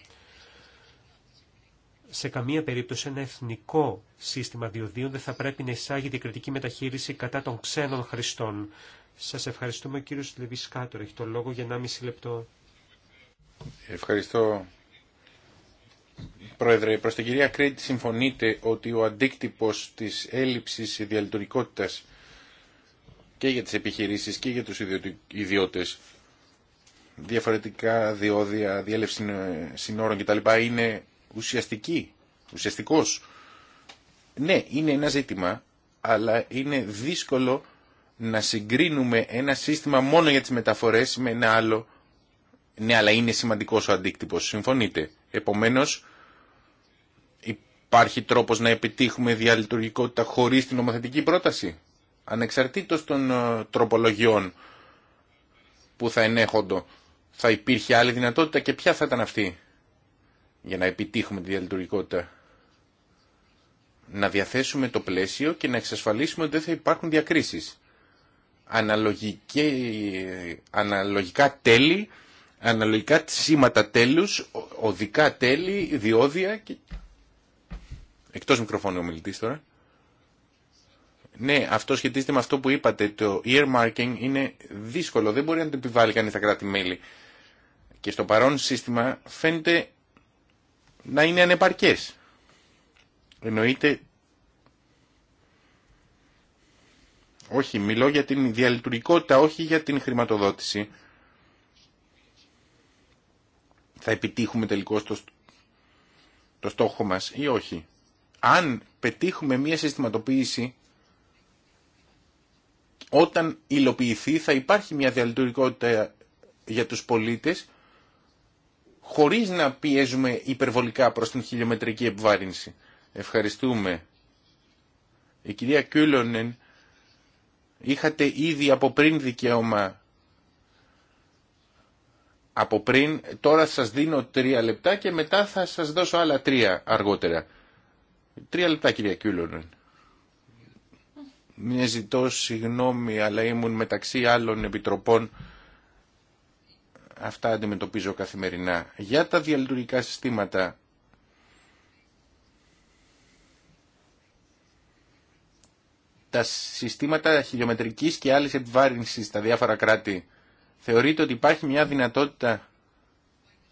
σε καμία περίπτωση ένα εθνικό σύστημα διοδίων δεν θα πρέπει να εισάγει κριτική μεταχείριση κατά των ξένων χρηστών. Σας ευχαριστούμε ο κύριος Λεβισκάτορ. Έχει το λόγο για 1,5 λεπτό. Ευχαριστώ. Πρόεδρε, προς την κυρία Κρέτη συμφωνείτε ότι ο αντίκτυπος της έλλειψης διαλειτουργικότητας και για τις επιχειρήσεις και για τους ιδιώτες διαφορετικά διόδια, διέλευση συνόρων κτλ. είναι ουσιαστική, ουσιαστικός. Ναι, είναι ένα ζήτημα, αλλά είναι δύσκολο να συγκρίνουμε ένα σύστημα μόνο για τις μεταφορές με ένα άλλο. Ναι, αλλά είναι σημαντικός ο αντίκτυπος, συμφωνείτε. Επομένως, υπάρχει τρόπος να επιτύχουμε διαλειτουργικότητα χωρίς την νομοθετική πρόταση, ανεξαρτήτως των ε, τροπολογιών που θα ενέχονται. Θα υπήρχε άλλη δυνατότητα και ποια θα ήταν αυτή για να επιτύχουμε τη διαλειτουργικότητα. Να διαθέσουμε το πλαίσιο και να εξασφαλίσουμε ότι δεν θα υπάρχουν διακρίσεις. αναλογικά τέλη, αναλογικά σήματα τέλους, οδικά τέλη, διόδια και... Εκτός μικροφώνου ο μιλητής τώρα. Ναι, αυτό σχετίζεται με αυτό που είπατε. Το earmarking είναι δύσκολο. Δεν μπορεί να το επιβάλλει κανεί στα κράτη-μέλη. Και στο παρόν σύστημα φαίνεται να είναι ανεπαρκές. Εννοείται, όχι μιλώ για την διαλειτουργικότητα, όχι για την χρηματοδότηση. Θα επιτύχουμε τελικώς το, το στόχο μας ή όχι. Αν πετύχουμε μία συστηματοποίηση, όταν υλοποιηθεί θα υπάρχει μια διαλειτουργικότητα για τους πολίτες χωρίς να πιέζουμε υπερβολικά προς την χιλιομετρική επιβάρυνση. Ευχαριστούμε. Η κυρία Κούλονεν, είχατε ήδη από πριν δικαίωμα από πριν, τώρα σας δίνω τρία λεπτά και μετά θα σας δώσω άλλα τρία αργότερα. Τρία λεπτά κυρία Κούλονεν. Μια ζητώ συγγνώμη αλλά ήμουν μεταξύ άλλων επιτροπών αυτά αντιμετωπίζω καθημερινά. Για τα διαλειτουργικά συστήματα τα συστήματα χιλιομετρικής και άλλης επιβάρυνσης στα διάφορα κράτη θεωρείται ότι υπάρχει μια δυνατότητα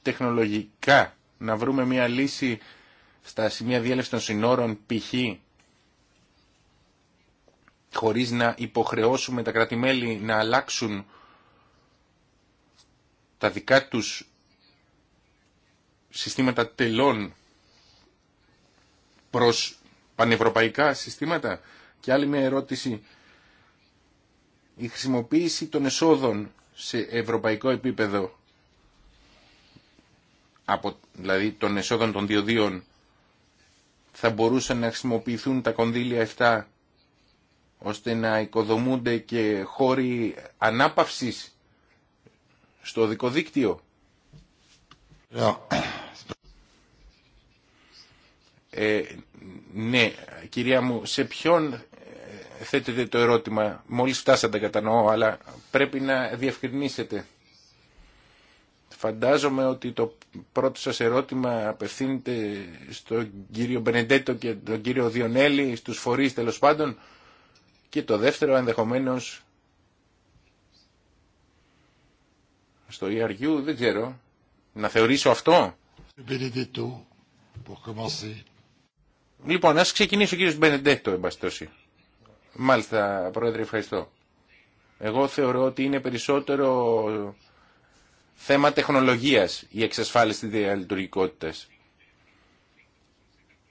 τεχνολογικά να βρούμε μια λύση στα σημεία διέλευση των συνόρων π.χ. χωρίς να υποχρεώσουμε τα κρατη να αλλάξουν τα δικά τους συστήματα τελών προς πανευρωπαϊκά συστήματα. Και άλλη μια ερώτηση, η χρησιμοποίηση των εσόδων σε ευρωπαϊκό επίπεδο, από, δηλαδή των εσόδων των διοδίων, θα μπορούσαν να χρησιμοποιηθούν τα κονδύλια 7 ώστε να οικοδομούνται και χώροι ανάπαυσης στο δικοδίκτυο. Ε, ναι, κυρία μου, σε ποιον ε, θέτετε το ερώτημα. Μόλις φτάσατε κατανοώ, αλλά πρέπει να διευκρινίσετε. Φαντάζομαι ότι το πρώτο σας ερώτημα απευθύνεται στον κύριο Μπενεντέτο και τον κύριο Διονέλη, στους φορείς τέλος πάντων. Και το δεύτερο ενδεχομένως στο ERU, δεν ξέρω. Να θεωρήσω αυτό. Λοιπόν, ας ξεκινήσει ο κύριος Μπενεντέκτο, εμπαστώση. Μάλιστα, πρόεδρε, ευχαριστώ. Εγώ θεωρώ ότι είναι περισσότερο θέμα τεχνολογίας η εξασφάλιση της διαλειτουργικότητας.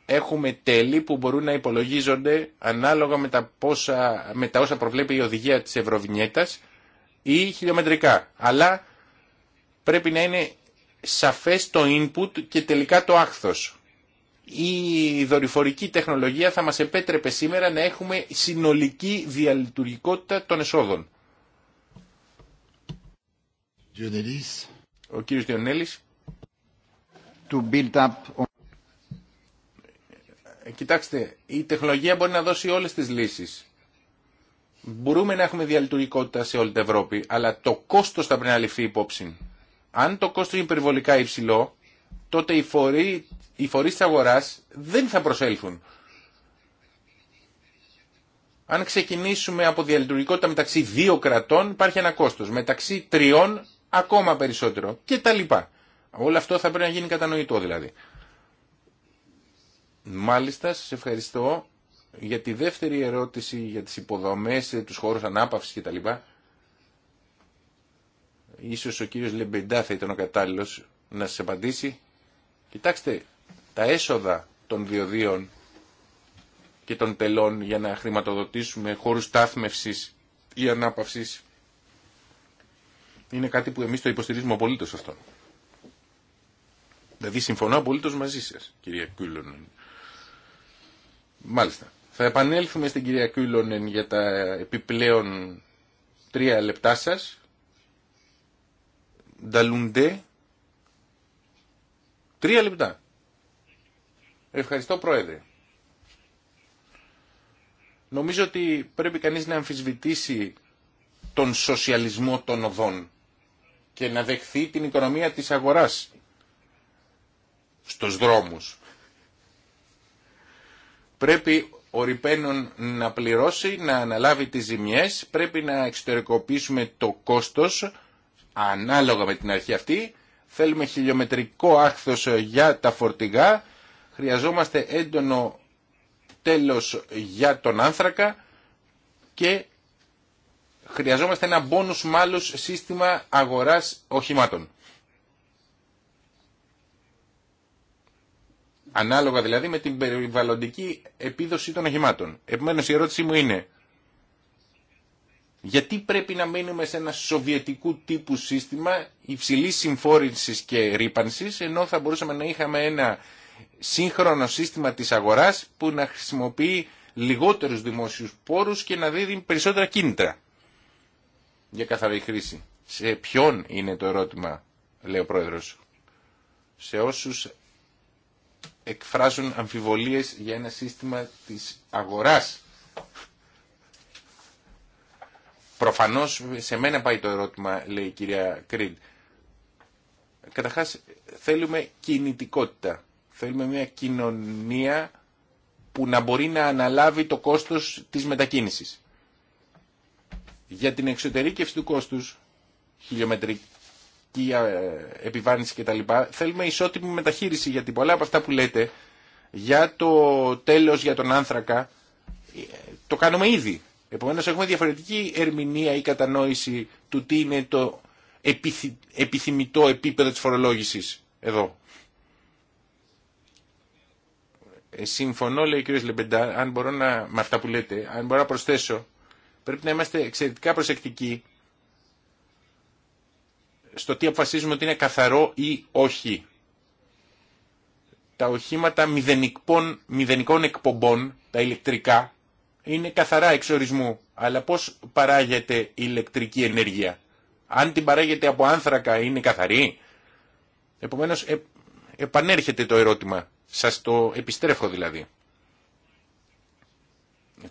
Έχουμε τέλη που μπορούν να υπολογίζονται ανάλογα με τα, πόσα, με τα όσα προβλέπει η οδηγία της Ευρωβινιέτας ή χιλιομετρικά. Αλλά πρέπει να είναι σαφές το input και τελικά το άχθος. Η δορυφορική τεχνολογία θα μας επέτρεπε σήμερα να έχουμε συνολική διαλειτουργικότητα των εσόδων. Ο κύριος Διονέλης. To build up... Ε, κοιτάξτε, η τεχνολογία μπορεί να δώσει όλες τις λύσεις. Μπορούμε να έχουμε διαλειτουργικότητα σε όλη την Ευρώπη, αλλά το κόστος θα πρέπει να ληφθεί υπόψη αν το κόστος είναι υπερβολικά υψηλό, τότε οι, φορεί, οι φορείς της αγοράς δεν θα προσέλθουν. Αν ξεκινήσουμε από διαλειτουργικότητα μεταξύ δύο κρατών, υπάρχει ένα κόστος. Μεταξύ τριών, ακόμα περισσότερο. Και τα λοιπά. Όλο αυτό θα πρέπει να γίνει κατανοητό δηλαδή. Μάλιστα, σας ευχαριστώ για τη δεύτερη ερώτηση για τις υποδομές, τους χώρους ανάπαυσης κτλ. Ίσως ο κύριος Λεμπεντά θα ήταν ο κατάλληλος να σας απαντήσει. Κοιτάξτε, τα έσοδα των διοδίων και των τελών για να χρηματοδοτήσουμε χώρους στάθμευσης ή ανάπαυσης είναι κάτι που εμείς το υποστηρίζουμε απολύτως αυτό. Δηλαδή συμφωνώ απολύτως μαζί σας, κυρία Κούλωνεν. Μάλιστα. Θα επανέλθουμε στην κυρία Κούλωνεν για τα επιπλέον τρία λεπτά σας. Νταλουντέ. Τρία λεπτά. Ευχαριστώ Πρόεδρε. Νομίζω ότι πρέπει κανείς να αμφισβητήσει τον σοσιαλισμό των οδών και να δεχθεί την οικονομία της αγοράς στους δρόμους. Πρέπει ο Ριπένον να πληρώσει, να αναλάβει τις ζημιές, πρέπει να εξωτερικοποιήσουμε το κόστος Ανάλογα με την αρχή αυτή, θέλουμε χιλιομετρικό άχθος ε, για τα φορτηγά, χρειαζόμαστε έντονο τέλος για τον άνθρακα και χρειαζόμαστε ένα μπόνους μάλλον σύστημα αγοράς οχημάτων. Ανάλογα δηλαδή με την περιβαλλοντική επίδοση των οχημάτων. Επομένως η ερώτησή μου είναι, γιατί πρέπει να μείνουμε σε ένα σοβιετικού τύπου σύστημα υψηλή συμφόρησης και ρήπανσης, ενώ θα μπορούσαμε να είχαμε ένα σύγχρονο σύστημα της αγοράς που να χρησιμοποιεί λιγότερους δημόσιους πόρους και να δίδει περισσότερα κίνητρα για καθαρή χρήση. Σε ποιον είναι το ερώτημα, λέει ο Πρόεδρος. Σε όσους εκφράζουν αμφιβολίες για ένα σύστημα της αγοράς Προφανώς σε μένα πάει το ερώτημα, λέει η κυρία Κρίντ. Καταρχάς θέλουμε κινητικότητα. Θέλουμε μια κοινωνία που να μπορεί να αναλάβει το κόστος της μετακίνησης. Για την εξωτερήκευση του κόστους, χιλιομετρική ε, επιβάρυνση κτλ. Θέλουμε ισότιμη μεταχείριση γιατί πολλά από αυτά που λέτε για το τέλος για τον άνθρακα ε, το κάνουμε ήδη. Επομένω, έχουμε διαφορετική ερμηνεία ή κατανόηση του τι είναι το επιθυμητό επίπεδο τη φορολόγηση εδώ. Ε, συμφωνώ, λέει ο κ. Λεμπεντά, αν μπορώ να, με αυτά που λέτε, αν μπορώ να προσθέσω, πρέπει να είμαστε εξαιρετικά προσεκτικοί στο τι αποφασίζουμε ότι είναι καθαρό ή όχι. Τα οχήματα μηδενικών εκπομπών, τα ηλεκτρικά, είναι καθαρά εξορισμού. Αλλά πώς παράγεται η ηλεκτρική ενέργεια. Αν την παράγεται από άνθρακα είναι καθαρή. Επομένως ε, επανέρχεται το ερώτημα. Σας το επιστρέφω δηλαδή.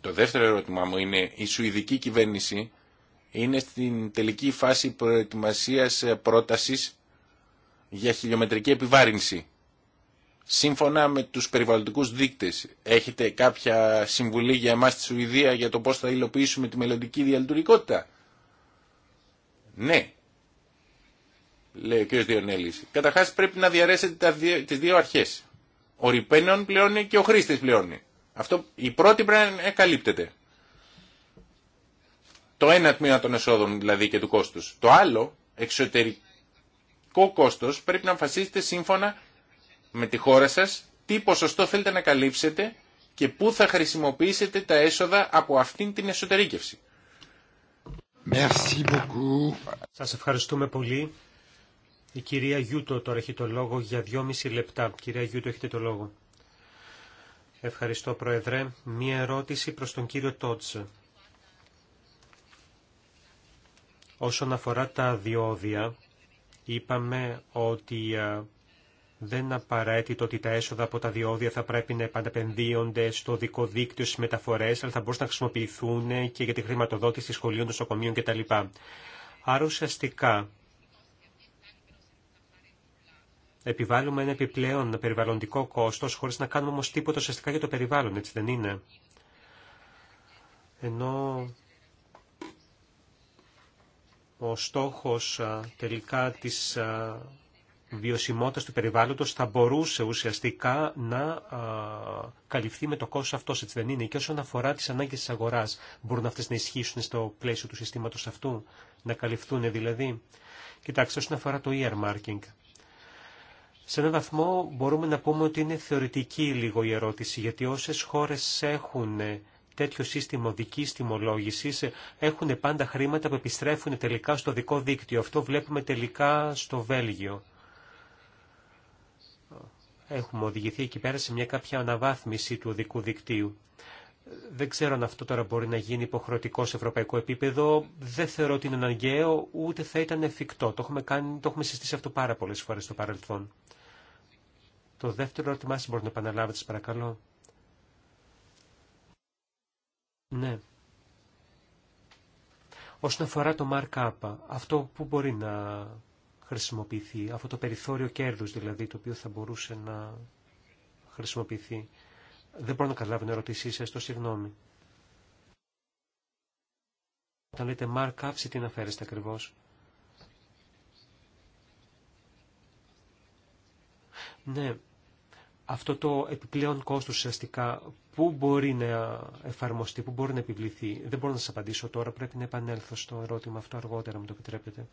Το δεύτερο ερώτημά μου είναι η Σουηδική κυβέρνηση είναι στην τελική φάση προετοιμασίας ε, πρότασης για χιλιομετρική επιβάρυνση σύμφωνα με τους περιβαλλοντικούς δείκτες. Έχετε κάποια συμβουλή για εμάς στη Σουηδία για το πώς θα υλοποιήσουμε τη μελλοντική διαλειτουργικότητα. Ναι, λέει ο κ. Διονέλης. Καταρχάς πρέπει να διαρρέσετε δύο, τις δύο αρχές. Ο ρηπαίνων πλεώνει και ο χρήστης πλέον. Αυτό, η πρώτη πρέπει να ε, καλύπτεται. Το ένα τμήμα των εσόδων δηλαδή και του κόστους. Το άλλο, εξωτερικό κόστος, πρέπει να αμφασίζεται σύμφωνα με τη χώρα σας, τι ποσοστό θέλετε να καλύψετε και πού θα χρησιμοποιήσετε τα έσοδα από αυτήν την εσωτερήκευση. Merci Σας ευχαριστούμε πολύ. Η κυρία Γιούτο τώρα έχει το λόγο για δυόμιση λεπτά. Κυρία Γιούτο, έχετε το λόγο. Ευχαριστώ, Πρόεδρε. Μία ερώτηση προς τον κύριο Τότσε. Όσον αφορά τα διόδια, είπαμε ότι δεν είναι απαραίτητο ότι τα έσοδα από τα διόδια θα πρέπει να επαναπενδύονται στο δικό δίκτυο στι μεταφορέ, αλλά θα μπορούσαν να χρησιμοποιηθούν και για τη χρηματοδότηση σχολείων, νοσοκομείων κτλ. Άρα ουσιαστικά επιβάλλουμε ένα επιπλέον περιβαλλοντικό κόστο χωρί να κάνουμε όμω τίποτα ουσιαστικά για το περιβάλλον, έτσι δεν είναι. Ενώ ο στόχος τελικά της βιωσιμότητας του περιβάλλοντος θα μπορούσε ουσιαστικά να α, καλυφθεί με το κόστος αυτός, έτσι δεν είναι. Και όσον αφορά τις ανάγκες της αγοράς, μπορούν αυτές να ισχύσουν στο πλαίσιο του συστήματος αυτού, να καλυφθούν δηλαδή. Κοιτάξτε, όσον αφορά το earmarking, σε έναν βαθμό μπορούμε να πούμε ότι είναι θεωρητική λίγο η ερώτηση, γιατί όσες χώρες έχουν τέτοιο σύστημα δική τιμολόγηση έχουν πάντα χρήματα που επιστρέφουν τελικά στο δικό δίκτυο. Αυτό βλέπουμε τελικά στο Βέλγιο έχουμε οδηγηθεί εκεί πέρα σε μια κάποια αναβάθμιση του οδικού δικτύου. Δεν ξέρω αν αυτό τώρα μπορεί να γίνει υποχρεωτικό σε ευρωπαϊκό επίπεδο. Δεν θεωρώ ότι είναι αναγκαίο, ούτε θα ήταν εφικτό. Το έχουμε, κάνει, το έχουμε συστήσει αυτό πάρα πολλέ φορέ στο παρελθόν. Το δεύτερο ερώτημά σα μπορεί να επαναλάβετε, σας παρακαλώ. Ναι. Όσον αφορά το ΜΑΡΚΑΠΑ, αυτό που μπορεί να χρησιμοποιηθεί, αυτό το περιθώριο κέρδους δηλαδή, το οποίο θα μπορούσε να χρησιμοποιηθεί. Δεν μπορώ να καταλάβω την ερώτησή σας, το συγγνώμη. Όταν λέτε Up, σε τι αναφέρεστε ακριβώς. Ναι, αυτό το επιπλέον κόστος ουσιαστικά πού μπορεί να εφαρμοστεί, πού μπορεί να επιβληθεί. Δεν μπορώ να σας απαντήσω τώρα, πρέπει να επανέλθω στο ερώτημα αυτό αργότερα, αν το επιτρέπετε.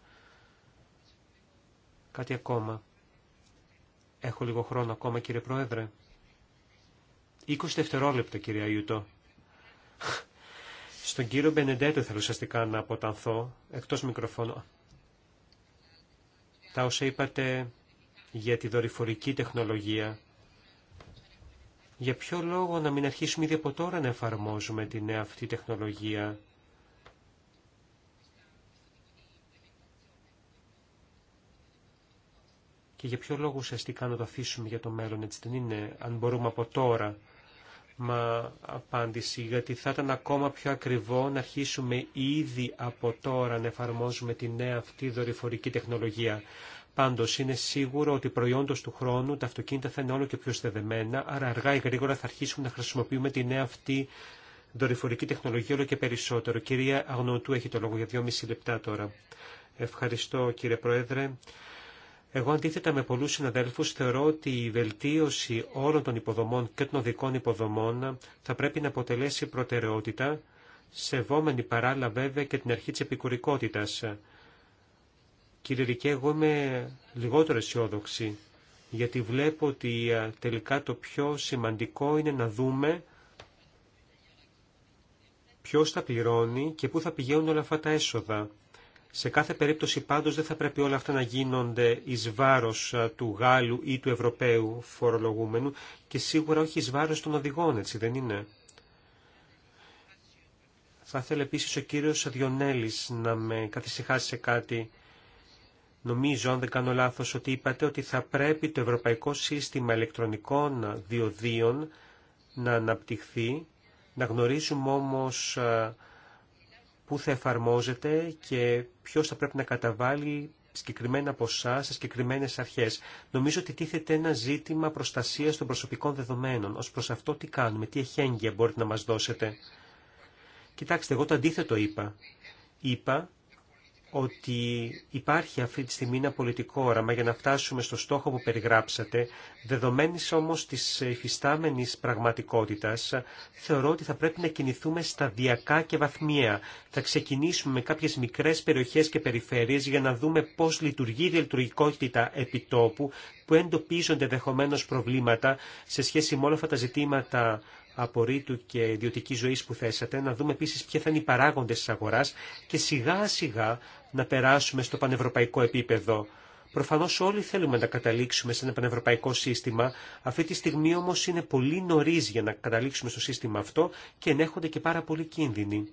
Κάτι ακόμα. Έχω λίγο χρόνο ακόμα κύριε Πρόεδρε. 20 δευτερόλεπτα κύριε Αιούτο. Στον κύριο Μπενεντέτο θέλω ουσιαστικά να αποτανθώ, εκτός μικροφώνου. Τα όσα είπατε για τη δορυφορική τεχνολογία. Για ποιο λόγο να μην αρχίσουμε ήδη από τώρα να εφαρμόζουμε τη νέα αυτή τεχνολογία και για ποιο λόγο ουσιαστικά να το αφήσουμε για το μέλλον, έτσι δεν είναι, αν μπορούμε από τώρα. Μα απάντηση, γιατί θα ήταν ακόμα πιο ακριβό να αρχίσουμε ήδη από τώρα να εφαρμόζουμε τη νέα αυτή δορυφορική τεχνολογία. Πάντω, είναι σίγουρο ότι προϊόντος του χρόνου τα αυτοκίνητα θα είναι όλο και πιο στεδεμένα, άρα αργά ή γρήγορα θα αρχίσουμε να χρησιμοποιούμε τη νέα αυτή δορυφορική τεχνολογία όλο και περισσότερο. Κυρία Αγνοτού έχει το λόγο για δυόμιση λεπτά τώρα. Ευχαριστώ κύριε Πρόεδρε. Εγώ αντίθετα με πολλούς συναδέλφους θεωρώ ότι η βελτίωση όλων των υποδομών και των οδικών υποδομών θα πρέπει να αποτελέσει προτεραιότητα, σεβόμενη παράλληλα βέβαια και την αρχή της επικουρικότητας. Κύριε Ρικέ, εγώ είμαι λιγότερο αισιόδοξη, γιατί βλέπω ότι τελικά το πιο σημαντικό είναι να δούμε ποιος θα πληρώνει και πού θα πηγαίνουν όλα αυτά τα έσοδα. Σε κάθε περίπτωση πάντως δεν θα πρέπει όλα αυτά να γίνονται εις βάρος του Γάλλου ή του Ευρωπαίου φορολογούμενου και σίγουρα όχι εις βάρος των οδηγών, έτσι δεν είναι. Θα ήθελε επίση ο κύριος Διονέλης να με καθησυχάσει σε κάτι. Νομίζω, αν δεν κάνω λάθος, ότι είπατε ότι θα πρέπει το Ευρωπαϊκό Σύστημα Ελεκτρονικών Διοδίων να αναπτυχθεί. Να γνωρίζουμε όμως πού θα εφαρμόζεται και ποιος θα πρέπει να καταβάλει συγκεκριμένα ποσά σε συγκεκριμένε αρχέ. Νομίζω ότι τίθεται ένα ζήτημα προστασία των προσωπικών δεδομένων. Ω προ αυτό, τι κάνουμε, τι εχέγγυα μπορείτε να μα δώσετε. Κοιτάξτε, εγώ το αντίθετο είπα. Είπα ότι υπάρχει αυτή τη στιγμή ένα πολιτικό όραμα για να φτάσουμε στο στόχο που περιγράψατε, δεδομένης όμως της υφιστάμενης πραγματικότητας, θεωρώ ότι θα πρέπει να κινηθούμε σταδιακά και βαθμία. Θα ξεκινήσουμε με κάποιες μικρές περιοχές και περιφέρειες για να δούμε πώς λειτουργεί η λειτουργικότητα επιτόπου, που εντοπίζονται δεχομένως προβλήματα σε σχέση με όλα αυτά τα ζητήματα απορρίτου και ιδιωτική ζωή που θέσατε, να δούμε επίση ποια θα είναι οι παράγοντε τη αγορά, και σιγά σιγά να περάσουμε στο πανευρωπαϊκό επίπεδο. Προφανώ όλοι θέλουμε να καταλήξουμε σε ένα πανευρωπαϊκό σύστημα. Αυτή τη στιγμή όμως είναι πολύ νωρί για να καταλήξουμε στο σύστημα αυτό και ενέχονται και πάρα πολλοί κίνδυνοι.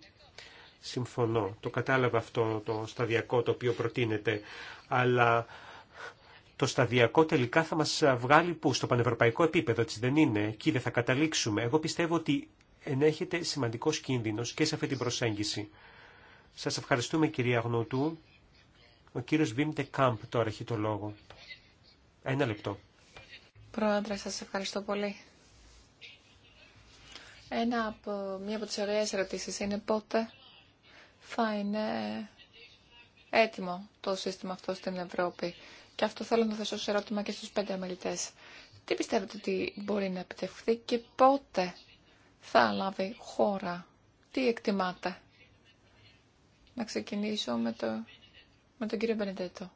Συμφωνώ, το κατάλαβα αυτό το σταδιακό το οποίο προτείνεται, αλλά το σταδιακό τελικά θα μας βγάλει που στο πανευρωπαϊκό επίπεδο, έτσι δεν είναι, εκεί δεν θα καταλήξουμε. Εγώ πιστεύω ότι ενέχεται σημαντικός κίνδυνος και σε αυτή την προσέγγιση. Σας ευχαριστούμε κυρία Γνωτού. Ο κύριος Βίμτε Κάμπ τώρα έχει το λόγο. Ένα λεπτό. Πρόεδρε, σας ευχαριστώ πολύ. Ένα από, μία από τις ωραίες ερωτήσεις είναι πότε θα είναι έτοιμο το σύστημα αυτό στην Ευρώπη. Και αυτό θέλω να θέσω σε ερώτημα και στους πέντε αμελητές. Τι πιστεύετε ότι μπορεί να επιτευχθεί και πότε θα λάβει χώρα. Τι εκτιμάτε. Να ξεκινήσω με, το, με τον κύριο Μπενεντέτο.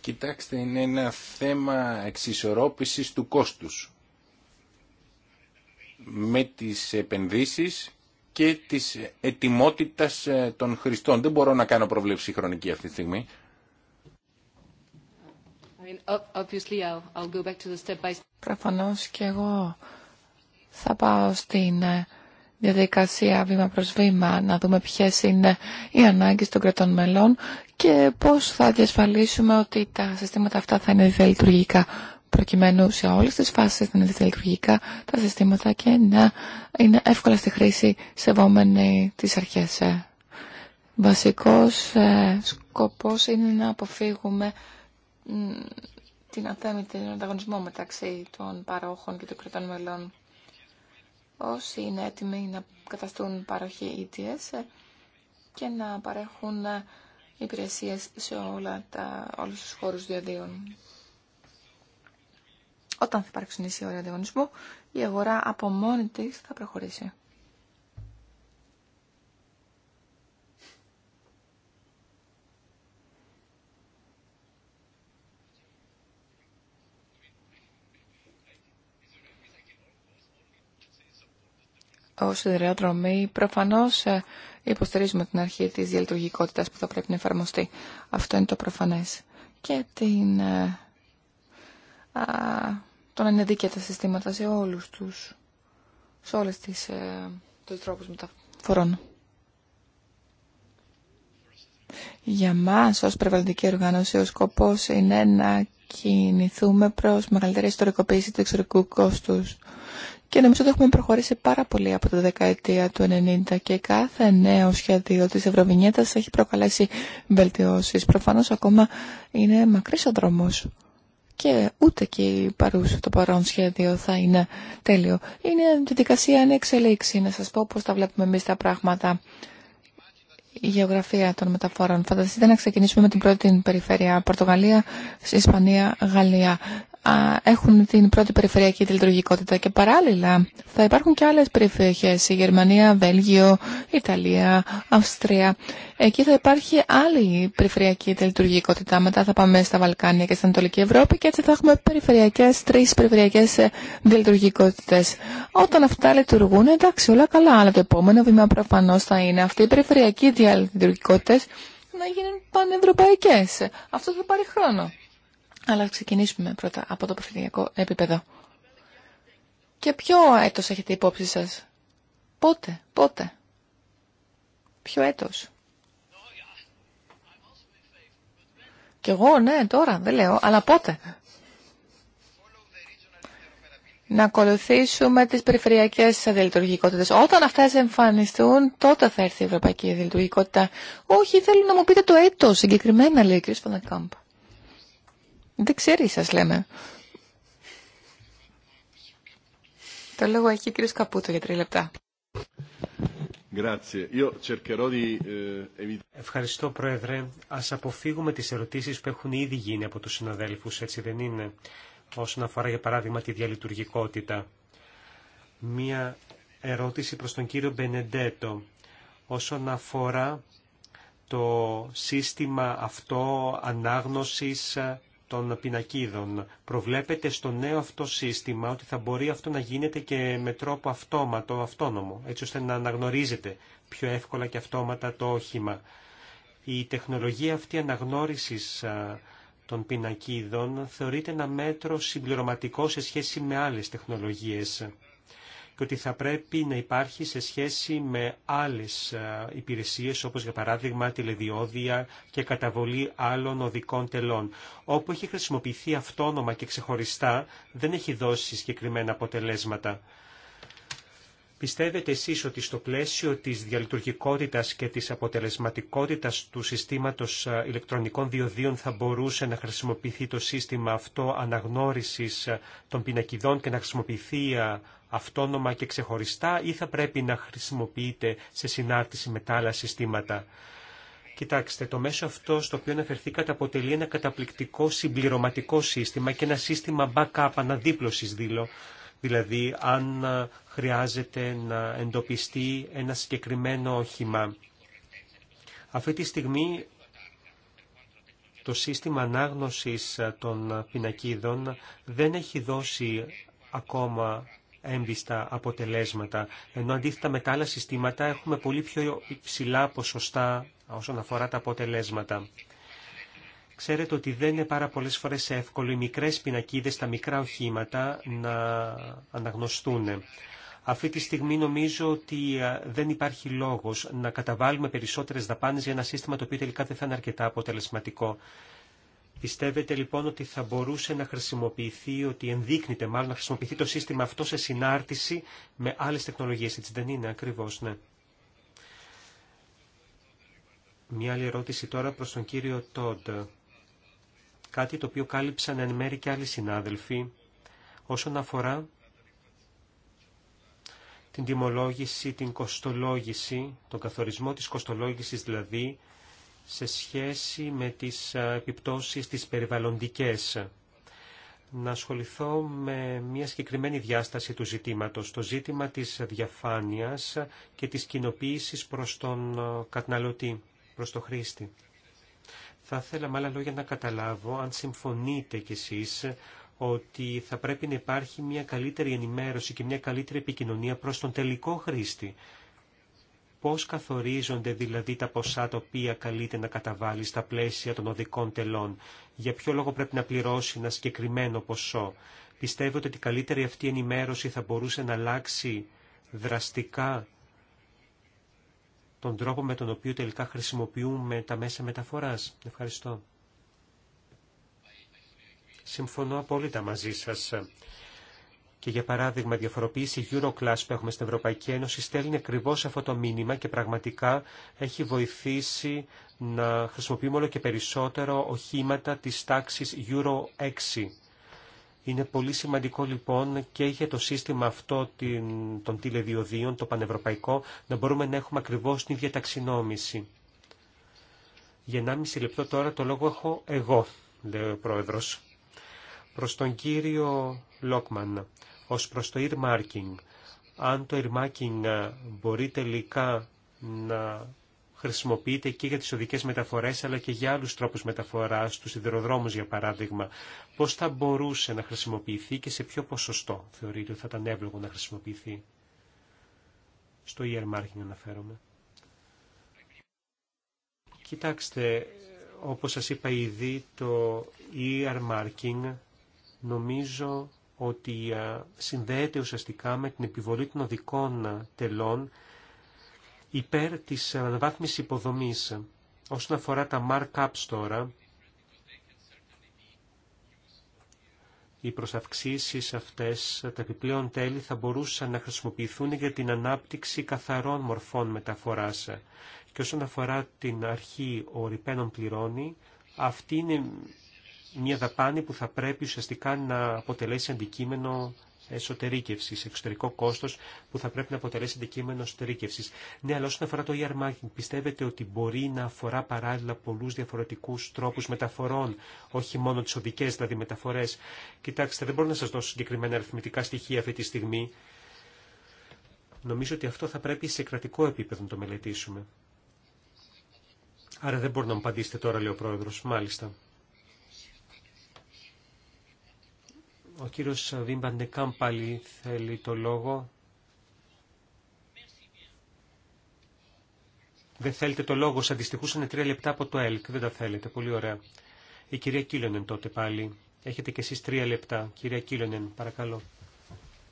Κοιτάξτε, είναι ένα θέμα εξισορρόπησης του κόστους με τις επενδύσεις και της ετοιμότητας ε, των χρηστών. Δεν μπορώ να κάνω προβλέψη χρονική αυτή τη στιγμή. Προφανώς και εγώ θα πάω στην ε, διαδικασία βήμα προς βήμα να δούμε ποιες είναι οι ανάγκες των κρατών μελών και πώς θα διασφαλίσουμε ότι τα συστήματα αυτά θα είναι λειτουργικά προκειμένου σε όλες τις φάσεις να είναι τα συστήματα και να είναι εύκολα στη χρήση σεβόμενοι τις αρχές. Ε. Βασικός ε, σκοπός είναι να αποφύγουμε την αθέμητη ανταγωνισμό μεταξύ των παρόχων και των κρατών μελών. Όσοι είναι έτοιμοι να καταστούν παροχή ETS ε, και να παρέχουν υπηρεσίες σε όλα τα, όλους τους χώρους διαδίων. Όταν θα υπάρξουν ίσοι όροι ανταγωνισμού, η αγορά από μόνη τη θα προχωρήσει. Ω σιδηρεοδρομή, προφανώ ε, υποστηρίζουμε την αρχή τη διαλειτουργικότητα που θα πρέπει να εφαρμοστεί. Αυτό είναι το προφανέ. Και την ε, το να είναι δίκαια τα συστήματα σε όλους τους, σε όλες τις, ε, τους τρόπους μεταφορών. Για μας ως περιβαλλοντική οργάνωση ο σκοπός είναι να κινηθούμε προς μεγαλύτερη ιστορικοποίηση του εξωτερικού κόστους. Και νομίζω ότι έχουμε προχωρήσει πάρα πολύ από τα δεκαετία του 90 και κάθε νέο σχέδιο της Ευρωβινιέτας έχει προκαλέσει βελτιώσεις. Προφανώς ακόμα είναι μακρύς ο δρόμος και ούτε και η παρούσα το παρόν σχέδιο θα είναι τέλειο. Είναι διαδικασία εν εξελίξη, να σας πω πώς τα βλέπουμε εμείς τα πράγματα. Η γεωγραφία των μεταφορών. Φανταστείτε να ξεκινήσουμε με την πρώτη περιφέρεια. Πορτογαλία, Ισπανία, Γαλλία έχουν την πρώτη περιφερειακή τη και παράλληλα θα υπάρχουν και άλλες περιφερειές, η Γερμανία, Βέλγιο, Ιταλία, Αυστρία. Εκεί θα υπάρχει άλλη περιφερειακή τη Μετά θα πάμε στα Βαλκάνια και στην Ανατολική Ευρώπη και έτσι θα έχουμε περιφερειακές, τρεις περιφερειακές ε, Όταν αυτά λειτουργούν, εντάξει, όλα καλά, αλλά το επόμενο βήμα προφανώς θα είναι αυτή η περιφερειακή διαλειτουργικότητες να γίνουν πανευρωπαϊκές. Αυτό θα πάρει χρόνο. Αλλά ξεκινήσουμε πρώτα από το προφητικό επίπεδο. Και ποιο έτος έχετε υπόψη σας. Πότε, πότε. Ποιο έτος. Κι εγώ, ναι, τώρα, δεν λέω, αλλά πότε. Να ακολουθήσουμε τις περιφερειακές διαλειτουργικότητες. Όταν αυτές εμφανιστούν, τότε θα έρθει η ευρωπαϊκή διαλειτουργικότητα. Όχι, θέλω να μου πείτε το έτος συγκεκριμένα, λέει ο κ. Δεν ξέρει, σα λέμε. Το λόγο έχει ο Καπούτο για τρία λεπτά. Ε, Ευχαριστώ, Πρόεδρε. Α αποφύγουμε τι ερωτήσει που έχουν ήδη γίνει από του συναδέλφου. έτσι δεν είναι, όσον αφορά, για παράδειγμα, τη διαλειτουργικότητα. Μία ερώτηση προς τον κύριο Μπενεντέτο. Όσον αφορά το σύστημα αυτό ανάγνωσης των πινακίδων. Προβλέπεται στο νέο αυτό σύστημα ότι θα μπορεί αυτό να γίνεται και με τρόπο αυτόματο, αυτόνομο, έτσι ώστε να αναγνωρίζεται πιο εύκολα και αυτόματα το όχημα. Η τεχνολογία αυτή αναγνώρισης των πινακίδων θεωρείται ένα μέτρο συμπληρωματικό σε σχέση με άλλες τεχνολογίες και ότι θα πρέπει να υπάρχει σε σχέση με άλλες ε, υπηρεσίες όπως για παράδειγμα τηλεδιόδια και καταβολή άλλων οδικών τελών. Όπου έχει χρησιμοποιηθεί αυτόνομα και ξεχωριστά δεν έχει δώσει συγκεκριμένα αποτελέσματα. Πιστεύετε εσείς ότι στο πλαίσιο της διαλειτουργικότητας και της αποτελεσματικότητας του συστήματος ε, ηλεκτρονικών διοδίων θα μπορούσε να χρησιμοποιηθεί το σύστημα αυτό αναγνώρισης ε, των πινακιδών και να χρησιμοποιηθεί αυτόνομα και ξεχωριστά ή θα πρέπει να χρησιμοποιείται σε συνάρτηση με τα άλλα συστήματα. Κοιτάξτε, το μέσο αυτό στο οποίο αναφερθήκατε αποτελεί ένα καταπληκτικό συμπληρωματικό σύστημα και ένα σύστημα backup αναδίπλωσης δήλω. Δηλαδή, αν ε, χρειάζεται να εντοπιστεί ένα συγκεκριμένο όχημα. Αυτή τη στιγμή το σύστημα ανάγνωσης ε, των πινακίδων δεν έχει δώσει ακόμα έμπιστα αποτελέσματα. Ενώ αντίθετα με τα άλλα συστήματα έχουμε πολύ πιο υψηλά ποσοστά όσον αφορά τα αποτελέσματα. Ξέρετε ότι δεν είναι πάρα πολλές φορές εύκολο οι μικρές πινακίδες, τα μικρά οχήματα να αναγνωστούν. Αυτή τη στιγμή νομίζω ότι δεν υπάρχει λόγος να καταβάλουμε περισσότερες δαπάνες για ένα σύστημα το οποίο τελικά δεν θα είναι αρκετά αποτελεσματικό. Πιστεύετε λοιπόν ότι θα μπορούσε να χρησιμοποιηθεί, ότι ενδείκνεται μάλλον να χρησιμοποιηθεί το σύστημα αυτό σε συνάρτηση με άλλες τεχνολογίες, έτσι δεν είναι ακριβώς, ναι. Μια άλλη ερώτηση τώρα προς τον κύριο Τόντ. Κάτι το οποίο κάλυψαν εν μέρη και άλλοι συνάδελφοι όσον αφορά την τιμολόγηση, την κοστολόγηση, τον καθορισμό της κοστολόγησης δηλαδή σε σχέση με τις ε, επιπτώσεις τις περιβαλλοντικές. Να ασχοληθώ με μια συγκεκριμένη διάσταση του ζητήματος, το ζήτημα της διαφάνειας και της κοινοποίηση προς τον ε, καταναλωτή, προς τον χρήστη. Θα ήθελα με άλλα λόγια να καταλάβω αν συμφωνείτε κι εσείς ότι θα πρέπει να υπάρχει μια καλύτερη ενημέρωση και μια καλύτερη επικοινωνία προς τον τελικό χρήστη Πώς καθορίζονται δηλαδή τα ποσά τα οποία καλείται να καταβάλει στα πλαίσια των οδικών τελών. Για ποιο λόγο πρέπει να πληρώσει ένα συγκεκριμένο ποσό. Πιστεύετε ότι η καλύτερη αυτή ενημέρωση θα μπορούσε να αλλάξει δραστικά τον τρόπο με τον οποίο τελικά χρησιμοποιούμε τα μέσα μεταφοράς. Ευχαριστώ. Συμφωνώ απόλυτα μαζί σας. Και για παράδειγμα, η διαφοροποίηση Euroclass που έχουμε στην Ευρωπαϊκή Ένωση στέλνει ακριβώ αυτό το μήνυμα και πραγματικά έχει βοηθήσει να χρησιμοποιούμε όλο και περισσότερο οχήματα τη τάξη Euro 6. Είναι πολύ σημαντικό λοιπόν και για το σύστημα αυτό των τηλεδιοδίων, το πανευρωπαϊκό, να μπορούμε να έχουμε ακριβώς την ίδια ταξινόμηση. Για 1,5 λεπτό τώρα το λόγο έχω εγώ, λέει ο Πρόεδρος. Προς τον κύριο Λόκμαν ως προς το earmarking. Αν το earmarking ε, μπορεί τελικά να χρησιμοποιείται και για τις οδικές μεταφορές αλλά και για άλλους τρόπους μεταφοράς, τους σιδηροδρόμους για παράδειγμα. Πώς θα μπορούσε να χρησιμοποιηθεί και σε ποιο ποσοστό θεωρείτε ότι θα ήταν εύλογο να χρησιμοποιηθεί. Στο earmarking αναφέρομαι. Κοιτάξτε, όπως σας είπα ήδη, το earmarking νομίζω ότι συνδέεται ουσιαστικά με την επιβολή των οδικών τελών υπέρ της αναβάθμισης υποδομής. Όσον αφορά τα markups τώρα, οι προσαυξήσεις αυτές, τα επιπλέον τέλη θα μπορούσαν να χρησιμοποιηθούν για την ανάπτυξη καθαρών μορφών μεταφοράς. Και όσον αφορά την αρχή ο πληρώνει, αυτή είναι μια δαπάνη που θα πρέπει ουσιαστικά να αποτελέσει αντικείμενο εσωτερήκευσης, εξωτερικό κόστος που θα πρέπει να αποτελέσει αντικείμενο εσωτερήκευσης. Ναι, αλλά όσον αφορά το marketing. πιστεύετε ότι μπορεί να αφορά παράλληλα πολλούς διαφορετικούς τρόπους μεταφορών, όχι μόνο τις οδικές δηλαδή μεταφορές. Κοιτάξτε, δεν μπορώ να σας δώσω συγκεκριμένα αριθμητικά στοιχεία αυτή τη στιγμή. Νομίζω ότι αυτό θα πρέπει σε κρατικό επίπεδο να το μελετήσουμε. Άρα δεν μπορώ να μου απαντήσετε τώρα, λέει ο Πρόεδρος. Μάλιστα. Ο κύριος Βίμπαντεκάμ πάλι θέλει το λόγο. Δεν θέλετε το λόγο, σα αντιστοιχούσαν τρία λεπτά από το ΕΛΚ. Δεν τα θέλετε. Πολύ ωραία. Η κυρία Κίλονεν τότε πάλι. Έχετε κι εσείς τρία λεπτά. Κυρία Κίλονεν, παρακαλώ.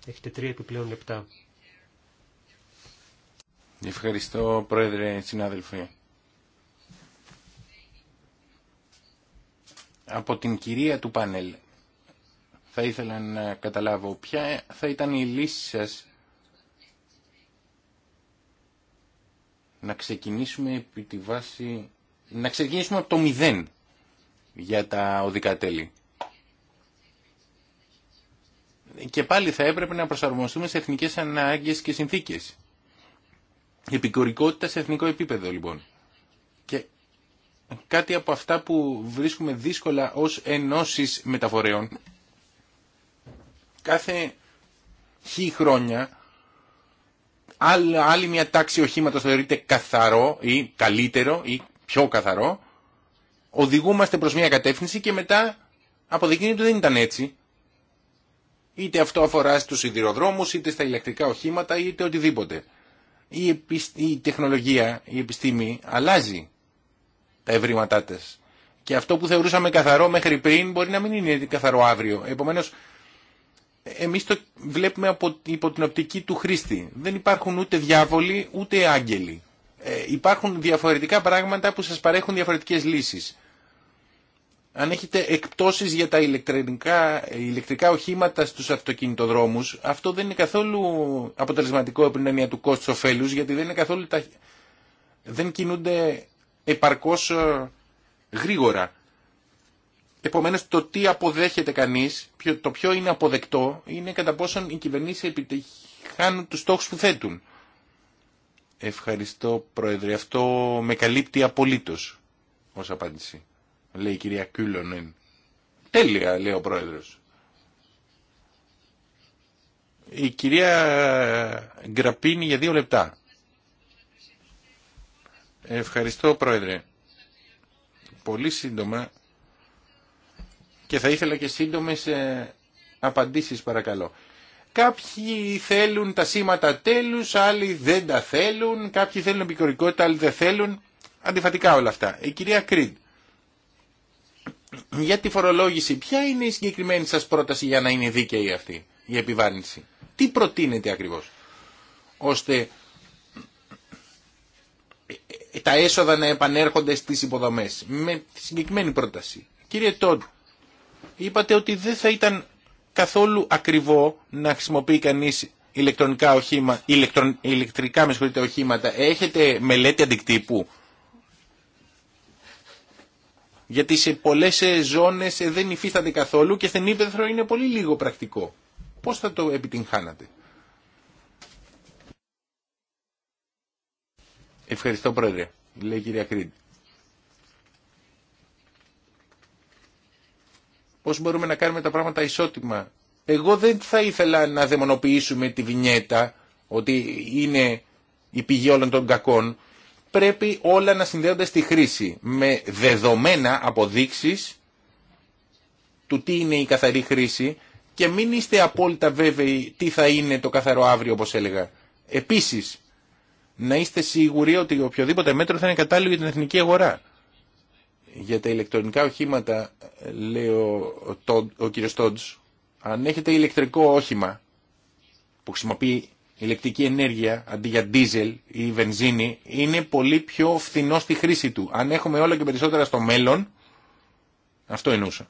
Έχετε τρία επιπλέον λεπτά. Ευχαριστώ, Πρόεδρε, συνάδελφοι. Από την κυρία του πάνελ θα ήθελα να καταλάβω ποια θα ήταν η λύση σας να ξεκινήσουμε επί να ξεκινήσουμε από το μηδέν για τα οδικά τέλη. Και πάλι θα έπρεπε να προσαρμοστούμε σε εθνικές ανάγκες και συνθήκες. Επικορικότητα σε εθνικό επίπεδο λοιπόν. Και κάτι από αυτά που βρίσκουμε δύσκολα ως ενώσεις μεταφορέων κάθε χι χρόνια άλλη μια τάξη οχήματο θεωρείται καθαρό ή καλύτερο ή πιο καθαρό, οδηγούμαστε προς μια κατεύθυνση και μετά αποδεικνύει ότι δεν ήταν έτσι. Είτε αυτό αφορά στους σιδηροδρόμους, είτε στα ηλεκτρικά οχήματα, είτε οτιδήποτε. Η, η τεχνολογία, η επιστήμη αλλάζει τα ευρήματά της. Και αυτό που θεωρούσαμε καθαρό μέχρι πριν μπορεί να μην είναι καθαρό αύριο. Επομένως εμείς το βλέπουμε από, υπό την οπτική του χρήστη. Δεν υπάρχουν ούτε διάβολοι ούτε άγγελοι. Ε, υπάρχουν διαφορετικά πράγματα που σας παρέχουν διαφορετικές λύσεις. Αν έχετε εκπτώσεις για τα ηλεκτρικά, ηλεκτρικά οχήματα στους αυτοκινητοδρόμους, αυτό δεν είναι καθόλου αποτελεσματικό από την έννοια του κόστου ωφέλους, γιατί δεν, είναι καθόλου δεν κινούνται επαρκώς ε, γρήγορα. Επομένως το τι αποδέχεται κανείς, το ποιο είναι αποδεκτό, είναι κατά πόσον οι κυβερνήσει επιτυχάνουν τους στόχου που θέτουν. Ευχαριστώ Πρόεδρε, αυτό με καλύπτει απολύτω, ως απάντηση, λέει η κυρία Κούλονεν. Τέλεια, λέει ο Πρόεδρος. Η κυρία Γκραπίνη για δύο λεπτά. Ευχαριστώ Πρόεδρε. Πολύ σύντομα και θα ήθελα και σύντομες ε, απαντήσεις παρακαλώ. Κάποιοι θέλουν τα σήματα τέλους, άλλοι δεν τα θέλουν, κάποιοι θέλουν επικορικότητα, άλλοι δεν θέλουν. Αντιφατικά όλα αυτά. Η κυρία Κρίντ, για τη φορολόγηση, ποια είναι η συγκεκριμένη σας πρόταση για να είναι δίκαιη αυτή η επιβάρυνση. Τι προτείνετε ακριβώς, ώστε τα έσοδα να επανέρχονται στις υποδομές. Με συγκεκριμένη πρόταση. Κύριε Τόντ, είπατε ότι δεν θα ήταν καθόλου ακριβό να χρησιμοποιεί κανείς ηλεκτρονικά οχήμα, ηλεκτρικά οχήματα. Έχετε μελέτη αντικτύπου. Γιατί σε πολλές ε, ζώνες ε, δεν υφίστανται καθόλου και στην Ήπεθρο είναι πολύ λίγο πρακτικό. Πώς θα το επιτυγχάνατε. Ευχαριστώ πρόεδρε, λέει η κυρία Κρίντ. πώς μπορούμε να κάνουμε τα πράγματα ισότιμα. Εγώ δεν θα ήθελα να δαιμονοποιήσουμε τη βινιέτα ότι είναι η πηγή όλων των κακών. Πρέπει όλα να συνδέονται στη χρήση με δεδομένα αποδείξεις του τι είναι η καθαρή χρήση και μην είστε απόλυτα βέβαιοι τι θα είναι το καθαρό αύριο όπως έλεγα. Επίσης, να είστε σίγουροι ότι οποιοδήποτε μέτρο θα είναι κατάλληλο για την εθνική αγορά για τα ηλεκτρονικά οχήματα, λέει ο, ο, αν έχετε ηλεκτρικό όχημα που χρησιμοποιεί ηλεκτρική ενέργεια αντί για ντίζελ ή βενζίνη, είναι πολύ πιο φθηνό στη χρήση του. Αν έχουμε όλα και περισσότερα στο μέλλον, αυτό εννοούσα.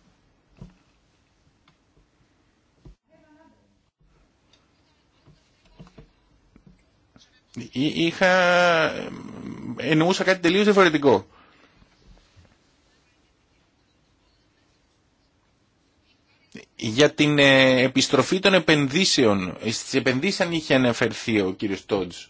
Είχα... Ε, εννοούσα κάτι τελείως διαφορετικό. για την ε, επιστροφή των επενδύσεων. Στις επενδύσεις αν είχε αναφερθεί ο κύριος Τόντς.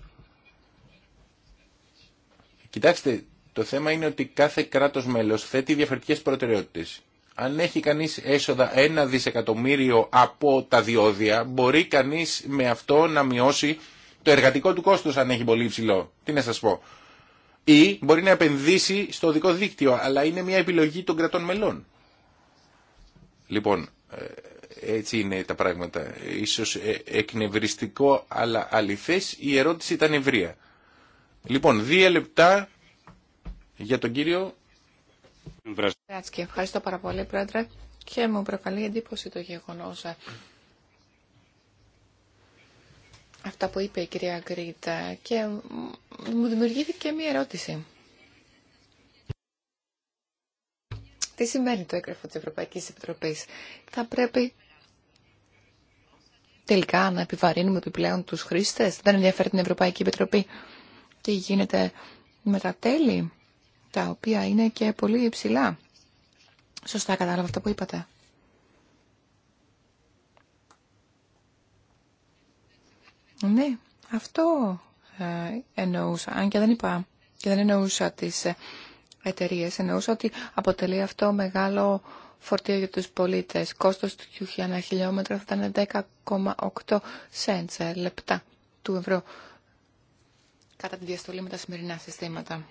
Κοιτάξτε, το θέμα είναι ότι κάθε κράτος μέλος θέτει διαφορετικές προτεραιότητες. Αν έχει κανείς έσοδα ένα δισεκατομμύριο από τα διόδια, μπορεί κανείς με αυτό να μειώσει το εργατικό του κόστος αν έχει πολύ υψηλό. Τι να σας πω. Ή μπορεί να επενδύσει στο δικό δίκτυο, αλλά είναι μια επιλογή των κρατών μελών. Λοιπόν, ε, έτσι είναι τα πράγματα. Ίσως ε, εκνευριστικό αλλά αληθές η ερώτηση ήταν ευρεία. Λοιπόν, δύο λεπτά για τον κύριο Ευχαριστώ πάρα πολύ πρόεδρε και μου προκαλεί εντύπωση το γεγονός ε. αυτά που είπε η κυρία Γκρίτα και μου δημιουργήθηκε μία ερώτηση. Τι σημαίνει το έγγραφο της Ευρωπαϊκής Επιτροπής. Θα πρέπει τελικά να επιβαρύνουμε επιπλέον τους χρήστες. Δεν ενδιαφέρει την Ευρωπαϊκή Επιτροπή. τι γίνεται με τα τέλη, τα οποία είναι και πολύ υψηλά. Σωστά κατάλαβα αυτό που είπατε. Ναι, αυτό ε, εννοούσα. Αν και δεν είπα και δεν εννοούσα τις ε, εταιρείε. Εννοούσα ότι αποτελεί αυτό μεγάλο φορτίο για τους πολίτες. Κόστος του χιλιάνα χιλιόμετρο θα ήταν 10,8 cents ε, λεπτά του ευρώ κατά τη διαστολή με τα σημερινά συστήματα.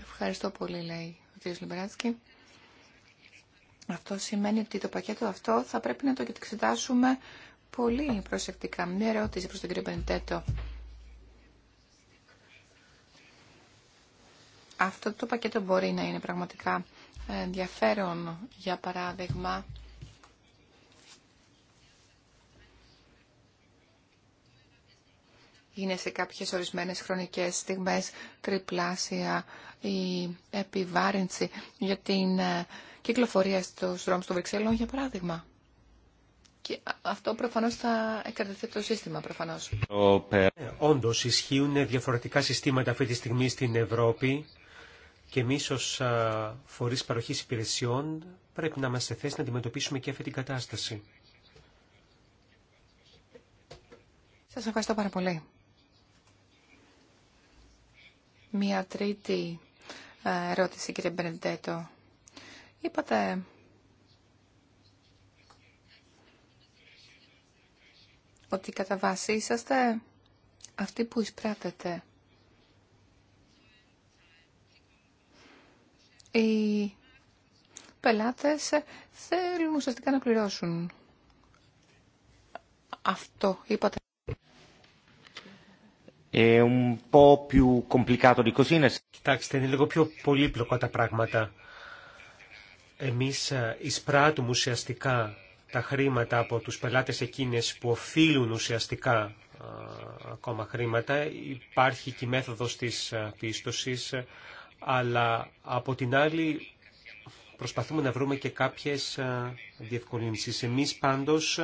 Ευχαριστώ πολύ, λέει ο κ. Λιμπεράτσκι. Αυτό σημαίνει ότι το πακέτο αυτό θα πρέπει να το εξετάσουμε πολύ προσεκτικά. Μια ερώτηση προς τον κ. Πεντέτο. Αυτό το πακέτο μπορεί να είναι πραγματικά ενδιαφέρον, για παράδειγμα, είναι σε κάποιες ορισμένες χρονικές στιγμές τριπλάσια η επιβάρυνση για την ε, κυκλοφορία στους δρόμους των Βρυξελών, για παράδειγμα. Και αυτό προφανώς θα εκκρατηθεί το σύστημα, προφανώς. Ε, όντως, ισχύουν διαφορετικά συστήματα αυτή τη στιγμή στην Ευρώπη και εμεί ω φορεί παροχή υπηρεσιών πρέπει να είμαστε θέσει να αντιμετωπίσουμε και αυτή την κατάσταση. Σα ευχαριστώ πάρα πολύ. Μία τρίτη ε, ερώτηση, κύριε Μπενεντέτο. Είπατε ότι κατά βάση είσαστε αυτοί που εισπράτεται. οι πελάτες θέλουν ουσιαστικά να πληρώσουν. Αυτό είπατε. Ε, Κοιτάξτε, είναι λίγο πιο πολύπλοκα τα πράγματα. Εμείς ε, εισπράττουμε ουσιαστικά τα χρήματα από τους πελάτες εκείνες που οφείλουν ουσιαστικά ε, ακόμα χρήματα. Υπάρχει και η μέθοδος της πίστοσης αλλά από την άλλη προσπαθούμε να βρούμε και κάποιες ε, διευκολύνσεις. Εμείς πάντως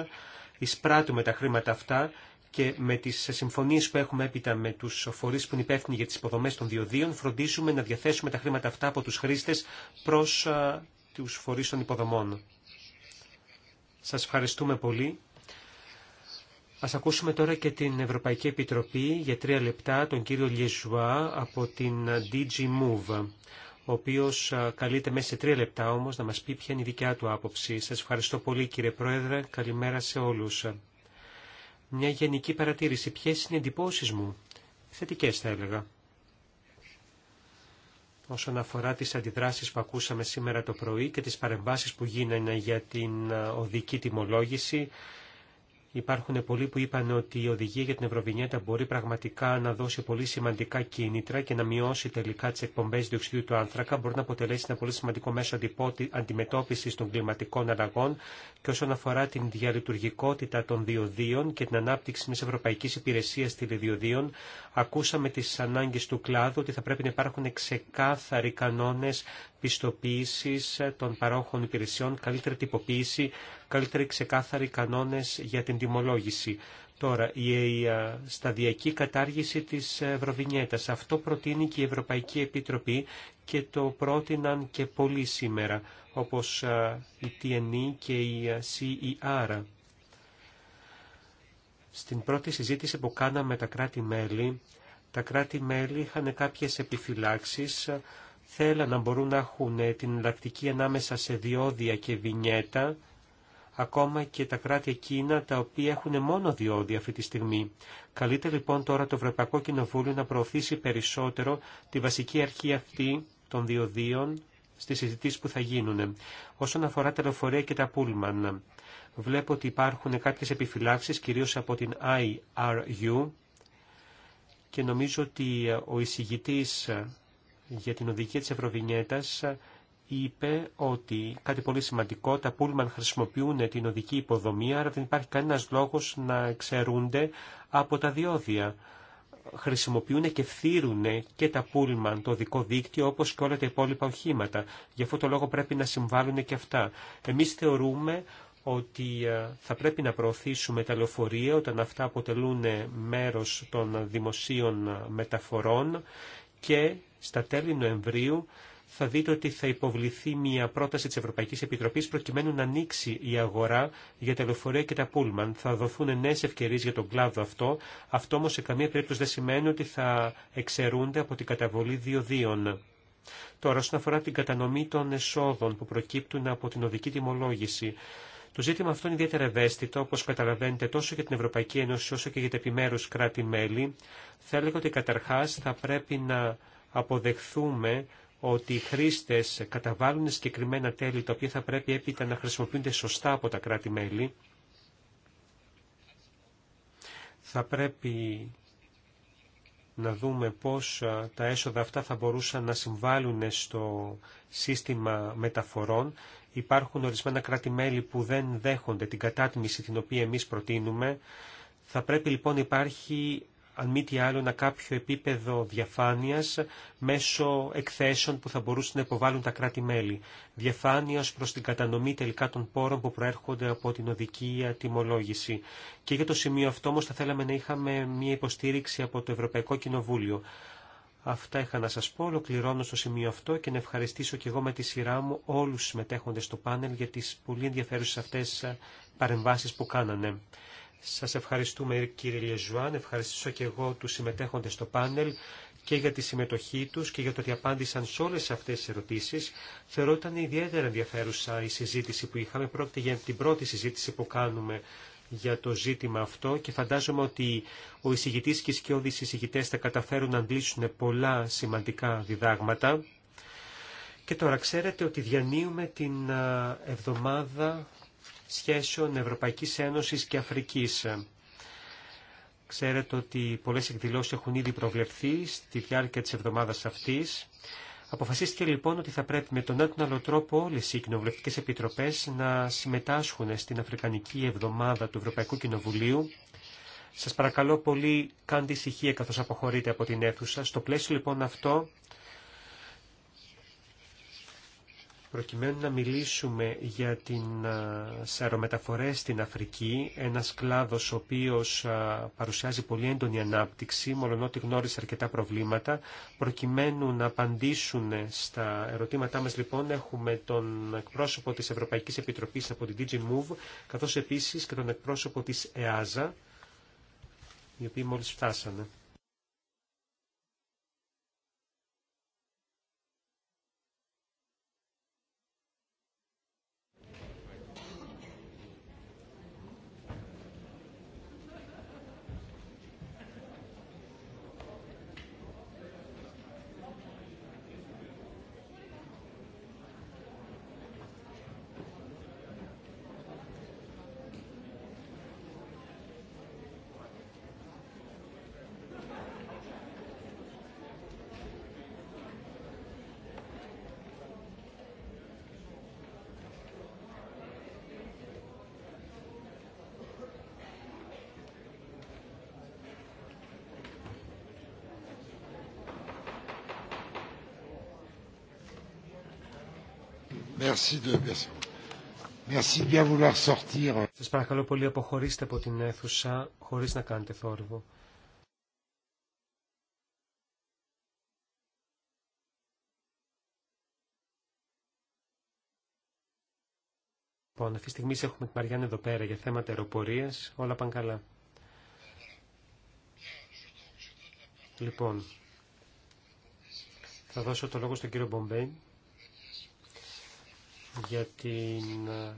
εισπράττουμε τα χρήματα αυτά και με τις συμφωνίες που έχουμε έπειτα με τους φορείς που είναι υπεύθυνοι για τις υποδομές των διοδίων φροντίζουμε να διαθέσουμε τα χρήματα αυτά από τους χρήστες προς ε, τους φορείς των υποδομών. Σας ευχαριστούμε πολύ. Ας ακούσουμε τώρα και την Ευρωπαϊκή Επιτροπή για τρία λεπτά τον κύριο Λιεζουά από την DG Move ο οποίος καλείται μέσα σε τρία λεπτά όμως να μας πει ποια είναι η δικιά του άποψη. Σας ευχαριστώ πολύ κύριε Πρόεδρε, καλημέρα σε όλους. Μια γενική παρατήρηση, ποιες είναι οι εντυπώσεις μου, θετικές θα έλεγα. Όσον αφορά τις αντιδράσεις που ακούσαμε σήμερα το πρωί και τις παρεμβάσεις που γίνανε για την οδική τιμολόγηση, Υπάρχουν πολλοί που είπαν ότι η οδηγία για την Ευρωβινιέτα μπορεί πραγματικά να δώσει πολύ σημαντικά κίνητρα και να μειώσει τελικά τι εκπομπέ διοξιδίου του άνθρακα. Μπορεί να αποτελέσει ένα πολύ σημαντικό μέσο αντιμετώπιση των κλιματικών αλλαγών και όσον αφορά την διαλειτουργικότητα των διοδίων και την ανάπτυξη μια ευρωπαϊκή υπηρεσία τηλεδιοδίων, ακούσαμε τι ανάγκε του κλάδου ότι θα πρέπει να υπάρχουν ξεκάθαροι κανόνε πιστοποίησης των παρόχων υπηρεσιών, καλύτερη τυποποίηση, καλύτερη ξεκάθαρη κανόνες για την τιμολόγηση. Τώρα, η ε, σταδιακή κατάργηση της Ευρωβινιέτας. Αυτό προτείνει και η Ευρωπαϊκή Επιτροπή και το πρότειναν και πολλοί σήμερα, όπως ε, η TNE και η ε, CER. Στην πρώτη συζήτηση που κάναμε τα κράτη-μέλη, τα κράτη-μέλη είχαν κάποιες επιφυλάξεις Θέλω να μπορούν να έχουν ε, την εναλλακτική ανάμεσα σε διόδια και βινιέτα, ακόμα και τα κράτη εκείνα τα οποία έχουν μόνο διόδια αυτή τη στιγμή. Καλείται λοιπόν τώρα το Ευρωπαϊκό Κοινοβούλιο να προωθήσει περισσότερο τη βασική αρχή αυτή των διοδίων στις συζητήσεις που θα γίνουν. Όσον αφορά τα λεωφορεία και τα πούλμαν, βλέπω ότι υπάρχουν κάποιες επιφυλάξεις, κυρίως από την IRU, και νομίζω ότι ε, ο εισηγητής ε, για την οδηγία της Ευρωβινιέτας είπε ότι κάτι πολύ σημαντικό, τα πούλμαν χρησιμοποιούν την οδική υποδομή, άρα δεν υπάρχει κανένας λόγος να εξαιρούνται από τα διόδια. Χρησιμοποιούν και φθύρουν... και τα πούλμαν το οδικό δίκτυο όπως και όλα τα υπόλοιπα οχήματα. Γι' αυτό το λόγο πρέπει να συμβάλλουν και αυτά. Εμείς θεωρούμε ότι ε, θα πρέπει να προωθήσουμε τα λεωφορεία όταν αυτά αποτελούν μέρος των δημοσίων ε, μεταφορών και στα τέλη Νοεμβρίου θα δείτε ότι θα υποβληθεί μια πρόταση της Ευρωπαϊκής Επιτροπής προκειμένου να ανοίξει η αγορά για τα λεωφορεία και τα πούλμαν. Θα δοθούν νέες ευκαιρίες για τον κλάδο αυτό. Αυτό όμως σε καμία περίπτωση δεν σημαίνει ότι θα εξαιρούνται από την καταβολή διοδίων. Τώρα, όσον αφορά την κατανομή των εσόδων που προκύπτουν από την οδική τιμολόγηση, το ζήτημα αυτό είναι ιδιαίτερα ευαίσθητο, όπω καταλαβαίνετε, τόσο για την Ευρωπαϊκή Ένωση όσο και για τα επιμέρου κράτη-μέλη. Θα έλεγα ότι καταρχά θα πρέπει να αποδεχθούμε ότι οι χρήστε καταβάλουν συγκεκριμένα τέλη τα οποία θα πρέπει έπειτα να χρησιμοποιούνται σωστά από τα κράτη-μέλη. Θα πρέπει να δούμε πώς τα έσοδα αυτά θα μπορούσαν να συμβάλλουν στο σύστημα μεταφορών Υπάρχουν ορισμένα κράτη-μέλη που δεν δέχονται την κατάτμιση την οποία εμείς προτείνουμε. Θα πρέπει λοιπόν να υπάρχει αν μη τι άλλο, ένα κάποιο επίπεδο διαφάνειας μέσω εκθέσεων που θα μπορούσαν να υποβάλουν τα κράτη-μέλη. Διαφάνεια προς την κατανομή τελικά των πόρων που προέρχονται από την οδική ατιμολόγηση. Και για το σημείο αυτό όμως θα θέλαμε να είχαμε μια υποστήριξη από το Ευρωπαϊκό Κοινοβούλιο. Αυτά είχα να σας πω, ολοκληρώνω στο σημείο αυτό και να ευχαριστήσω και εγώ με τη σειρά μου όλους τους συμμετέχοντες στο πάνελ για τις πολύ ενδιαφέρουσες αυτές ε, παρεμβάσεις που κάνανε. Σας ευχαριστούμε κύριε Λεζουάν, ευχαριστήσω και εγώ τους συμμετέχοντε στο πάνελ και για τη συμμετοχή τους και για το ότι απάντησαν σε όλες αυτές τις ερωτήσεις. Θεωρώ ότι ήταν ιδιαίτερα ενδιαφέρουσα η συζήτηση που είχαμε. Πρόκειται για την πρώτη συζήτηση που κάνουμε για το ζήτημα αυτό και φαντάζομαι ότι ο εισηγητής και οι σκιώδεις εισηγητές θα καταφέρουν να αντλήσουν πολλά σημαντικά διδάγματα. Και τώρα ξέρετε ότι διανύουμε την εβδομάδα σχέσεων Ευρωπαϊκής Ένωσης και Αφρικής. Ξέρετε ότι πολλές εκδηλώσεις έχουν ήδη προβλεφθεί στη διάρκεια της εβδομάδας αυτής. Αποφασίστηκε λοιπόν ότι θα πρέπει με τον έναν άλλο τρόπο όλες οι κοινοβουλευτικές επιτροπές να συμμετάσχουν στην Αφρικανική Εβδομάδα του Ευρωπαϊκού Κοινοβουλίου. Σας παρακαλώ πολύ κάντε ησυχία καθώς αποχωρείτε από την αίθουσα. Στο πλαίσιο λοιπόν αυτό προκειμένου να μιλήσουμε για την αερομεταφορές στην Αφρική, ένας κλάδος ο οποίος παρουσιάζει πολύ έντονη ανάπτυξη, μολονότι γνώρισε αρκετά προβλήματα. Προκειμένου να απαντήσουν στα ερωτήματά μας λοιπόν έχουμε τον εκπρόσωπο της Ευρωπαϊκής Επιτροπής από την DG Move, καθώς επίσης και τον εκπρόσωπο της ΕΑΖΑ, οι οποίοι μόλις φτάσανε. Σας παρακαλώ πολύ αποχωρήστε από την αίθουσα χωρίς να κάνετε θόρυβο. Λοιπόν, αυτή τη στιγμή έχουμε τη Μαριάννα εδώ πέρα για θέματα αεροπορία. Όλα πάνε καλά. Λοιπόν, θα δώσω το λόγο στον κύριο Μπομπέιν για την ε,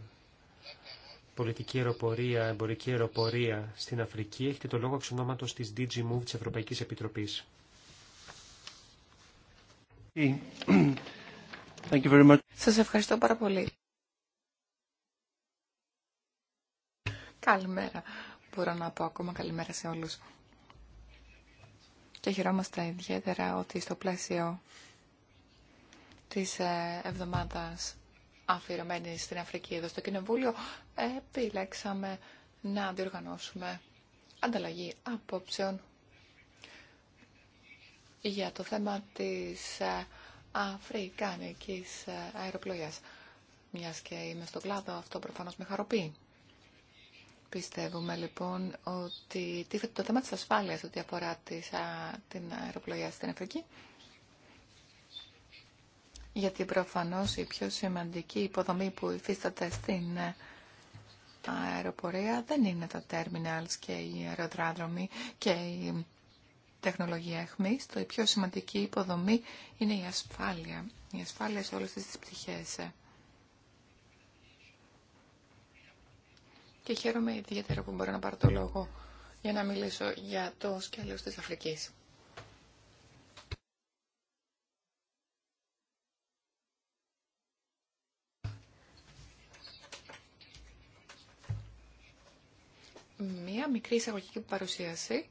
πολιτική αεροπορία, εμπορική αεροπορία στην Αφρική. Έχετε το λόγο εξ της DG Move της Ευρωπαϊκής Επιτροπής. Thank Σας ευχαριστώ πάρα πολύ. Καλημέρα. Μπορώ να πω ακόμα καλημέρα σε όλους. Και χαιρόμαστε ιδιαίτερα ότι στο πλαίσιο της ε, εβδομάδας αφιερωμένη στην Αφρική εδώ στο Κοινοβούλιο, επιλέξαμε να διοργανώσουμε ανταλλαγή απόψεων για το θέμα της ε, αφρικανικής ε, αεροπλογίας. Μιας και είμαι στον κλάδο, αυτό προφανώς με χαροποιεί. Πιστεύουμε λοιπόν ότι το θέμα της ασφάλειας ότι αφορά ε, την αεροπλογία στην Αφρική γιατί προφανώς η πιο σημαντική υποδομή που υφίσταται στην ε, αεροπορία δεν είναι τα τέρμιναλς και οι αεροδράδρομοι και η τεχνολογία εχμής. Το πιο σημαντική υποδομή είναι η ασφάλεια. Η ασφάλεια σε όλες τις πτυχές. Ε. Και χαίρομαι ιδιαίτερα που μπορώ να πάρω το λόγο για να μιλήσω για το σκέλος της Αφρικής. μικρή εισαγωγική παρουσίαση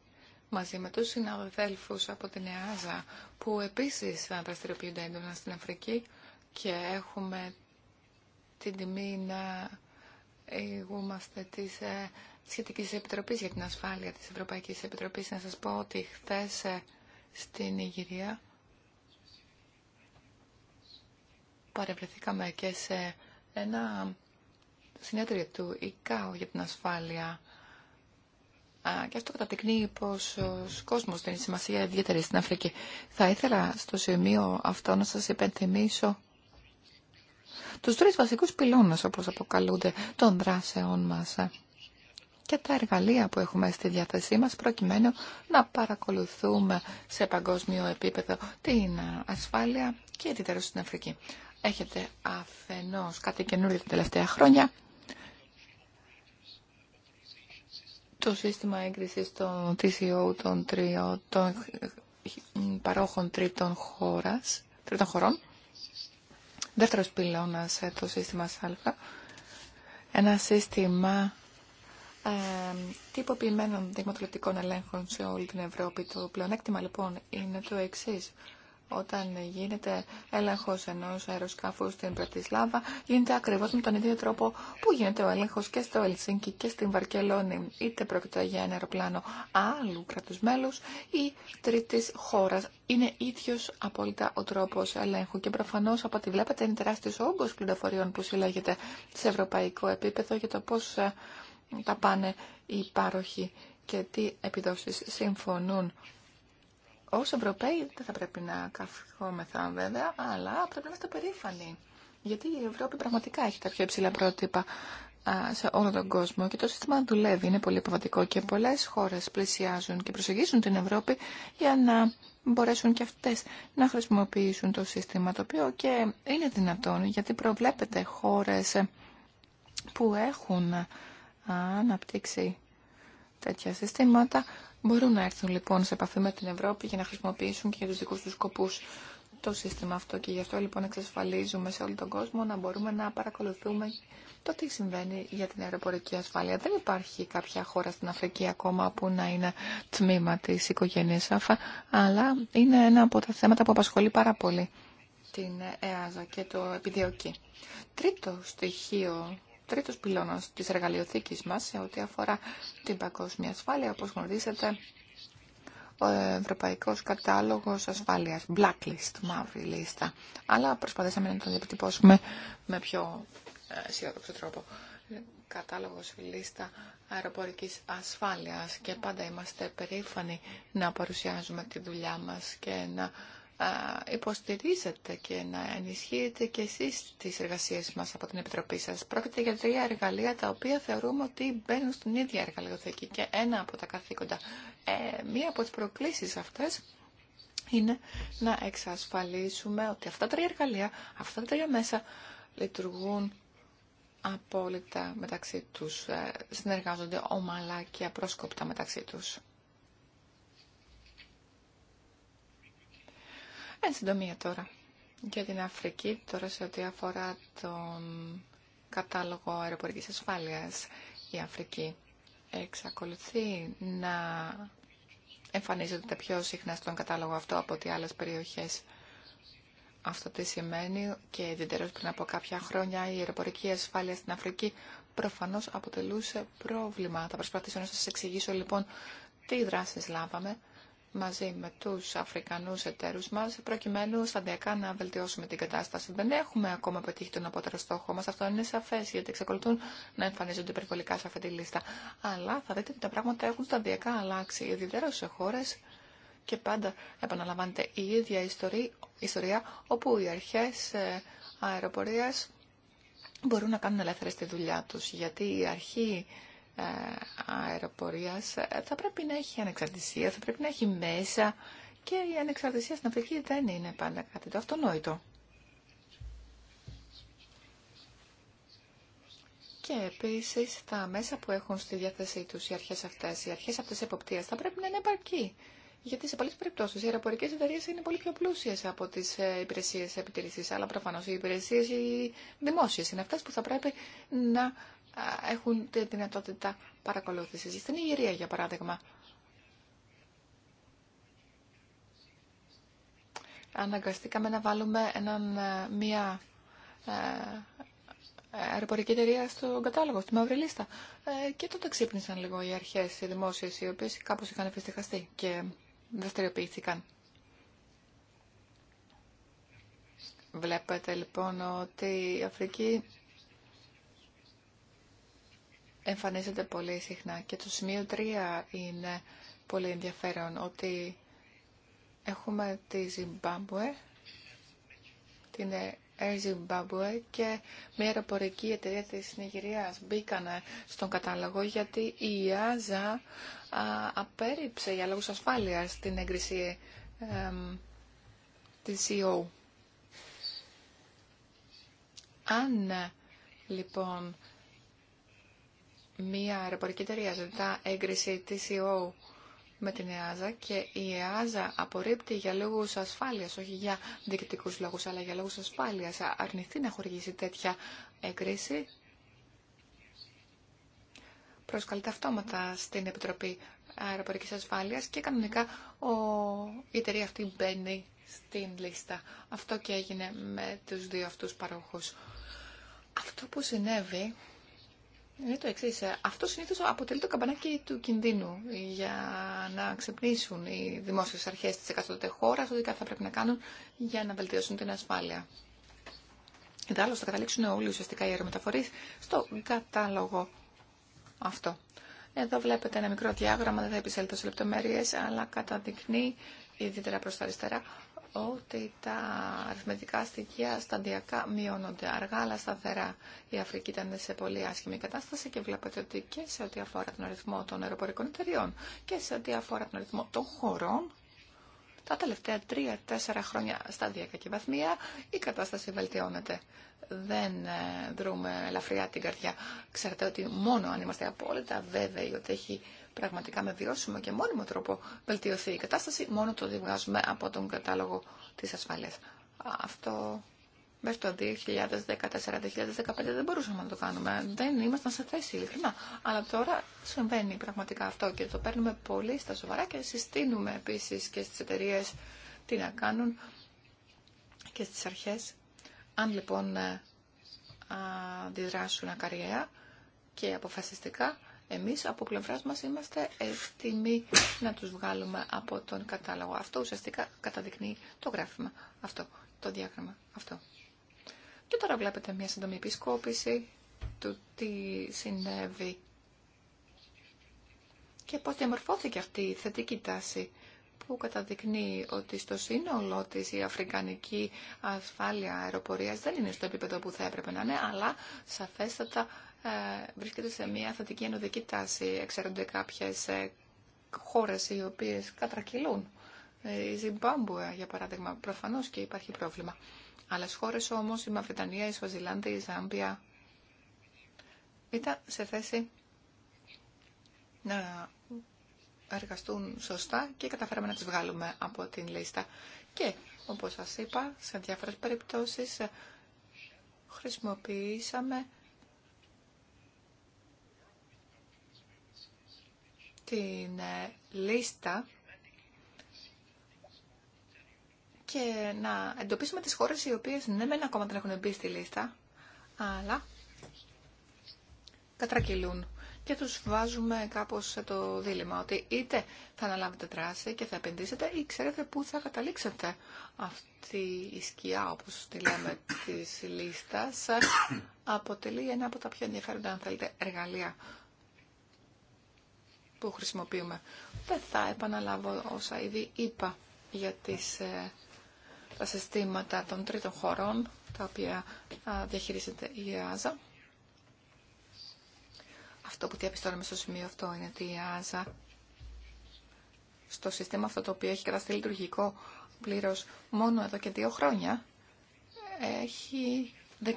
μαζί με τους συναδέλφους από την ΕΑΖΑ που επίσης δραστηριοποιούνται έντονα στην Αφρική και έχουμε την τιμή να ηγούμαστε της ε, Σχετικής Επιτροπής για την Ασφάλεια της Ευρωπαϊκής Επιτροπής. Να σας πω ότι χθες ε, στην Ιγυρία παρευρεθήκαμε και σε ένα συνέδριο του ΙΚΑΟ για την ασφάλεια και αυτό καταδεικνύει πω ο κόσμος δίνει σημασία ιδιαίτερη στην Αφρική. Θα ήθελα στο σημείο αυτό να σας υπενθυμίσω τους τρει βασικούς πυλώνε, όπως αποκαλούνται, των δράσεών μα και τα εργαλεία που έχουμε στη διάθεσή μας προκειμένου να παρακολουθούμε σε παγκόσμιο επίπεδο την ασφάλεια και ιδιαίτερα στην Αφρική. Έχετε αφενός κάτι καινούριο τα τελευταία χρόνια το σύστημα έγκρισης των TCO των, των παρόχων τρίτων, χώρας, τρίτων χωρών. Δεύτερος πυλώνας ε, το σύστημα Σάλφα Ένα σύστημα ε, τυποποιημένων δειγματοληπτικών ελέγχων σε όλη την Ευρώπη. Το πλεονέκτημα λοιπόν είναι το εξής όταν γίνεται έλεγχος ενός αεροσκάφου στην Πρατισλάβα, γίνεται ακριβώς με τον ίδιο τρόπο που γίνεται ο έλεγχος και στο Ελσίνκι και στην Βαρκελόνη, είτε πρόκειται για ένα αεροπλάνο άλλου κράτους μέλους ή τρίτης χώρας. Είναι ίδιος απόλυτα ο τρόπος ελέγχου και προφανώς από ό,τι βλέπετε είναι τεράστιος όγκος πληροφοριών που συλλέγεται σε ευρωπαϊκό επίπεδο για το πώς ε, τα πάνε οι πάροχοι και τι επιδόσεις συμφωνούν ως Ευρωπαίοι δεν θα πρέπει να καθόμεθα βέβαια, αλλά πρέπει να είμαστε περήφανοι. Γιατί η Ευρώπη πραγματικά έχει τα πιο υψηλά πρότυπα σε όλο τον κόσμο και το σύστημα δουλεύει, είναι πολύ αποβατικό και πολλές χώρες πλησιάζουν και προσεγγίζουν την Ευρώπη για να μπορέσουν και αυτές να χρησιμοποιήσουν το σύστημα το οποίο και είναι δυνατόν γιατί προβλέπεται χώρες που έχουν αναπτύξει τέτοια συστήματα Μπορούν να έρθουν λοιπόν σε επαφή με την Ευρώπη για να χρησιμοποιήσουν και για του δικού του σκοπούς το σύστημα αυτό και γι' αυτό λοιπόν εξασφαλίζουμε σε όλο τον κόσμο να μπορούμε να παρακολουθούμε το τι συμβαίνει για την αεροπορική ασφάλεια. Δεν υπάρχει κάποια χώρα στην Αφρική ακόμα που να είναι τμήμα τη οικογένεια ΑΦΑ, αλλά είναι ένα από τα θέματα που απασχολεί πάρα πολύ την ΕΑΖΑ και το επιδιώκει. Τρίτο στοιχείο τρίτος πυλώνας της εργαλειοθήκης μας σε ό,τι αφορά την παγκόσμια ασφάλεια. Όπως γνωρίζετε, ο Ευρωπαϊκός Κατάλογος Ασφάλειας, blacklist, μαύρη λίστα. Αλλά προσπαθήσαμε να τον διατυπώσουμε με πιο ε, αισιόδοξο τρόπο. Κατάλογος λίστα αεροπορικής ασφάλειας και πάντα είμαστε περήφανοι να παρουσιάζουμε τη δουλειά μας και να υποστηρίζετε και να ενισχύετε και εσείς τις εργασίες μας από την Επιτροπή σας. Πρόκειται για τρία εργαλεία τα οποία θεωρούμε ότι μπαίνουν στην ίδια εργαλειοθήκη και ένα από τα καθήκοντα. Ε, μία από τις προκλήσεις αυτές είναι να εξασφαλίσουμε ότι αυτά τα τρία εργαλεία, αυτά τα τρία μέσα λειτουργούν απόλυτα μεταξύ τους, ε, συνεργάζονται ομαλά και απρόσκοπτα μεταξύ τους. Εν συντομία τώρα, για την Αφρική, τώρα σε ό,τι αφορά τον κατάλογο αεροπορικής ασφάλειας, η Αφρική εξακολουθεί να εμφανίζονται πιο συχνά στον κατάλογο αυτό από ότι άλλες περιοχές. Αυτό τι σημαίνει και ιδιαίτερως πριν από κάποια χρόνια η αεροπορική ασφάλεια στην Αφρική προφανώς αποτελούσε πρόβλημα. Θα προσπαθήσω να σας εξηγήσω λοιπόν τι δράσεις λάβαμε μαζί με τους Αφρικανούς εταίρους μας, προκειμένου σταδιακά να βελτιώσουμε την κατάσταση. Δεν έχουμε ακόμα πετύχει τον απότερο στόχο μας, αυτό είναι σαφές, γιατί εξακολουθούν να εμφανίζονται υπερβολικά σε αυτή τη λίστα. Αλλά θα δείτε ότι τα πράγματα έχουν σταδιακά αλλάξει, ιδιαίτερα σε χώρες και πάντα επαναλαμβάνεται η ίδια ιστορία, ιστορία όπου οι αρχές ε, αεροπορίας μπορούν να κάνουν ελεύθερες τη δουλειά τους, γιατί η αρχή ε, αεροπορίας ε, θα πρέπει να έχει ανεξαρτησία, θα πρέπει να έχει μέσα και η ανεξαρτησία στην Αφρική δεν είναι πάντα κάτι το αυτονόητο. Και επίση τα μέσα που έχουν στη διάθεσή του οι αρχέ αυτές, οι αρχέ αυτέ εποπτεία, θα πρέπει να είναι επαρκή. Γιατί σε πολλέ περιπτώσει οι αεροπορικέ εταιρείε είναι πολύ πιο πλούσιε από τι ε, υπηρεσίε επιτηρήσει. Αλλά προφανώ οι υπηρεσίε οι δημόσιε είναι αυτέ που θα πρέπει να έχουν τη δυνατότητα παρακολούθησης. Στην Ιγυρία, για παράδειγμα, αναγκαστήκαμε να βάλουμε έναν, ε, μια ε, αεροπορική εταιρεία στο κατάλογο, στη μαύρη λίστα. Ε, και τότε ξύπνησαν λίγο οι αρχές, οι δημόσιες, οι οποίες κάπως είχαν εφιστεχαστεί και δραστηριοποιήθηκαν. Βλέπετε λοιπόν ότι η Αφρική Εμφανίζεται πολύ συχνά και το σημείο 3 είναι πολύ ενδιαφέρον ότι έχουμε τη Ζιμπάμπουε, την Air Zimbabwe και μια αεροπορική εταιρεία της Νιγηρίας μπήκαν στον κατάλογο γιατί η ΙΑΖΑ απέρριψε για λόγους ασφάλειας την έγκριση τη της CEO. Αν λοιπόν μία αεροπορική εταιρεία ζητά έγκριση TCO με την ΕΑΖΑ και η ΕΑΖΑ απορρίπτει για λόγους ασφάλειας, όχι για διοικητικού λόγους, αλλά για λόγους ασφάλειας, αρνηθεί να χορηγήσει τέτοια έγκριση, προσκαλείται αυτόματα στην Επιτροπή αεροπορική Ασφάλειας και κανονικά ο... η εταιρεία αυτή μπαίνει στην λίστα. Αυτό και έγινε με τους δύο αυτούς παροχού. Αυτό που συνέβη είναι το εξή. Αυτό συνήθω αποτελεί το καμπανάκι του κινδύνου για να ξεπνήσουν οι δημόσιε αρχέ τη εκατότητα χώρα ότι κάτι θα πρέπει να κάνουν για να βελτιώσουν την ασφάλεια. Ιδάλλως θα καταλήξουν όλοι ουσιαστικά οι αερομεταφορεί στο κατάλογο αυτό. Εδώ βλέπετε ένα μικρό διάγραμμα, δεν θα επισέλθω σε λεπτομέρειε, αλλά καταδεικνύει ιδιαίτερα προ τα αριστερά ότι τα αριθμητικά στοιχεία σταδιακά μειώνονται αργά αλλά σταθερά. Η Αφρική ήταν σε πολύ άσχημη κατάσταση και βλέπετε ότι και σε ό,τι αφορά τον αριθμό των αεροπορικών εταιριών και σε ό,τι αφορά τον αριθμό των χωρών, τα τελευταία τρία-τέσσερα χρόνια σταδιακά και βαθμία η κατάσταση βελτιώνεται. Δεν ε, δρούμε ελαφριά την καρδιά. Ξέρετε ότι μόνο αν είμαστε απόλυτα βέβαιοι ότι έχει πραγματικά με βιώσιμο και μόνιμο τρόπο βελτιωθεί η κατάσταση, μόνο το διβγάζουμε από τον κατάλογο της ασφαλείας. Αυτό μέχρι το 2014-2015 δεν μπορούσαμε να το κάνουμε. Δεν ήμασταν σε θέση, ειλικρινά. Αλλά τώρα συμβαίνει πραγματικά αυτό και το παίρνουμε πολύ στα σοβαρά και συστήνουμε επίσης και στις εταιρείε τι να κάνουν και στις αρχές. Αν λοιπόν ε, αντιδράσουν ακαριέα και αποφασιστικά, εμείς από πλευράς μας είμαστε έτοιμοι να τους βγάλουμε από τον κατάλογο. Αυτό ουσιαστικά καταδεικνύει το γράφημα αυτό, το διάγραμμα αυτό. Και τώρα βλέπετε μια σύντομη επισκόπηση του τι συνέβη και πώς διαμορφώθηκε αυτή η θετική τάση που καταδεικνύει ότι στο σύνολό της η αφρικανική ασφάλεια αεροπορίας δεν είναι στο επίπεδο που θα έπρεπε να είναι, αλλά σαφέστατα ε, βρίσκεται σε μια θετική ενωδική τάση. Εξέρονται κάποιε ε, χώρες οι οποίες κατρακυλούν. Ε, η Ζιμπάμπουε, για παράδειγμα, προφανώς και υπάρχει πρόβλημα. Άλλε χώρε όμω η Μαυριτανία, η Σουαζιλάνδη, η Ζάμπια, ήταν σε θέση να εργαστούν σωστά και καταφέραμε να τις βγάλουμε από την λίστα. Και, όπως σας είπα, σε διάφορες περιπτώσεις χρησιμοποιήσαμε την ε, λίστα και να εντοπίσουμε τις χώρες οι οποίες ναι μεν ακόμα δεν έχουν μπει στη λίστα, αλλά κατρακυλούν και τους βάζουμε κάπως σε το δίλημα ότι είτε θα αναλάβετε δράση και θα επενδύσετε ή ξέρετε πού θα καταλήξετε αυτή η σκιά όπως τη λέμε της λίστας αποτελεί ένα από τα πιο ενδιαφέροντα αν θέλετε εργαλεία που χρησιμοποιούμε. Δεν θα επαναλάβω όσα ήδη είπα για τις, ε, τα συστήματα των τρίτων χωρών, τα οποία διαχειρίζεται η ΕΑΖΑ. Αυτό που διαπιστώνουμε στο σημείο αυτό είναι ότι η ΕΑΖΑ στο σύστημα αυτό το οποίο έχει καταστεί λειτουργικό πλήρως μόνο εδώ και δύο χρόνια έχει 19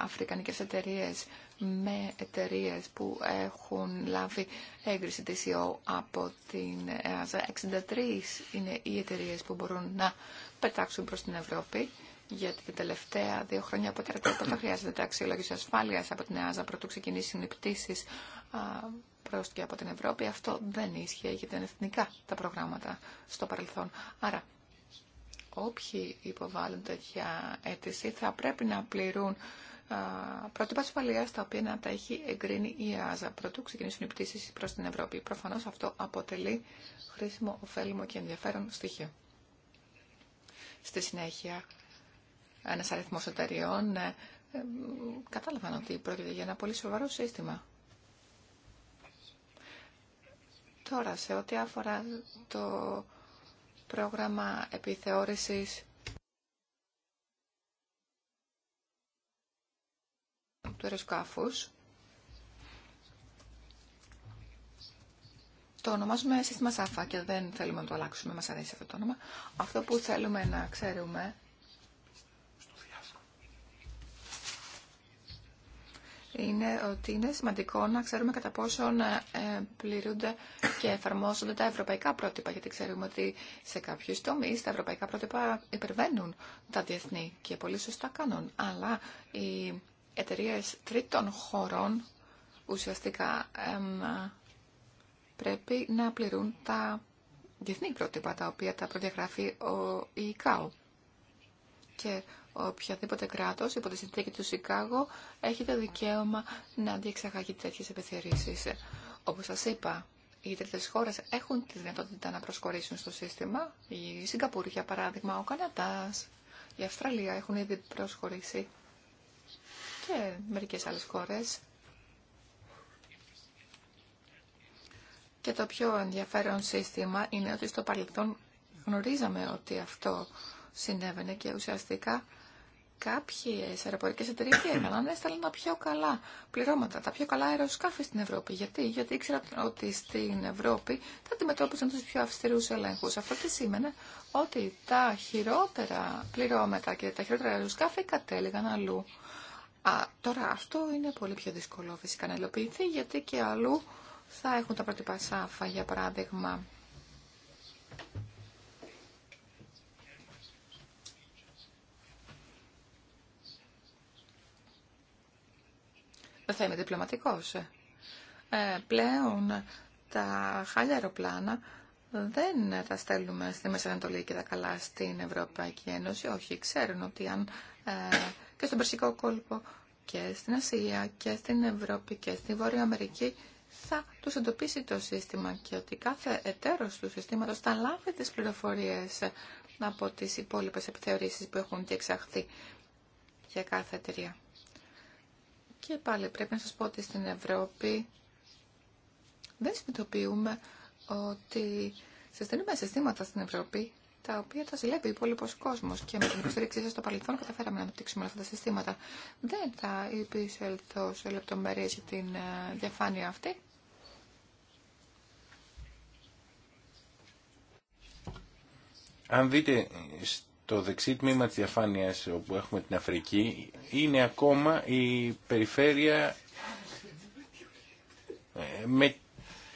αφρικανικές εταιρείες με εταιρείε που έχουν λάβει έγκριση DCO από την ΕΑΖΑ. 63 είναι οι εταιρείε που μπορούν να πετάξουν προς την Ευρώπη, γιατί τα τελευταία δύο χρόνια από τα χρειάζεται τα αξιολόγηση ασφάλειας από την ΕΑΖΑ πρωτού ξεκινήσουν οι πτήσεις προς και από την Ευρώπη. Αυτό δεν ίσχυε, γιατί ήταν εθνικά τα προγράμματα στο παρελθόν. Άρα όποιοι υποβάλλουν τέτοια αίτηση θα πρέπει να πληρούν πρότυπα ασφαλεία τα οποία να τα έχει εγκρίνει η ΕΑΖΑ. Πρωτού ξεκινήσουν οι πτήσει προ την Ευρώπη. Προφανώ αυτό αποτελεί χρήσιμο, ωφέλιμο και ενδιαφέρον στοιχείο. Στη συνέχεια, ένα αριθμό εταιριών ε, ε, κατάλαβαν ότι πρόκειται για ένα πολύ σοβαρό σύστημα. Τώρα, σε ό,τι αφορά το πρόγραμμα επιθεώρησης του αεροσκάφους. Το ονομάζουμε σύστημα ΣΑΦΑ και δεν θέλουμε να το αλλάξουμε, μας αρέσει αυτό το όνομα. Αυτό που θέλουμε να ξέρουμε είναι ότι είναι σημαντικό να ξέρουμε κατά πόσον ε, πληρούνται και εφαρμόζονται τα ευρωπαϊκά πρότυπα, γιατί ξέρουμε ότι σε κάποιους τομείς τα ευρωπαϊκά πρότυπα υπερβαίνουν τα διεθνή και πολύ σωστά κάνουν, αλλά η εταιρείε τρίτων χωρών ουσιαστικά εμ, πρέπει να πληρούν τα διεθνή πρότυπα τα οποία τα προδιαγράφει ο ΙΚΑΟ. Και οποιαδήποτε κράτος υπό τη συνθήκη του Σικάγο έχει το δικαίωμα να διεξαγάγει τέτοιες επιθερήσεις. Όπως σας είπα, οι τρίτες χώρες έχουν τη δυνατότητα να προσχωρήσουν στο σύστημα. Η Σιγκαπούρη, για παράδειγμα, ο Καναδάς, η Αυστραλία έχουν ήδη προσχωρήσει και μερικές άλλες χώρες. Και το πιο ενδιαφέρον σύστημα είναι ότι στο παρελθόν γνωρίζαμε ότι αυτό συνέβαινε και ουσιαστικά κάποιες αεροπορικές εταιρείες έκαναν, έστελναν πιο καλά πληρώματα, τα πιο καλά αεροσκάφη στην Ευρώπη. Γιατί, γιατί ήξεραν ότι στην Ευρώπη θα αντιμετώπιζαν τους πιο αυστηρούς ελέγχους. Αυτό τι σήμαινε ότι τα χειρότερα πληρώματα και τα χειρότερα αεροσκάφη κατέληγαν αλλού τώρα αυτό είναι πολύ πιο δύσκολο φυσικά να υλοποιηθεί γιατί και αλλού θα έχουν τα πρότυπα σάφα για παράδειγμα. Δεν θα είμαι διπλωματικός. Ε. Ε, πλέον τα χάλια αεροπλάνα δεν τα στέλνουμε στη Μέση και τα καλά στην Ευρωπαϊκή Ένωση. Όχι, ξέρουν ότι αν ε, και στον Περσικό κόλπο και στην Ασία και στην Ευρώπη και στη Βόρεια Αμερική θα τους εντοπίσει το σύστημα και ότι κάθε εταίρος του συστήματος θα λάβει τις πληροφορίες από τις υπόλοιπε επιθεωρήσεις που έχουν διεξαχθεί για κάθε εταιρεία. Και πάλι πρέπει να σας πω ότι στην Ευρώπη δεν συνειδητοποιούμε ότι συστήνουμε συστήματα στην Ευρώπη τα οποία τα ζηλεύει ο υπόλοιπο κόσμο. Και με την υποστήριξή σα στο παρελθόν καταφέραμε να αναπτύξουμε όλα αυτά τα συστήματα. Δεν θα υπησέλθω σε λεπτομέρειε την ε, διαφάνεια αυτή. Αν δείτε στο δεξί τμήμα της διαφάνειας όπου έχουμε την Αφρική, είναι ακόμα η περιφέρεια ε, με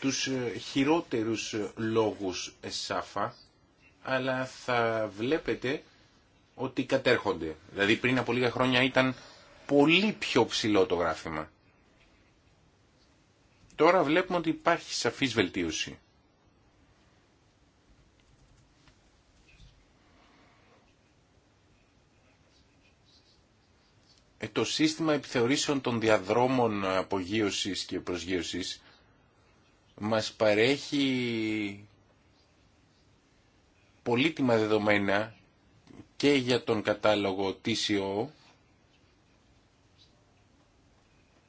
τους ε, χειρότερους λόγους ΣΑΦΑ αλλά θα βλέπετε ότι κατέρχονται. Δηλαδή πριν από λίγα χρόνια ήταν πολύ πιο ψηλό το γράφημα. Τώρα βλέπουμε ότι υπάρχει σαφής βελτίωση. Ε, το σύστημα επιθεωρήσεων των διαδρόμων απογείωσης και προσγείωσης μας παρέχει πολύτιμα δεδομένα και για τον κατάλογο TCO.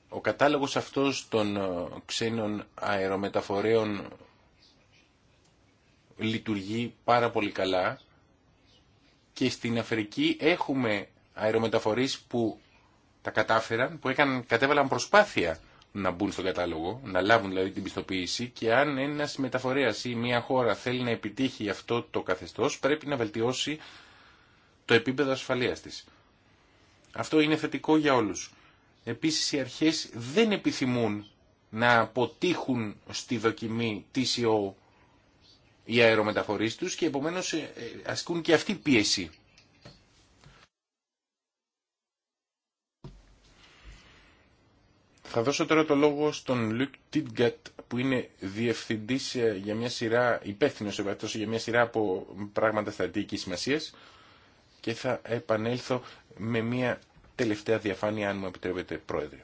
Ο κατάλογος αυτός των ε, ξένων αερομεταφορέων λειτουργεί πάρα πολύ καλά και στην Αφρική έχουμε αερομεταφορείς που τα κατάφεραν, που έκαναν, κατέβαλαν προσπάθεια να μπουν στον κατάλογο, να λάβουν δηλαδή την πιστοποίηση και αν ένα μεταφορέας ή μια χώρα θέλει να επιτύχει αυτό το καθεστώς πρέπει να βελτιώσει το επίπεδο ασφαλείας της. Αυτό είναι θετικό για όλους. Επίση, οι αρχές δεν επιθυμούν να αποτύχουν στη δοκιμή TCO οι αερομεταφορεί του και επομένως ε, ε, ασκούν και αυτή πίεση Θα δώσω τώρα το λόγο στον Λουκ Τίτγκατ που είναι διευθυντής ε, για μια σειρά, υπεύθυνος για μια σειρά από πράγματα στρατηγικής σημασία και θα επανέλθω με μια τελευταία διαφάνεια αν μου επιτρέπετε πρόεδρε.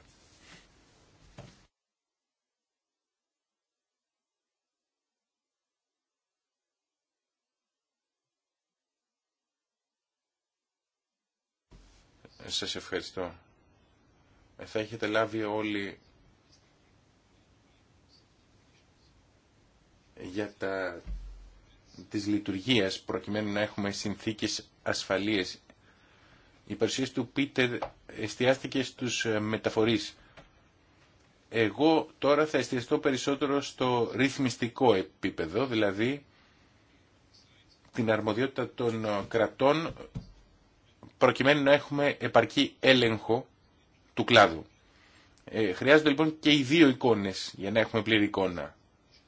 Σας ευχαριστώ θα έχετε λάβει όλοι για τα, της λειτουργίας προκειμένου να έχουμε συνθήκες ασφαλείας. Η παρουσία του Πίτερ εστιάστηκε στους ε, μεταφορείς. Εγώ τώρα θα εστιαστώ περισσότερο στο ρυθμιστικό επίπεδο, δηλαδή την αρμοδιότητα των ε, κρατών προκειμένου να έχουμε επαρκή έλεγχο του κλάδου. Ε, χρειάζονται λοιπόν και οι δύο εικόνες για να έχουμε πλήρη εικόνα.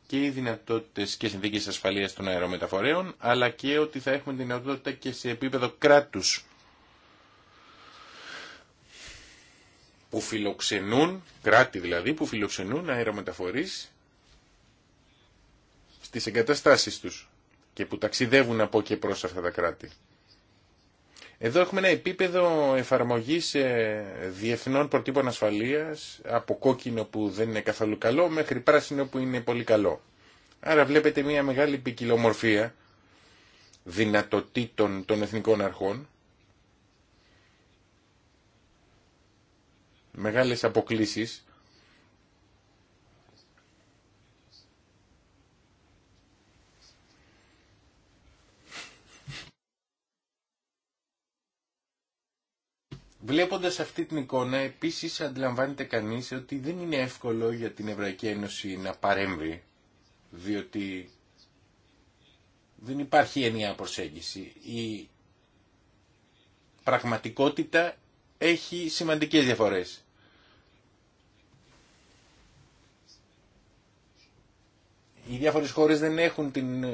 Και οι δυνατότητες και συνθήκες ασφαλείας των αερομεταφορέων, αλλά και ότι θα έχουμε δυνατότητα και σε επίπεδο κράτους που φιλοξενούν, κράτη δηλαδή, που φιλοξενούν αερομεταφορείς στις εγκαταστάσεις τους και που ταξιδεύουν από και προς αυτά τα κράτη. Εδώ έχουμε ένα επίπεδο εφαρμογής ε, διεθνών προτύπων ασφαλείας, από κόκκινο που δεν είναι καθόλου καλό μέχρι πράσινο που είναι πολύ καλό. Άρα βλέπετε μια μεγάλη ποικιλομορφία δυνατοτήτων των εθνικών αρχών, μεγάλες αποκλήσεις, Βλέποντας αυτή την εικόνα επίσης αντιλαμβάνεται κανείς ότι δεν είναι εύκολο για την Ευρωπαϊκή Ένωση να παρέμβει διότι δεν υπάρχει ενιαία προσέγγιση. Η πραγματικότητα έχει σημαντικές διαφορές. Οι διάφορες χώρες δεν έχουν την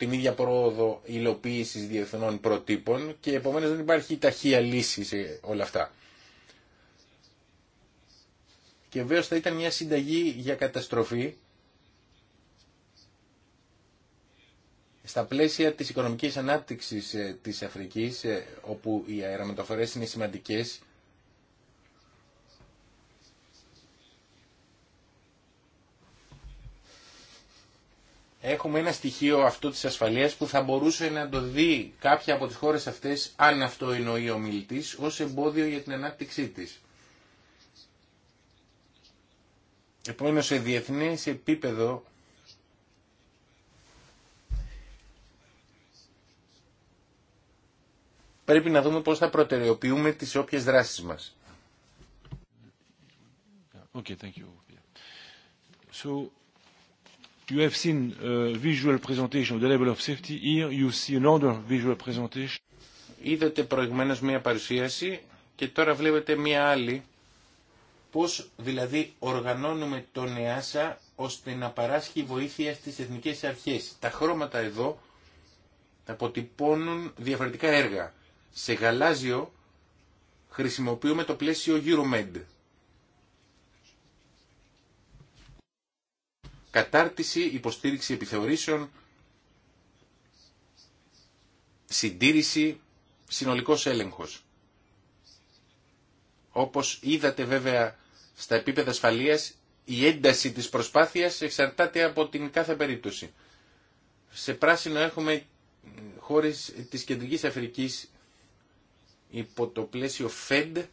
την ίδια πρόοδο υλοποίηση διεθνών προτύπων και επομένω δεν υπάρχει ταχεία λύση σε όλα αυτά. Και βέβαια θα ήταν μια συνταγή για καταστροφή στα πλαίσια της οικονομικής ανάπτυξης ε, της Αφρικής, ε, όπου οι αερομεταφορές είναι σημαντικές έχουμε ένα στοιχείο αυτό της ασφαλείας που θα μπορούσε να το δει κάποια από τις χώρες αυτές, αν αυτό εννοεί ο μιλητής, ως εμπόδιο για την ανάπτυξή της. Επομένως, σε διεθνές επίπεδο πρέπει να δούμε πώς θα προτεραιοποιούμε τις όποιες δράσεις μας. Okay, thank you. So, You Είδατε προηγουμένως μία παρουσίαση και τώρα βλέπετε μία άλλη. Πώς δηλαδή οργανώνουμε τον ΕΑΣΑ ώστε να παράσχει βοήθεια στις εθνικές αρχές. Τα χρώματα εδώ αποτυπώνουν διαφορετικά έργα. Σε γαλάζιο χρησιμοποιούμε το πλαίσιο EuroMed κατάρτιση, υποστήριξη επιθεωρήσεων, συντήρηση, συνολικός έλεγχος. Όπως είδατε βέβαια στα επίπεδα ασφαλείας, η ένταση της προσπάθειας εξαρτάται από την κάθε περίπτωση. Σε πράσινο έχουμε χώρες της Κεντρικής Αφρικής υπό το πλαίσιο FED,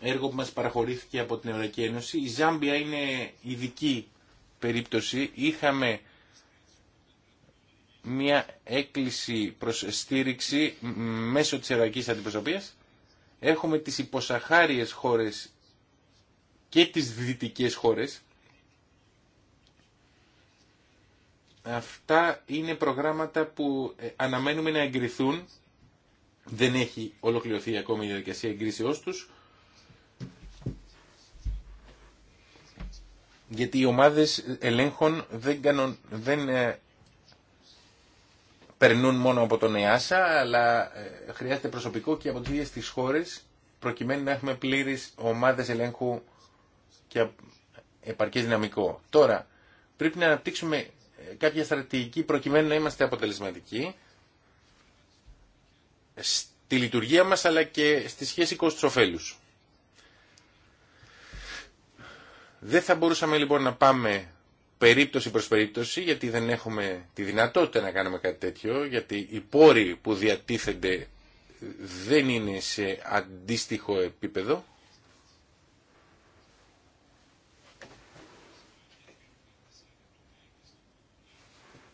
έργο που μας παραχωρήθηκε από την Ευρωπαϊκή Ένωση. Η Ζάμπια είναι ειδική περίπτωση. Είχαμε μια έκκληση προς στήριξη μέσω της ευρωπαϊκής αντιπροσωπείας. Έχουμε τις υποσαχάριες χώρες και τις δυτικές χώρες. Αυτά είναι προγράμματα που ε, αναμένουμε να εγκριθούν. Δεν έχει ολοκληρωθεί ακόμη η διαδικασία εγκρίσεώς τους. γιατί οι ομάδες ελέγχων δεν, δεν ε, περνούν μόνο από τον ΕΑΣΑ, αλλά ε, χρειάζεται προσωπικό και από τις ίδιες τις χώρες, προκειμένου να έχουμε πλήρης ομάδες ελέγχου και επαρκές δυναμικό. Τώρα, πρέπει να αναπτύξουμε ε, κάποια στρατηγική προκειμένου να είμαστε αποτελεσματικοί στη λειτουργία μας αλλά και στη σχεση κοστος κόστους-οφέλους. Δεν θα μπορούσαμε λοιπόν να πάμε περίπτωση προς περίπτωση γιατί δεν έχουμε τη δυνατότητα να κάνουμε κάτι τέτοιο γιατί οι πόροι που διατίθενται δεν είναι σε αντίστοιχο επίπεδο.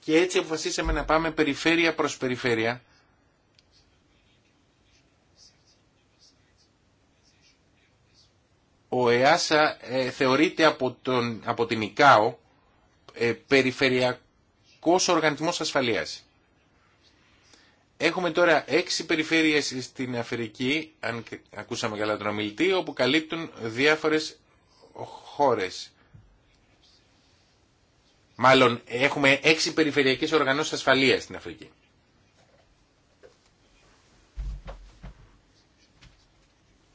Και έτσι αποφασίσαμε να πάμε περιφέρεια προς περιφέρεια ο ΕΑΣΑ ε, θεωρείται από, τον, από την ΙΚΑΟ ε, περιφερειακός οργανισμός ασφαλείας. Έχουμε τώρα έξι περιφέρειες στην Αφρική, αν ακούσαμε καλά τον ομιλητή, όπου καλύπτουν διάφορες χώρες. Μάλλον έχουμε έξι περιφερειακές οργανώσεις ασφαλείας στην Αφρική.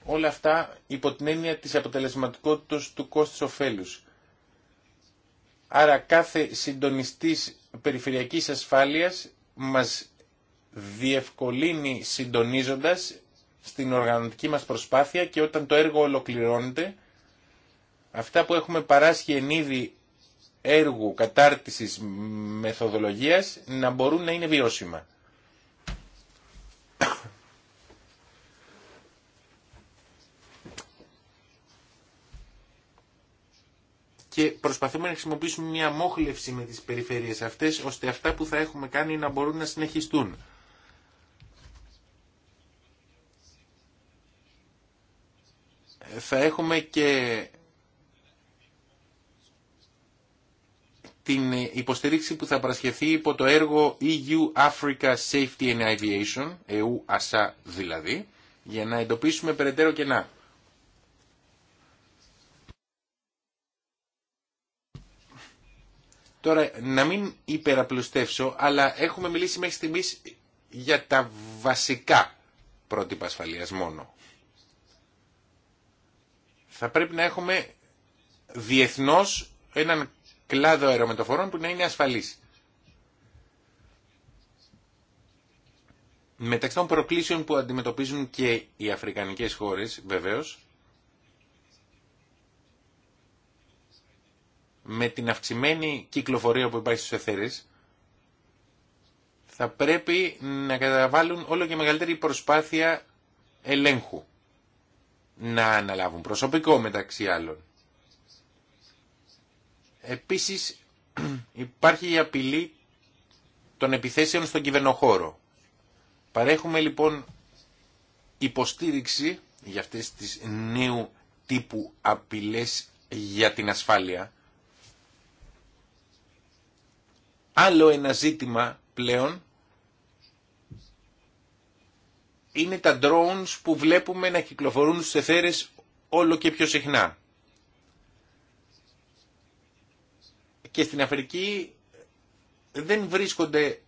όλα αυτά υπό την έννοια της αποτελεσματικότητας του κόστους ωφέλους. Άρα κάθε συντονιστής περιφερειακής ασφάλειας μας διευκολύνει συντονίζοντας στην οργανωτική μας προσπάθεια και όταν το έργο ολοκληρώνεται, αυτά που έχουμε παράσχει εν είδη έργου κατάρτισης μεθοδολογίας να μπορούν να είναι βιώσιμα. και προσπαθούμε να χρησιμοποιήσουμε μια μόχλευση με τις περιφέρειες αυτές ώστε αυτά που θα έχουμε κάνει να μπορούν να συνεχιστούν. Θα έχουμε και την υποστήριξη που θα παρασχεθεί υπό το έργο EU Africa Safety and Aviation, EU ASA δηλαδή, για να εντοπίσουμε περαιτέρω κενά. Τώρα, να μην υπεραπλουστεύσω, αλλά έχουμε μιλήσει μέχρι στιγμής για τα βασικά πρότυπα ασφαλεία μόνο. Θα πρέπει να έχουμε διεθνώς έναν κλάδο αερομετοφορών που να είναι ασφαλής. Μεταξύ των προκλήσεων που αντιμετωπίζουν και οι αφρικανικές χώρες, βεβαίως, με την αυξημένη κυκλοφορία που υπάρχει στους εθέρες θα πρέπει να καταβάλουν όλο και μεγαλύτερη προσπάθεια ελέγχου να αναλάβουν προσωπικό μεταξύ άλλων. Επίσης υπάρχει η απειλή των επιθέσεων στον κυβερνοχώρο. Παρέχουμε λοιπόν υποστήριξη για αυτές τις νέου τύπου απειλές για την ασφάλεια Άλλο ένα ζήτημα πλέον είναι τα drones που βλέπουμε να κυκλοφορούν στους εθέρες όλο και πιο συχνά. Και στην Αφρική δεν βρίσκονται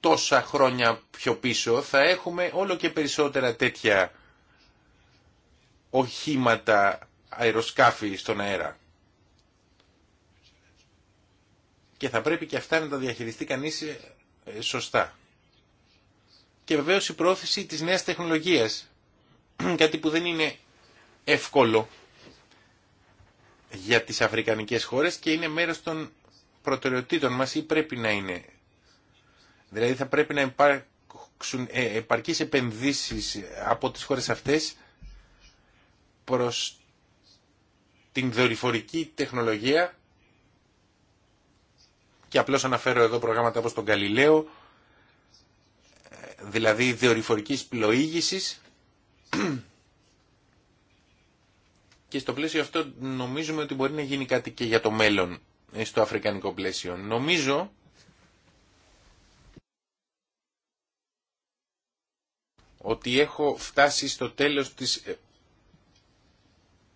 τόσα χρόνια πιο πίσω. Θα έχουμε όλο και περισσότερα τέτοια οχήματα αεροσκάφη στον αέρα. και θα πρέπει και αυτά να τα διαχειριστεί κανείς ε, σωστά. Και βεβαίω η πρόθεση της νέας τεχνολογία, κάτι που δεν είναι εύκολο για τις αφρικανικές χώρες και είναι μέρος των προτεραιοτήτων μας ή πρέπει να είναι. Δηλαδή θα πρέπει να υπάρξουν ε, επαρκείς επενδύσεις από τις χώρες αυτές προς την δορυφορική τεχνολογία και απλώς αναφέρω εδώ προγράμματα όπως τον Καλλιλέο, δηλαδή διορυφορικής πλοήγησης και στο πλαίσιο αυτό νομίζουμε ότι μπορεί να γίνει κάτι και για το μέλλον ε, στο αφρικανικό πλαίσιο. Νομίζω ότι έχω φτάσει στο τέλος της ε,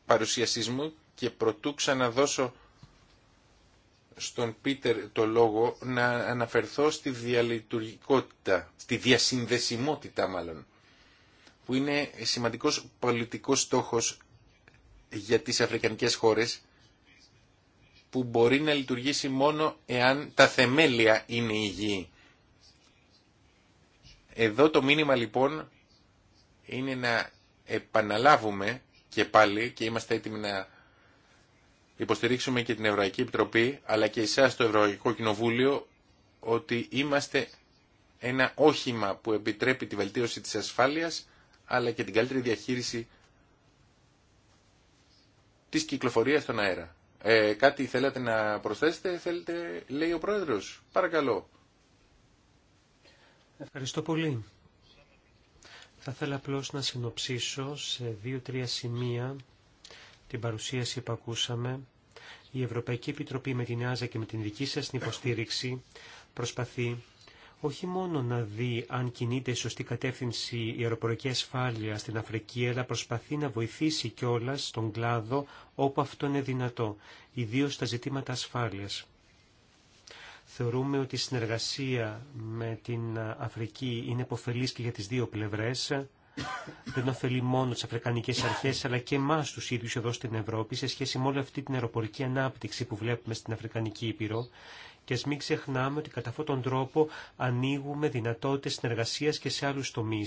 παρουσιασής μου και προτού ξαναδώσω στον Πίτερ το λόγο να αναφερθώ στη διαλειτουργικότητα, στη διασυνδεσιμότητα μάλλον, που είναι σημαντικός πολιτικός στόχος για τις αφρικανικές χώρες που μπορεί να λειτουργήσει μόνο εάν τα θεμέλια είναι υγιή. Εδώ το μήνυμα λοιπόν είναι να επαναλάβουμε και πάλι και είμαστε έτοιμοι να υποστηρίξουμε και την Ευρωπαϊκή Επιτροπή αλλά και εσάς το Ευρωπαϊκό Κοινοβούλιο ότι είμαστε ένα όχημα που επιτρέπει τη βελτίωση της ασφάλειας αλλά και την καλύτερη διαχείριση της κυκλοφορίας στον αέρα. Ε, κάτι θέλετε να προσθέσετε, θέλετε, λέει ο Πρόεδρος. Παρακαλώ. Ευχαριστώ πολύ. Θα ήθελα απλώς να συνοψίσω σε δύο-τρία σημεία την παρουσίαση που ακούσαμε, η Ευρωπαϊκή Επιτροπή με την ΆΖΑ και με την δική σας υποστήριξη προσπαθεί όχι μόνο να δει αν κινείται η σωστή κατεύθυνση η αεροπορική ασφάλεια στην Αφρική, αλλά προσπαθεί να βοηθήσει κιόλα τον κλάδο όπου αυτό είναι δυνατό, ιδίω στα ζητήματα ασφάλεια. Θεωρούμε ότι η συνεργασία με την Αφρική είναι υποφελή και για τι δύο πλευρέ δεν ωφελεί μόνο τι Αφρικανικέ Αρχέ, αλλά και εμά του ίδιου εδώ στην Ευρώπη σε σχέση με όλη αυτή την αεροπορική ανάπτυξη που βλέπουμε στην Αφρικανική Ήπειρο. Και α μην ξεχνάμε ότι κατά αυτόν τον τρόπο ανοίγουμε δυνατότητε συνεργασία και σε άλλου τομεί.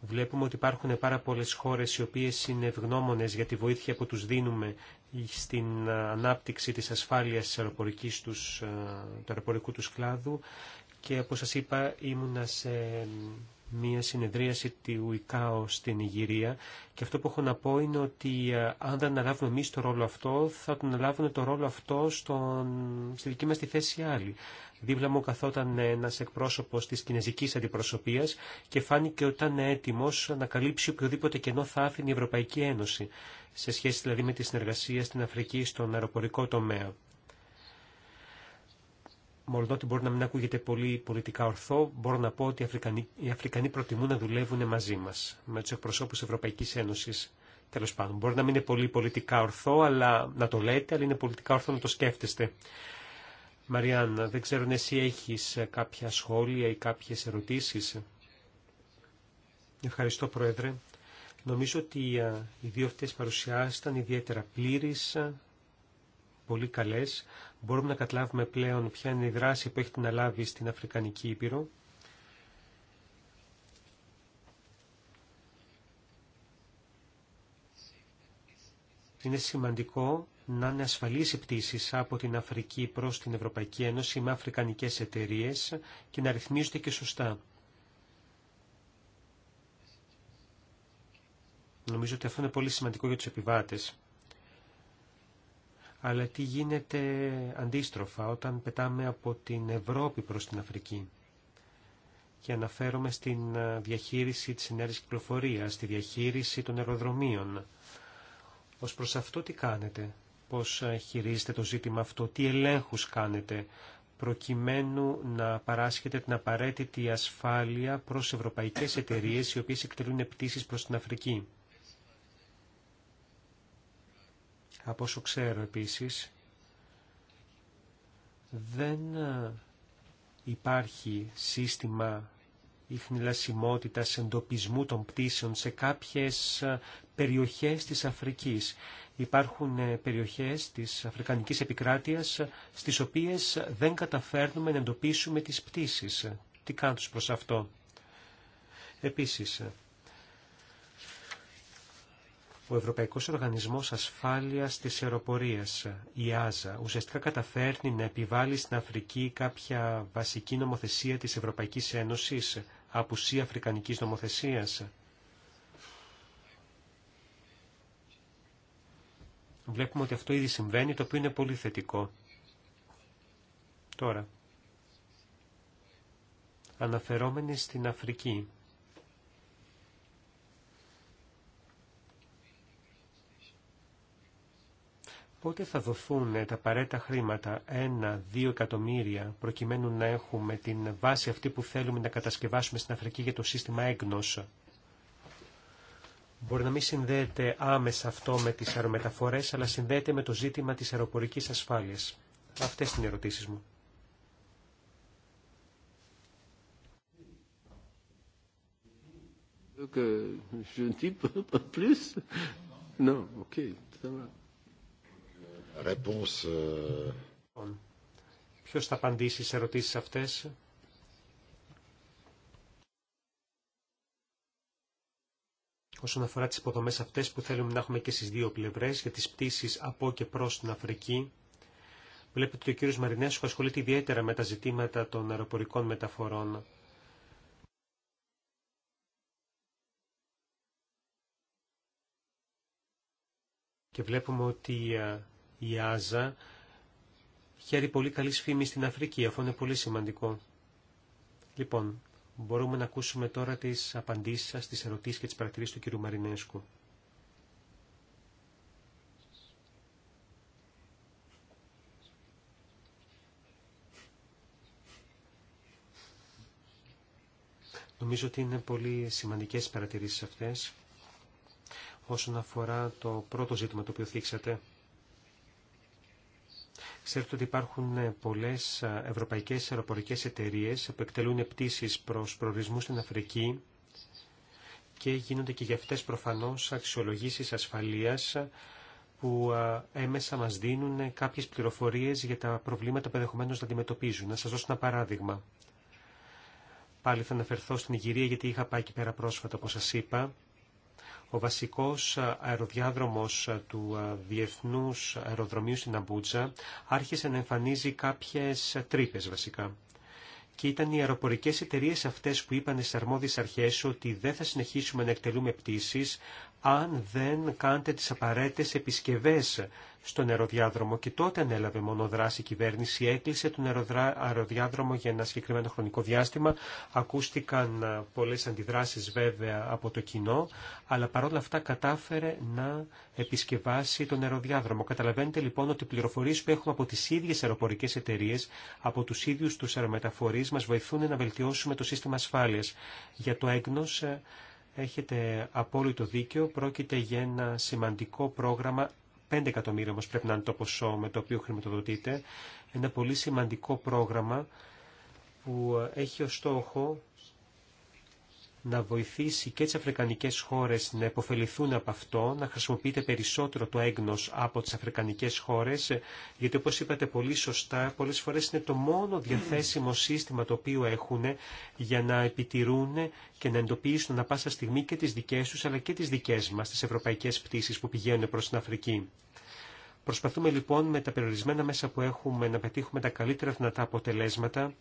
Βλέπουμε ότι υπάρχουν πάρα πολλές χώρες οι οποίες είναι ευγνώμονες για τη βοήθεια που τους δίνουμε στην ανάπτυξη της ασφάλειας ε, του αεροπορικού του κλάδου και όπως σας είπα ήμουνα σε μία συνεδρίαση του ΙΚΑΟ στην Ιγυρία και αυτό που έχω να πω είναι ότι ε, αν δεν αναλάβουμε εμεί το ρόλο αυτό θα τον αναλάβουν το ρόλο αυτό στον... στη δική μας τη θέση άλλη. Δίπλα μου καθόταν ένα εκπρόσωπο τη κινεζική αντιπροσωπεία και φάνηκε ότι ήταν έτοιμο να καλύψει οποιοδήποτε κενό θα άφηνε η Ευρωπαϊκή Ένωση σε σχέση δηλαδή με τη συνεργασία στην Αφρική στον αεροπορικό τομέα. Μολονότι μπορεί να μην ακούγεται πολύ πολιτικά ορθό, μπορώ να πω ότι οι Αφρικανοί, οι Αφρικανοί προτιμούν να δουλεύουν μαζί μα, με του εκπροσώπου Ευρωπαϊκή Ένωση. Τέλο πάντων, μπορεί να μην είναι πολύ πολιτικά ορθό, αλλά να το λέτε, αλλά είναι πολιτικά ορθό να το σκέφτεστε. Μαριάννα, δεν ξέρω αν ναι, εσύ έχει ε, κάποια σχόλια ή κάποιε ερωτήσει. Ευχαριστώ, Πρόεδρε. Νομίζω ότι ε, οι δύο αυτέ παρουσιάσει ήταν ιδιαίτερα πλήρη πολύ καλές. Μπορούμε να καταλάβουμε πλέον ποια είναι η δράση που έχει την αλάβει στην Αφρικανική Ήπειρο. Είναι σημαντικό να είναι ασφαλείς οι πτήσεις από την Αφρική προς την Ευρωπαϊκή Ένωση με αφρικανικές εταιρείες και να ρυθμίζονται και σωστά. Νομίζω ότι αυτό είναι πολύ σημαντικό για τους επιβάτες αλλά τι γίνεται αντίστροφα όταν πετάμε από την Ευρώπη προς την Αφρική. Και αναφέρομαι στην ε, διαχείριση της ενέργειας κυκλοφορίας, στη διαχείριση των αεροδρομίων. Ως προς αυτό τι κάνετε, πώς ε, χειρίζετε το ζήτημα αυτό, τι ελέγχους κάνετε, προκειμένου να παράσχετε την απαραίτητη ασφάλεια προς ευρωπαϊκές εταιρείες οι οποίες εκτελούν πτήσεις προς την Αφρική. Από όσο ξέρω επίσης, δεν ε, υπάρχει σύστημα ιχνηλασιμότητας εντοπισμού των πτήσεων σε κάποιες ε, περιοχές της Αφρικής. Υπάρχουν ε, περιοχές της Αφρικανικής επικράτειας στις οποίες δεν καταφέρνουμε να εντοπίσουμε τις πτήσεις. Τι κάνουν προς αυτό. Επίσης, ο Ευρωπαϊκός Οργανισμός Ασφάλειας της Αεροπορίας, η ΆΖΑ, ουσιαστικά καταφέρνει να επιβάλλει στην Αφρική κάποια βασική νομοθεσία της Ευρωπαϊκής Ένωσης, απουσία αφρικανικής νομοθεσίας. Βλέπουμε ότι αυτό ήδη συμβαίνει, το οποίο είναι πολύ θετικό. Τώρα, αναφερόμενοι στην Αφρική, πότε θα δοθούν ε, τα παρέτα χρήματα, ένα-δύο εκατομμύρια, προκειμένου να έχουμε την βάση αυτή που θέλουμε να κατασκευάσουμε στην Αφρική για το σύστημα έγνος. Μπορεί να μην συνδέεται άμεσα αυτό με τις αερομεταφορές, αλλά συνδέεται με το ζήτημα της αεροπορικής ασφάλειας. Αυτές είναι οι ερωτήσεις μου. je Réponse... Euh, λοιπόν, ποιος θα απαντήσει σε ερωτήσει αυτές. Όσον αφορά τι υποδομέ αυτές που θέλουμε να έχουμε και στι δύο πλευρές για τις πτήσεις από και προς την Αφρική, βλέπετε ότι ο κύριος Μαρινέσου ασχολείται ιδιαίτερα με τα ζητήματα των αεροπορικών μεταφορών. Και βλέπουμε ότι ε, η Άζα χαίρει πολύ καλή φήμη στην Αφρική. αφού είναι πολύ σημαντικό. Λοιπόν, μπορούμε να ακούσουμε τώρα τις απαντήσεις σας, τις ερωτήσεις και τις παρατηρήσεις του κ. Μαρινέσκου. Νομίζω ότι είναι πολύ σημαντικές οι παρατηρήσεις αυτές όσον αφορά το πρώτο ζήτημα το οποίο θίξατε. Ξέρετε ότι υπάρχουν ε, πολλές ε, ευρωπαϊκές αεροπορικές εταιρείες που εκτελούν πτήσεις προς προορισμού στην Αφρική και γίνονται και για αυτές προφανώς αξιολογήσεις ασφαλείας που ε, έμεσα μας δίνουν κάποιες πληροφορίες για τα προβλήματα που ενδεχομένω να αντιμετωπίζουν. Να σας δώσω ένα παράδειγμα. Πάλι θα αναφερθώ στην Ιγυρία γιατί είχα πάει εκεί πέρα πρόσφατα όπως σας είπα. Ο βασικός αεροδιάδρομος του Διεθνούς Αεροδρομίου στην Αμπούτζα άρχισε να εμφανίζει κάποιες τρύπες βασικά. Και ήταν οι αεροπορικές εταιρείες αυτές που είπαν στις αρμόδιες αρχές ότι δεν θα συνεχίσουμε να εκτελούμε πτήσεις αν δεν κάνετε τις απαραίτητες επισκευές στον αεροδιάδρομο. και τότε ανέλαβε μόνο δράση η κυβέρνηση, έκλεισε τον αεροδιάδρομο για ένα συγκεκριμένο χρονικό διάστημα. Ακούστηκαν ε, πολλές αντιδράσεις βέβαια από το κοινό, αλλά παρόλα αυτά κατάφερε να επισκευάσει τον αεροδιάδρομο. Καταλαβαίνετε λοιπόν ότι οι πληροφορίες που έχουμε από τις ίδιες αεροπορικές εταιρείε, από τους ίδιους τους αερομεταφορείς, μας βοηθούν να βελτιώσουμε το σύστημα ασφάλειας. Για το έγνος, ε, Έχετε απόλυτο δίκιο, πρόκειται για ένα σημαντικό πρόγραμμα 5 εκατομμύρια όμως πρέπει να είναι το ποσό με το οποίο χρηματοδοτείτε. ένα πολύ σημαντικό πρόγραμμα που έχει ως στόχο να βοηθήσει και τις αφρικανικές χώρες να υποφεληθούν από αυτό, να χρησιμοποιείται περισσότερο το έγνος από τις αφρικανικές χώρες, γιατί όπως είπατε πολύ σωστά, πολλές φορές είναι το μόνο διαθέσιμο σύστημα το οποίο έχουν για να επιτηρούν και να εντοπίσουν να πάσα στιγμή και τις δικές τους αλλά και τις δικές μας, τις ευρωπαϊκές πτήσεις που πηγαίνουν προς την Αφρική. Προσπαθούμε λοιπόν με τα περιορισμένα μέσα που έχουμε να πετύχουμε τα καλύτερα δυνατά αποτελέσματα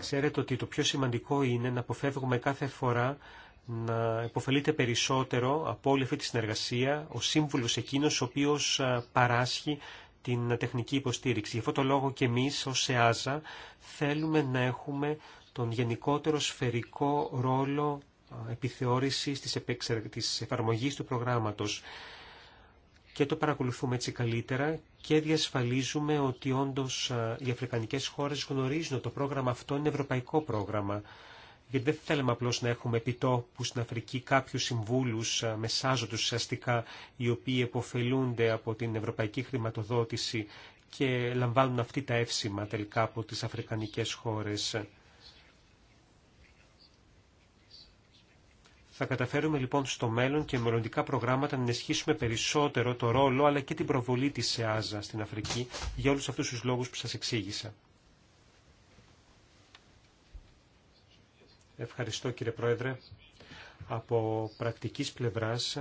Ξέρετε ότι το πιο σημαντικό είναι να αποφεύγουμε κάθε φορά να υποφελείται περισσότερο από όλη αυτή τη συνεργασία ο σύμβουλος εκείνος ο οποίος παράσχει την τεχνική υποστήριξη. Γι' αυτό το λόγο και εμείς ως ΕΑΖΑ θέλουμε να έχουμε τον γενικότερο σφαιρικό ρόλο επιθεώρησης της, εφαρμογή εφαρμογής του προγράμματος και το παρακολουθούμε έτσι καλύτερα και διασφαλίζουμε ότι όντως οι αφρικανικές χώρες γνωρίζουν ότι το πρόγραμμα αυτό είναι ευρωπαϊκό πρόγραμμα. Γιατί δεν θέλουμε απλώς να έχουμε επιτόπου στην Αφρική κάποιους συμβούλους μεσάζοντους ουσιαστικά οι οποίοι εποφελούνται από την ευρωπαϊκή χρηματοδότηση και λαμβάνουν αυτή τα εύσημα τελικά από τις αφρικανικές χώρες. Θα καταφέρουμε λοιπόν στο μέλλον και μελλοντικά προγράμματα να ενισχύσουμε περισσότερο το ρόλο αλλά και την προβολή της ΕΑΖΑ στην Αφρική για όλους αυτούς τους λόγους που σας εξήγησα. Ευχαριστώ κύριε Πρόεδρε. Από πρακτικής πλευράς,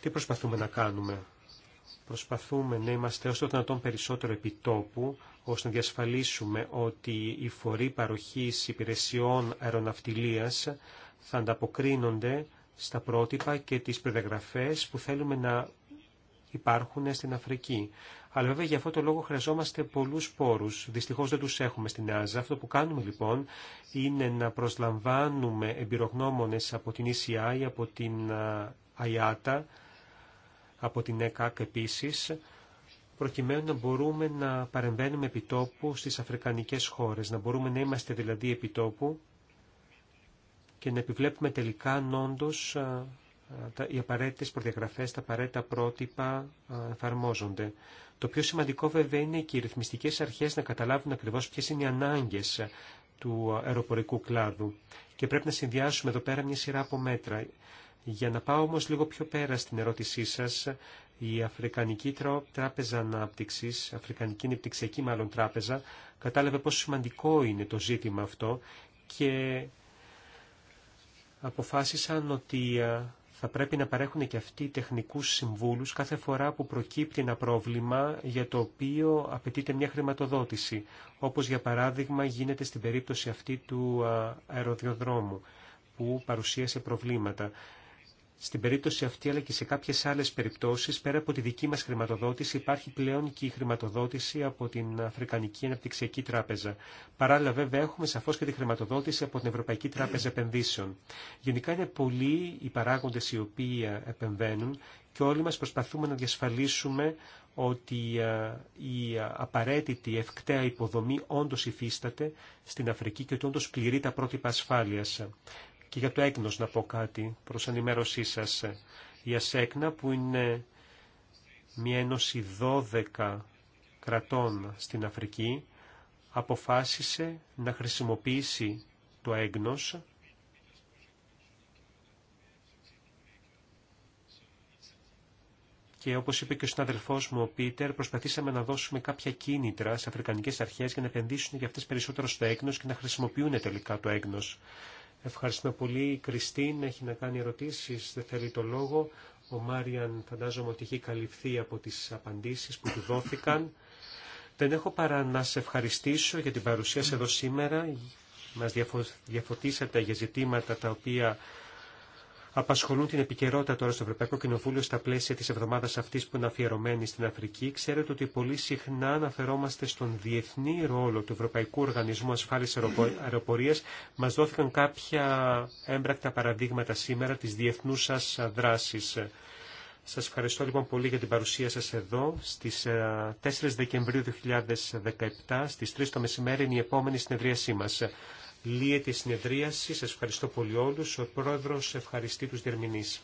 τι προσπαθούμε να κάνουμε. Προσπαθούμε να είμαστε όσο το δυνατόν περισσότερο επιτόπου, ώστε να διασφαλίσουμε ότι η φορεί παροχής υπηρεσιών αεροναυτιλίας θα ανταποκρίνονται στα πρότυπα και τις προδιαγραφές που θέλουμε να υπάρχουν στην Αφρική. Αλλά βέβαια για αυτό το λόγο χρειαζόμαστε πολλούς πόρους. Δυστυχώς δεν τους έχουμε στην Άζα. Αυτό που κάνουμε λοιπόν είναι να προσλαμβάνουμε εμπειρογνώμονες από την ECI, από την ΑΙΑΤΑ, από την ΕΚΑΚ επίσης, προκειμένου να μπορούμε να παρεμβαίνουμε επιτόπου στις αφρικανικές χώρες, να μπορούμε να είμαστε δηλαδή επιτόπου και να επιβλέπουμε τελικά αν όντως οι απαραίτητες προδιαγραφές, τα απαραίτητα πρότυπα εφαρμόζονται. Το πιο σημαντικό βέβαια είναι και οι ρυθμιστικές αρχές να καταλάβουν ακριβώς ποιες είναι οι ανάγκες του αεροπορικού κλάδου. Και πρέπει να συνδυάσουμε εδώ πέρα μια σειρά από μέτρα. Για να πάω όμως λίγο πιο πέρα στην ερώτησή σας, η Αφρικανική Τράπεζα Ανάπτυξης, Αφρικανική Νεπτυξιακή μάλλον Τράπεζα, κατάλαβε πόσο σημαντικό είναι το ζήτημα αυτό και αποφάσισαν ότι ε, θα πρέπει να παρέχουν και αυτοί τεχνικούς συμβούλους κάθε φορά που προκύπτει ένα πρόβλημα για το οποίο απαιτείται μια χρηματοδότηση, όπως για παράδειγμα γίνεται στην περίπτωση αυτή του ε, αεροδιοδρόμου που παρουσίασε προβλήματα. Στην περίπτωση αυτή αλλά και σε κάποιες άλλες περιπτώσεις, πέρα από τη δική μας χρηματοδότηση, υπάρχει πλέον και η χρηματοδότηση από την Αφρικανική Αναπτυξιακή Τράπεζα. Παράλληλα βέβαια έχουμε σαφώς και τη χρηματοδότηση από την Ευρωπαϊκή Τράπεζα Επενδύσεων. Γενικά είναι πολλοί οι παράγοντες οι οποίοι ε, επεμβαίνουν και όλοι μας προσπαθούμε να διασφαλίσουμε ότι ε, η ε, απαραίτητη ευκταία υποδομή όντως υφίσταται στην Αφρική και ότι όντως πληρεί τα πρότυπα ασφάλεια. Και για το έκνος να πω κάτι προς ενημέρωσή σας. Η ΑΣΕΚΝΑ που είναι μια ένωση 12 κρατών στην Αφρική αποφάσισε να χρησιμοποιήσει το έγνος και όπως είπε και ο συναδελφός μου ο Πίτερ προσπαθήσαμε να δώσουμε κάποια κίνητρα σε αφρικανικές αρχές για να επενδύσουν για αυτές περισσότερο στο έγνος και να χρησιμοποιούν τελικά το έγνος. Ευχαριστούμε πολύ. Η Κριστίν έχει να κάνει ερωτήσεις, δεν θέλει το λόγο. Ο Μάριαν φαντάζομαι ότι έχει καλυφθεί από τις απαντήσεις που του δόθηκαν. Δεν έχω παρά να σε ευχαριστήσω για την παρουσία σε εδώ σήμερα. Μας διαφωτίσατε για ζητήματα τα οποία απασχολούν την επικαιρότητα τώρα στο Ευρωπαϊκό Κοινοβούλιο στα πλαίσια τη εβδομάδα αυτή που είναι αφιερωμένη στην Αφρική. Ξέρετε ότι πολύ συχνά αναφερόμαστε στον διεθνή ρόλο του Ευρωπαϊκού Οργανισμού Ασφάλειας Αεροπορία. Μα δόθηκαν κάποια έμπρακτα παραδείγματα σήμερα τη διεθνού σα δράσης. Σα ευχαριστώ λοιπόν πολύ για την παρουσία σα εδώ. στι 4 ε, Δεκεμβρίου 2017, στι 3 το μεσημέρι, είναι η επόμενη συνεδρίασή μα. Λύεται η συνεδρίαση. Σας ευχαριστώ πολύ όλους. Ο Πρόεδρος ευχαριστεί τους διερμηνείς.